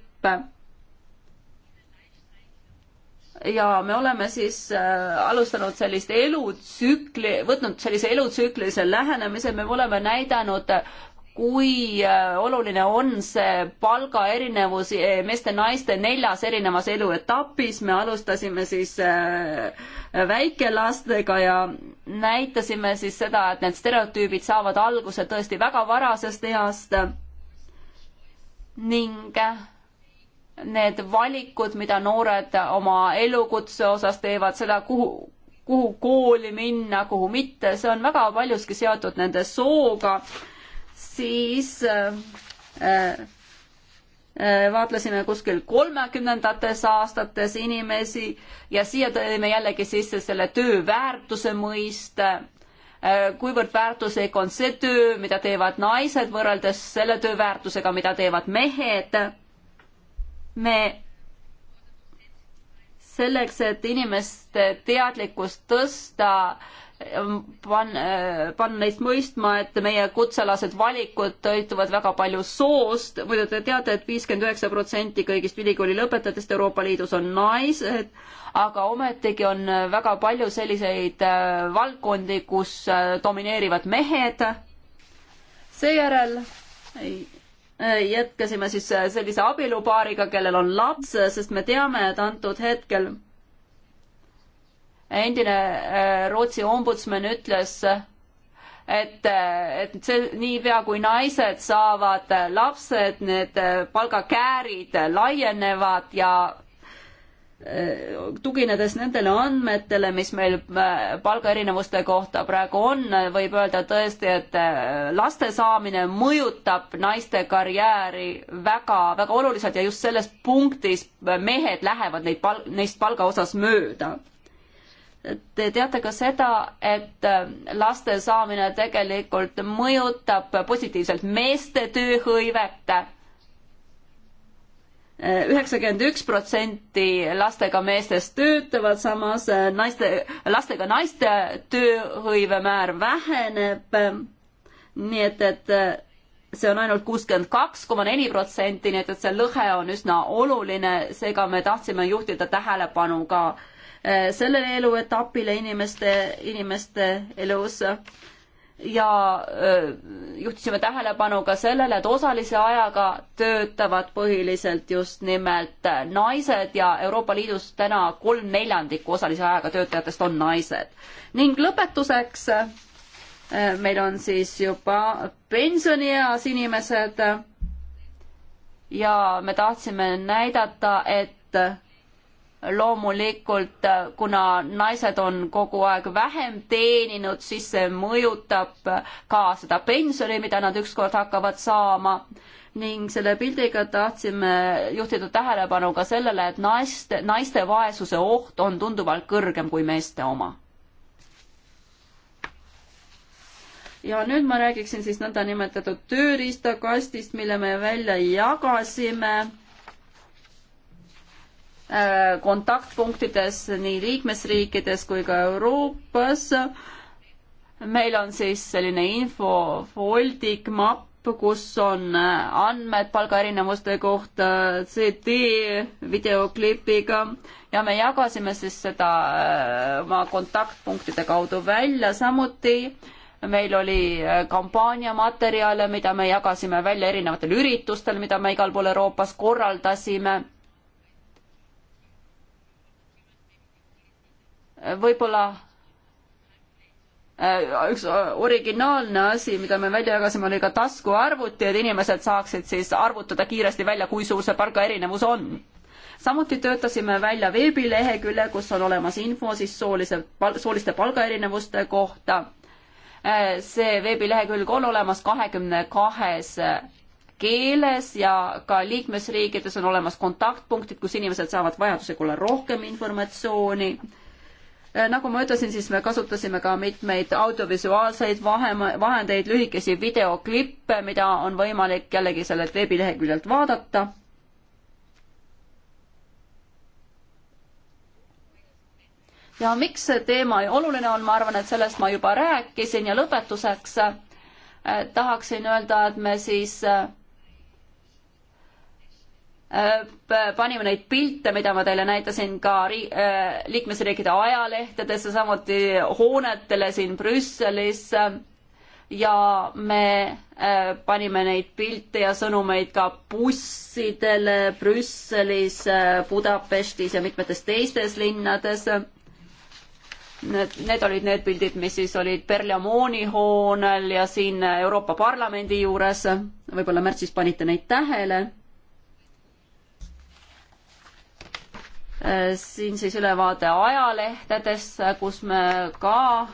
ja me oleme siis äh, alustanud sellist elutsükli, võtnud sellise elutsüklise lähenemise, me oleme näidanud, kui äh, oluline on see palgaerinevus e, meeste-naiste neljas erinevas eluetapis, me alustasime siis äh, väikelastega ja näitasime siis seda, et need stereotüübid saavad alguse tõesti väga varasest east ning need valikud, mida noored oma elukutse osas teevad, seda, kuhu, kuhu kooli minna, kuhu mitte, see on väga paljuski seotud nende sooga, siis äh, äh, vaatlesime kuskil kolmekümnendates aastates inimesi ja siia tõime jällegi sisse selle töö väärtuse mõiste äh, kuivõrd väärtuslik on see töö, mida teevad naised võrreldes selle töö väärtusega, mida teevad mehed me selleks, et inimeste teadlikkust tõsta, ähm, pan-, äh, panna neist mõistma, et meie kutsealased valikud toituvad väga palju soost, muide te teate et, et viiskümmend üheksa protsenti kõigist ülikooli lõpetajatest Euroopa Liidus on naised, aga ometigi on väga palju selliseid äh, valdkondi, kus äh, domineerivad mehed, seejärel ei jätkasime siis äh, sellise abielupaariga, kellel on laps, sest me teame, et antud hetkel endine äh, Rootsi ombudsman ütles, et, äh, et see niipea, kui naised saavad lapsed, need palgakäärid laienevad ja tuginedes nendele andmetele, mis meil äh, palgaerinevuste kohta praegu on, võib öelda tõesti, et äh, laste saamine mõjutab naiste karjääri väga, väga oluliselt ja just selles punktis mehed lähevad neid pal-, neist palga osas mööda. Te teate ka seda, et äh, laste saamine tegelikult mõjutab positiivselt meeste tööhõivet üheksakümmend üks protsenti lastega meestest töötavad, samas äh, naiste, lastega naiste tööhõive määr väheneb. nii et, et äh, see on ainult kuuskümmend kaks koma neli protsenti, nii et, et see lõhe on üsna oluline, seega me tahtsime juhtida tähelepanu ka äh, sellele eluetapile inimeste, inimeste elus ja juhtisime tähelepanu ka sellele, et osalise ajaga töötavad põhiliselt just nimelt naised ja Euroopa Liidus täna kolm neljandikku osalise ajaga töötajatest on naised. ning lõpetuseks meil on siis juba pensionieas inimesed ja me tahtsime näidata, et loomulikult, kuna naised on kogu aeg vähem teeninud, siis see mõjutab ka seda pensioni, mida nad ükskord hakkavad saama. ning selle pildiga tahtsime juhtida tähelepanu ka sellele, et naiste, naiste vaesuse oht on tunduvalt kõrgem kui meeste oma. ja nüüd ma räägiksin siis nõndanimetatud tööriistakastist, mille me välja jagasime Äh, kontaktpunktides nii liikmesriikides kui ka Euroopas. meil on siis selline infofoldik, mapp, kus on äh, andmed palgaerinevuste kohta CD videoklipiga ja me jagasime siis seda äh, oma kontaktpunktide kaudu välja, samuti meil oli kampaaniamaterjale, mida me jagasime välja erinevatel üritustel, mida me igal pool Euroopas korraldasime võib-olla äh, üks originaalne asi, mida me välja jagasime, oli ka taskuarvuti, et inimesed saaksid siis arvutada kiiresti välja, kui suur see palgaerinevus on. samuti töötasime välja veebilehekülje, kus on olemas info siis soolise, sooliste palgaerinevuste kohta. Äh, see veebilehekülg on olemas kahekümne kahes keeles ja ka liikmesriikides on olemas kontaktpunktid, kus inimesed saavad vajaduse korral rohkem informatsiooni Äh, nagu ma ütlesin, siis me kasutasime ka mitmeid audiovisuaalseid vahe, vahendeid, lühikesi videoklippe, mida on võimalik jällegi sellelt veebileheküljelt vaadata. ja miks see teema oluline on, ma arvan, et sellest ma juba rääkisin ja lõpetuseks äh, tahaksin öelda, et me siis äh, Äh, panime neid pilte, mida ma teile näitasin ka ri-, äh, liikmesriikide ajalehtedesse, samuti hoonetele siin Brüsselis ja me äh, panime neid pilte ja sõnumeid ka bussidele Brüsselis, Budapestis ja mitmetes teistes linnades. Need, need olid need pildid, mis siis olid Berliamooni hoonel ja siin Euroopa Parlamendi juures, võib-olla märtsis panite neid tähele Äh, siin siis ülevaade ajalehtedest, äh, kus me ka äh,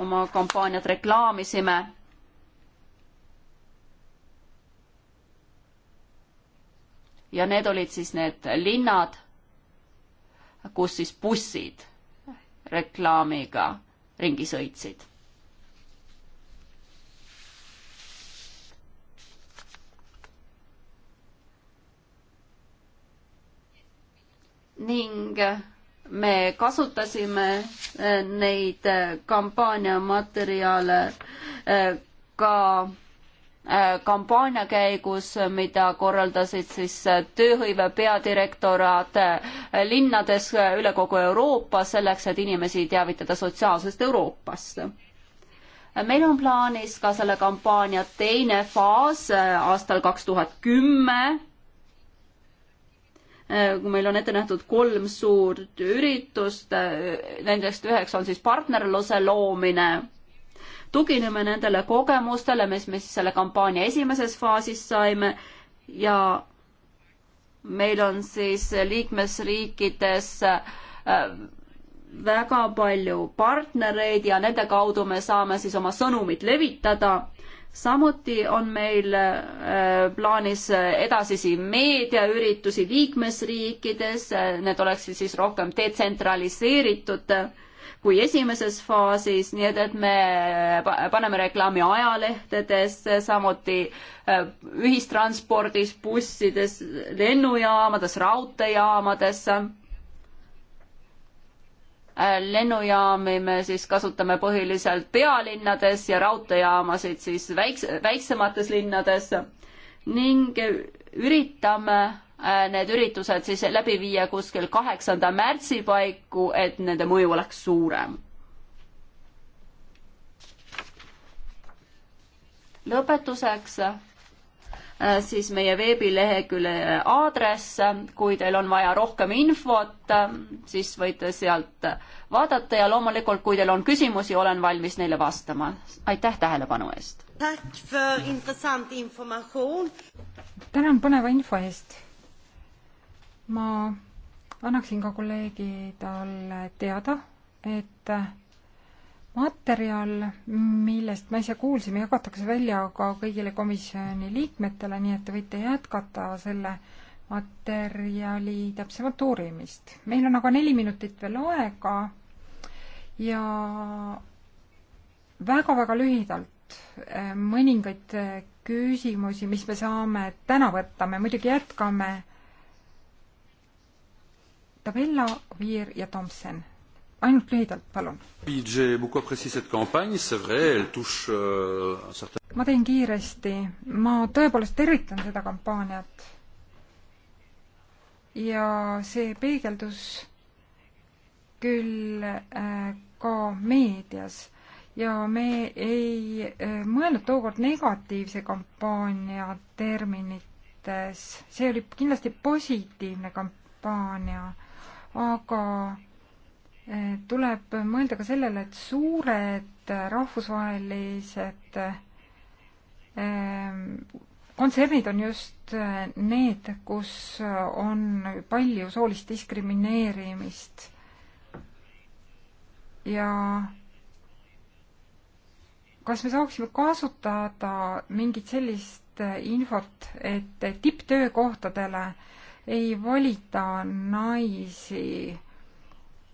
oma kampaaniat reklaamisime. ja need olid siis need linnad, kus siis bussid reklaamiga ringi sõitsid ning me kasutasime eh, neid eh, kampaaniamaterjale eh, ka kampaania käigus, mida korraldasid siis tööhõive peadirektoraat linnades üle kogu Euroopa selleks, et inimesi teavitada sotsiaalsest Euroopast meil on plaanis ka selle kampaania teine faas aastal kaks tuhat kümme Äh, kui meil on ette nähtud kolm suurt üritust, äh, nendest üheks on siis partnerluse loomine. tugineme nendele kogemustele, mis me siis selle kampaania esimeses faasis saime ja meil on siis liikmesriikides äh, väga palju partnereid ja nende kaudu me saame siis oma sõnumit levitada samuti on meil äh, plaanis edasisi meediaüritusi liikmesriikides, need oleksid siis rohkem detsentraliseeritud kui esimeses faasis, nii et, et me paneme reklaami ajalehtedesse, samuti äh, ühistranspordis, bussides, lennujaamades, raudteejaamades Äh, lennujaami me siis kasutame põhiliselt pealinnades ja raudteejaamasid siis väikse, väiksemates linnades ning üritame äh, need üritused siis läbi viia kuskil kaheksanda märtsi paiku, et nende mõju oleks suurem. lõpetuseks Äh, siis meie veebilehekülje aadress, kui teil on vaja rohkem infot, äh, siis võite sealt vaadata ja loomulikult, kui teil on küsimusi, olen valmis neile vastama. aitäh tähelepanu eest! tänan põneva info eest! ma annaksin ka kolleegidele teada, et materjal, millest me äsja kuulsime, jagatakse välja ka kõigile komisjoni liikmetele, nii et te võite jätkata selle materjali täpsemat uurimist. meil on aga neli minutit veel aega ja väga-väga lühidalt eh, mõningaid eh, küsimusi, mis me saame täna võtta, me muidugi jätkame. Tabella, Viir ja Tomson ainult lühidalt, palun. Euh, ma teen kiiresti, ma tõepoolest tervitan seda kampaaniat. ja see peegeldus küll äh, ka meedias ja me ei äh, mõelnud tookord negatiivse kampaania terminites, see oli kindlasti positiivne kampaania, aga tuleb mõelda ka sellele, et suured rahvusvahelised ehm, kontsernid on just eh, need, kus on palju soolist diskrimineerimist ja kas me saaksime kasutada mingit sellist eh, infot, et tipptöökohtadele ei valita naisi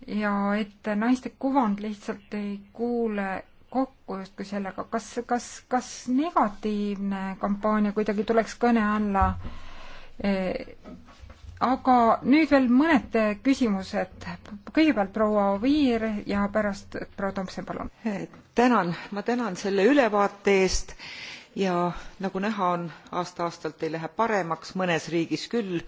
ja et naiste kuvand lihtsalt ei kuule kokku justkui sellega, kas, kas, kas negatiivne kampaania kuidagi tuleks kõne alla? Eh, aga nüüd veel mõned küsimused. kõigepealt proua Oviir ja pärast proua Tomson, palun. Eh, tänan, ma tänan selle ülevaate eest ja nagu näha on, aasta-aastalt ei lähe paremaks, mõnes riigis küll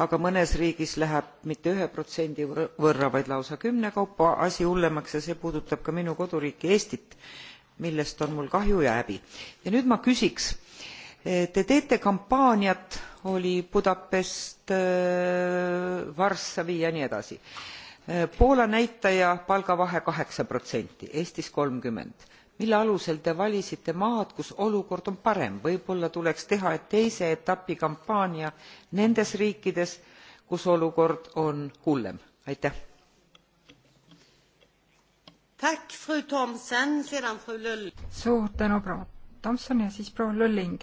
aga mõnes riigis läheb mitte ühe protsendi võrra vaid lausa kümne kaupa asi hullemaks ja see puudutab ka minu koduriiki eestit millest on mul kahju ja häbi. ja nüüd ma küsiks te teete kampaaniat oli budapest äh, varssavi ja nii edasi poola näitaja palgavahe kaheksa protsenti eestis kolmkümmend mille alusel te valisite maad kus olukord on parem võib-olla tuleks teha teise etapi kampaania nendes riikides kus olukord on hullem aitäh suur tänu proua Tomson ja siis proua Lulling.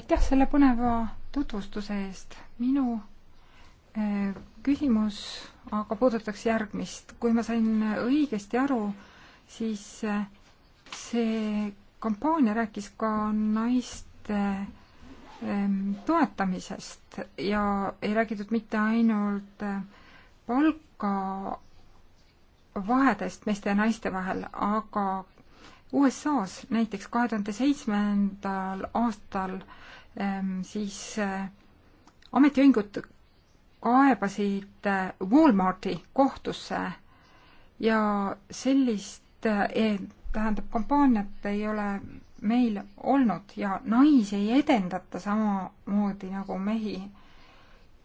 aitäh selle põneva tutvustuse eest. minu eh, küsimus aga puudutaks järgmist. kui ma sain õigesti aru, siis äh, see kampaania rääkis ka naiste ähm, toetamisest ja ei räägitud mitte ainult äh, palgavahedest meeste ja naiste vahel, aga USA-s näiteks kahe tuhande seitsmendal aastal ähm, siis äh, ametiühingud kaebasid Walmarti kohtusse ja sellist E, tähendab, kampaaniat ei ole meil olnud ja naisi ei edendata samamoodi nagu mehi.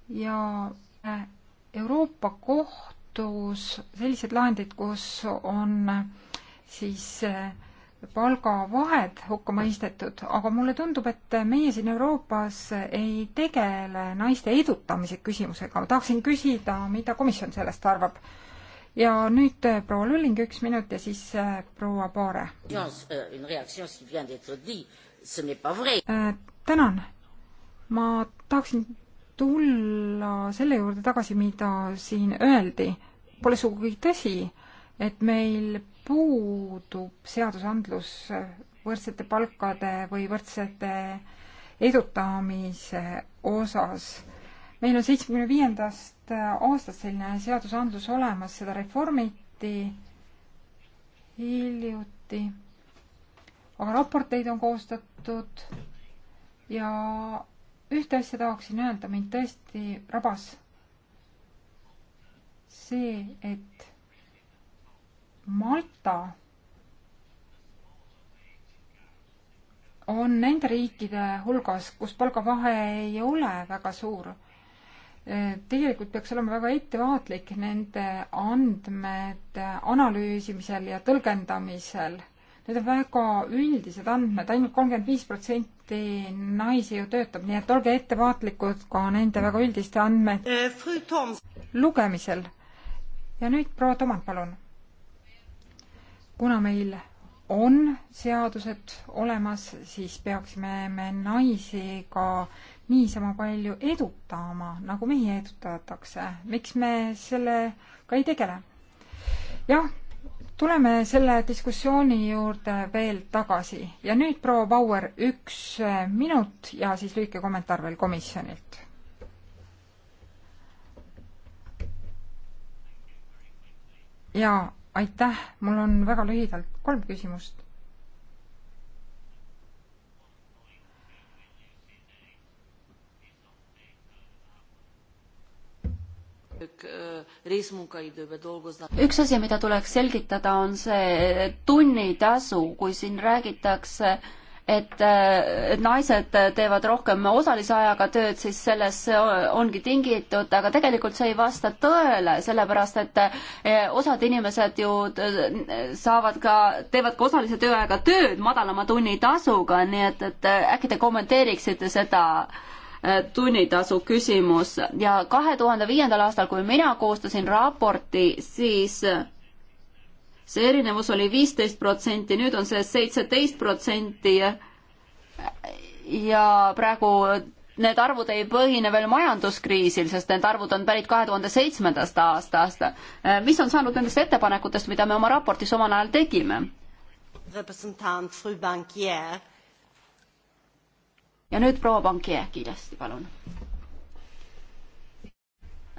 ja e, Euroopa Kohtus sellised lahendid, kus on e, siis palgavahed hukka mõistetud, aga mulle tundub, et meie siin Euroopas ei tegele naiste edutamise küsimusega. ma tahaksin küsida, mida komisjon sellest arvab ja nüüd äh, proua Lulling, üks minut ja siis äh, proua Paare. Euh, äh, tänan. ma tahaksin tulla selle juurde tagasi, mida siin öeldi. Pole sugugi tõsi, et meil puudub seadusandlus võrdsete palkade või võrdsete edutamise osas meil on seitsmekümne viiendast äh, aastast selline seadusandlus olemas, seda reformiti hiljuti. aga raporteid on koostatud ja ühte asja tahaksin öelda, mind tõesti rabas see, et Malta on nende riikide hulgas, kus palgavahe ei ole väga suur Eh, tegelikult peaks olema väga ettevaatlik nende andmete analüüsimisel ja tõlgendamisel. Need on väga üldised andmed ainult, ainult kolmkümmend viis protsenti naisi ju töötab, nii et olge ettevaatlikud ka nende väga üldiste andmete eh, lugemisel. ja nüüd proua Tomat, palun. kuna meil on seadused olemas, siis peaksime me naisi ka niisama palju edutama, nagu mehi edutatakse. miks me sellega ei tegele? jah, tuleme selle diskussiooni juurde veel tagasi ja nüüd proua Bauer, üks minut ja siis lühike kommentaar veel komisjonilt. jaa, aitäh, mul on väga lühidalt kolm küsimust Äh, üks asi, mida tuleks selgitada, on see tunnitasu, kui siin räägitakse, äh, et naised teevad rohkem osalise ajaga tööd, siis sellest see ongi tingitud, aga tegelikult see ei vasta tõele, sellepärast et äh, osad inimesed ju saavad ka, teevad ka osalise tööajaga tööd madalama tunnitasuga, nii et, et äkki te kommenteeriksite seda äh, Äh, tunnitasu küsimus ja kahe tuhande viiendal aastal, kui mina koostasin raporti, siis äh, see erinevus oli viisteist protsenti, nüüd on see seitseteist protsenti ja praegu need arvud ei põhine veel majanduskriisil, sest need arvud on pärit kahe tuhande seitsmendast aastast. Äh, mis on saanud nendest ettepanekutest, mida me oma raportis omal ajal tegime? representant fru Bankier ja nüüd proua Pankie kiiresti, palun.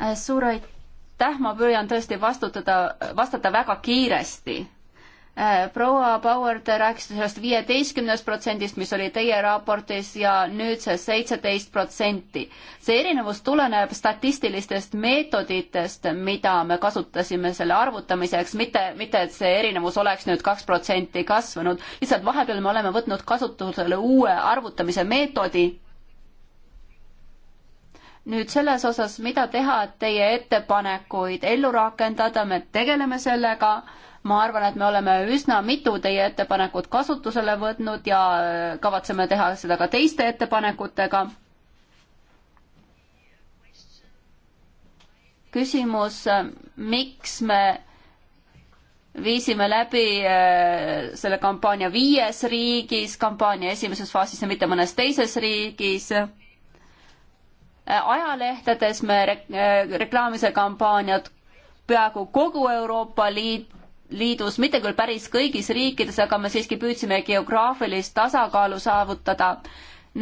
Äh, suur aitäh, ma püüan tõesti vastutada, vastata väga kiiresti Äh, proua Bauer, te rääkisite sellest viieteistkümnest protsendist, mis oli teie raportis ja nüüd see seitseteist protsenti. see erinevus tuleneb statistilistest meetoditest, mida me kasutasime selle arvutamiseks, mitte, mitte et see erinevus oleks nüüd kaks protsenti kasvanud, lihtsalt vahepeal me oleme võtnud kasutusele uue arvutamise meetodi. nüüd selles osas, mida teha, et teie ettepanekuid ellu rakendada, me tegeleme sellega ma arvan, et me oleme üsna mitu teie ettepanekut kasutusele võtnud ja äh, kavatseme teha seda ka teiste ettepanekutega. küsimus, äh, miks me viisime läbi äh, selle kampaania viies riigis, kampaania esimeses faasis ja mitte mõnes teises riigis ajalehtedes me reklaamisel kampaaniat peaaegu kogu Euroopa Liit Liidus, mitte küll päris kõigis riikides, aga me siiski püüdsime geograafilist tasakaalu saavutada.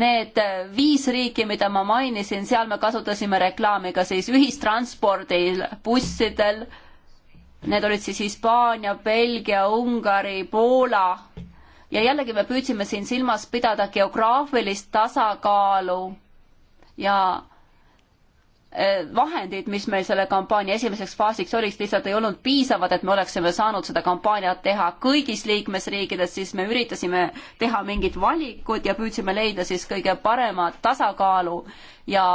Need viis riiki, mida ma mainisin, seal me kasutasime reklaami ka siis ühistranspordil, bussidel. Need olid siis Hispaania, Belgia, Ungari, Poola ja jällegi me püüdsime siin silmas pidada geograafilist tasakaalu ja Eh, vahendid, mis meil selle kampaania esimeseks faasiks olid, lihtsalt ei olnud piisavad, et me oleksime saanud seda kampaaniat teha kõigis liikmesriikides, siis me üritasime teha mingid valikud ja püüdsime leida siis kõige parema tasakaalu ja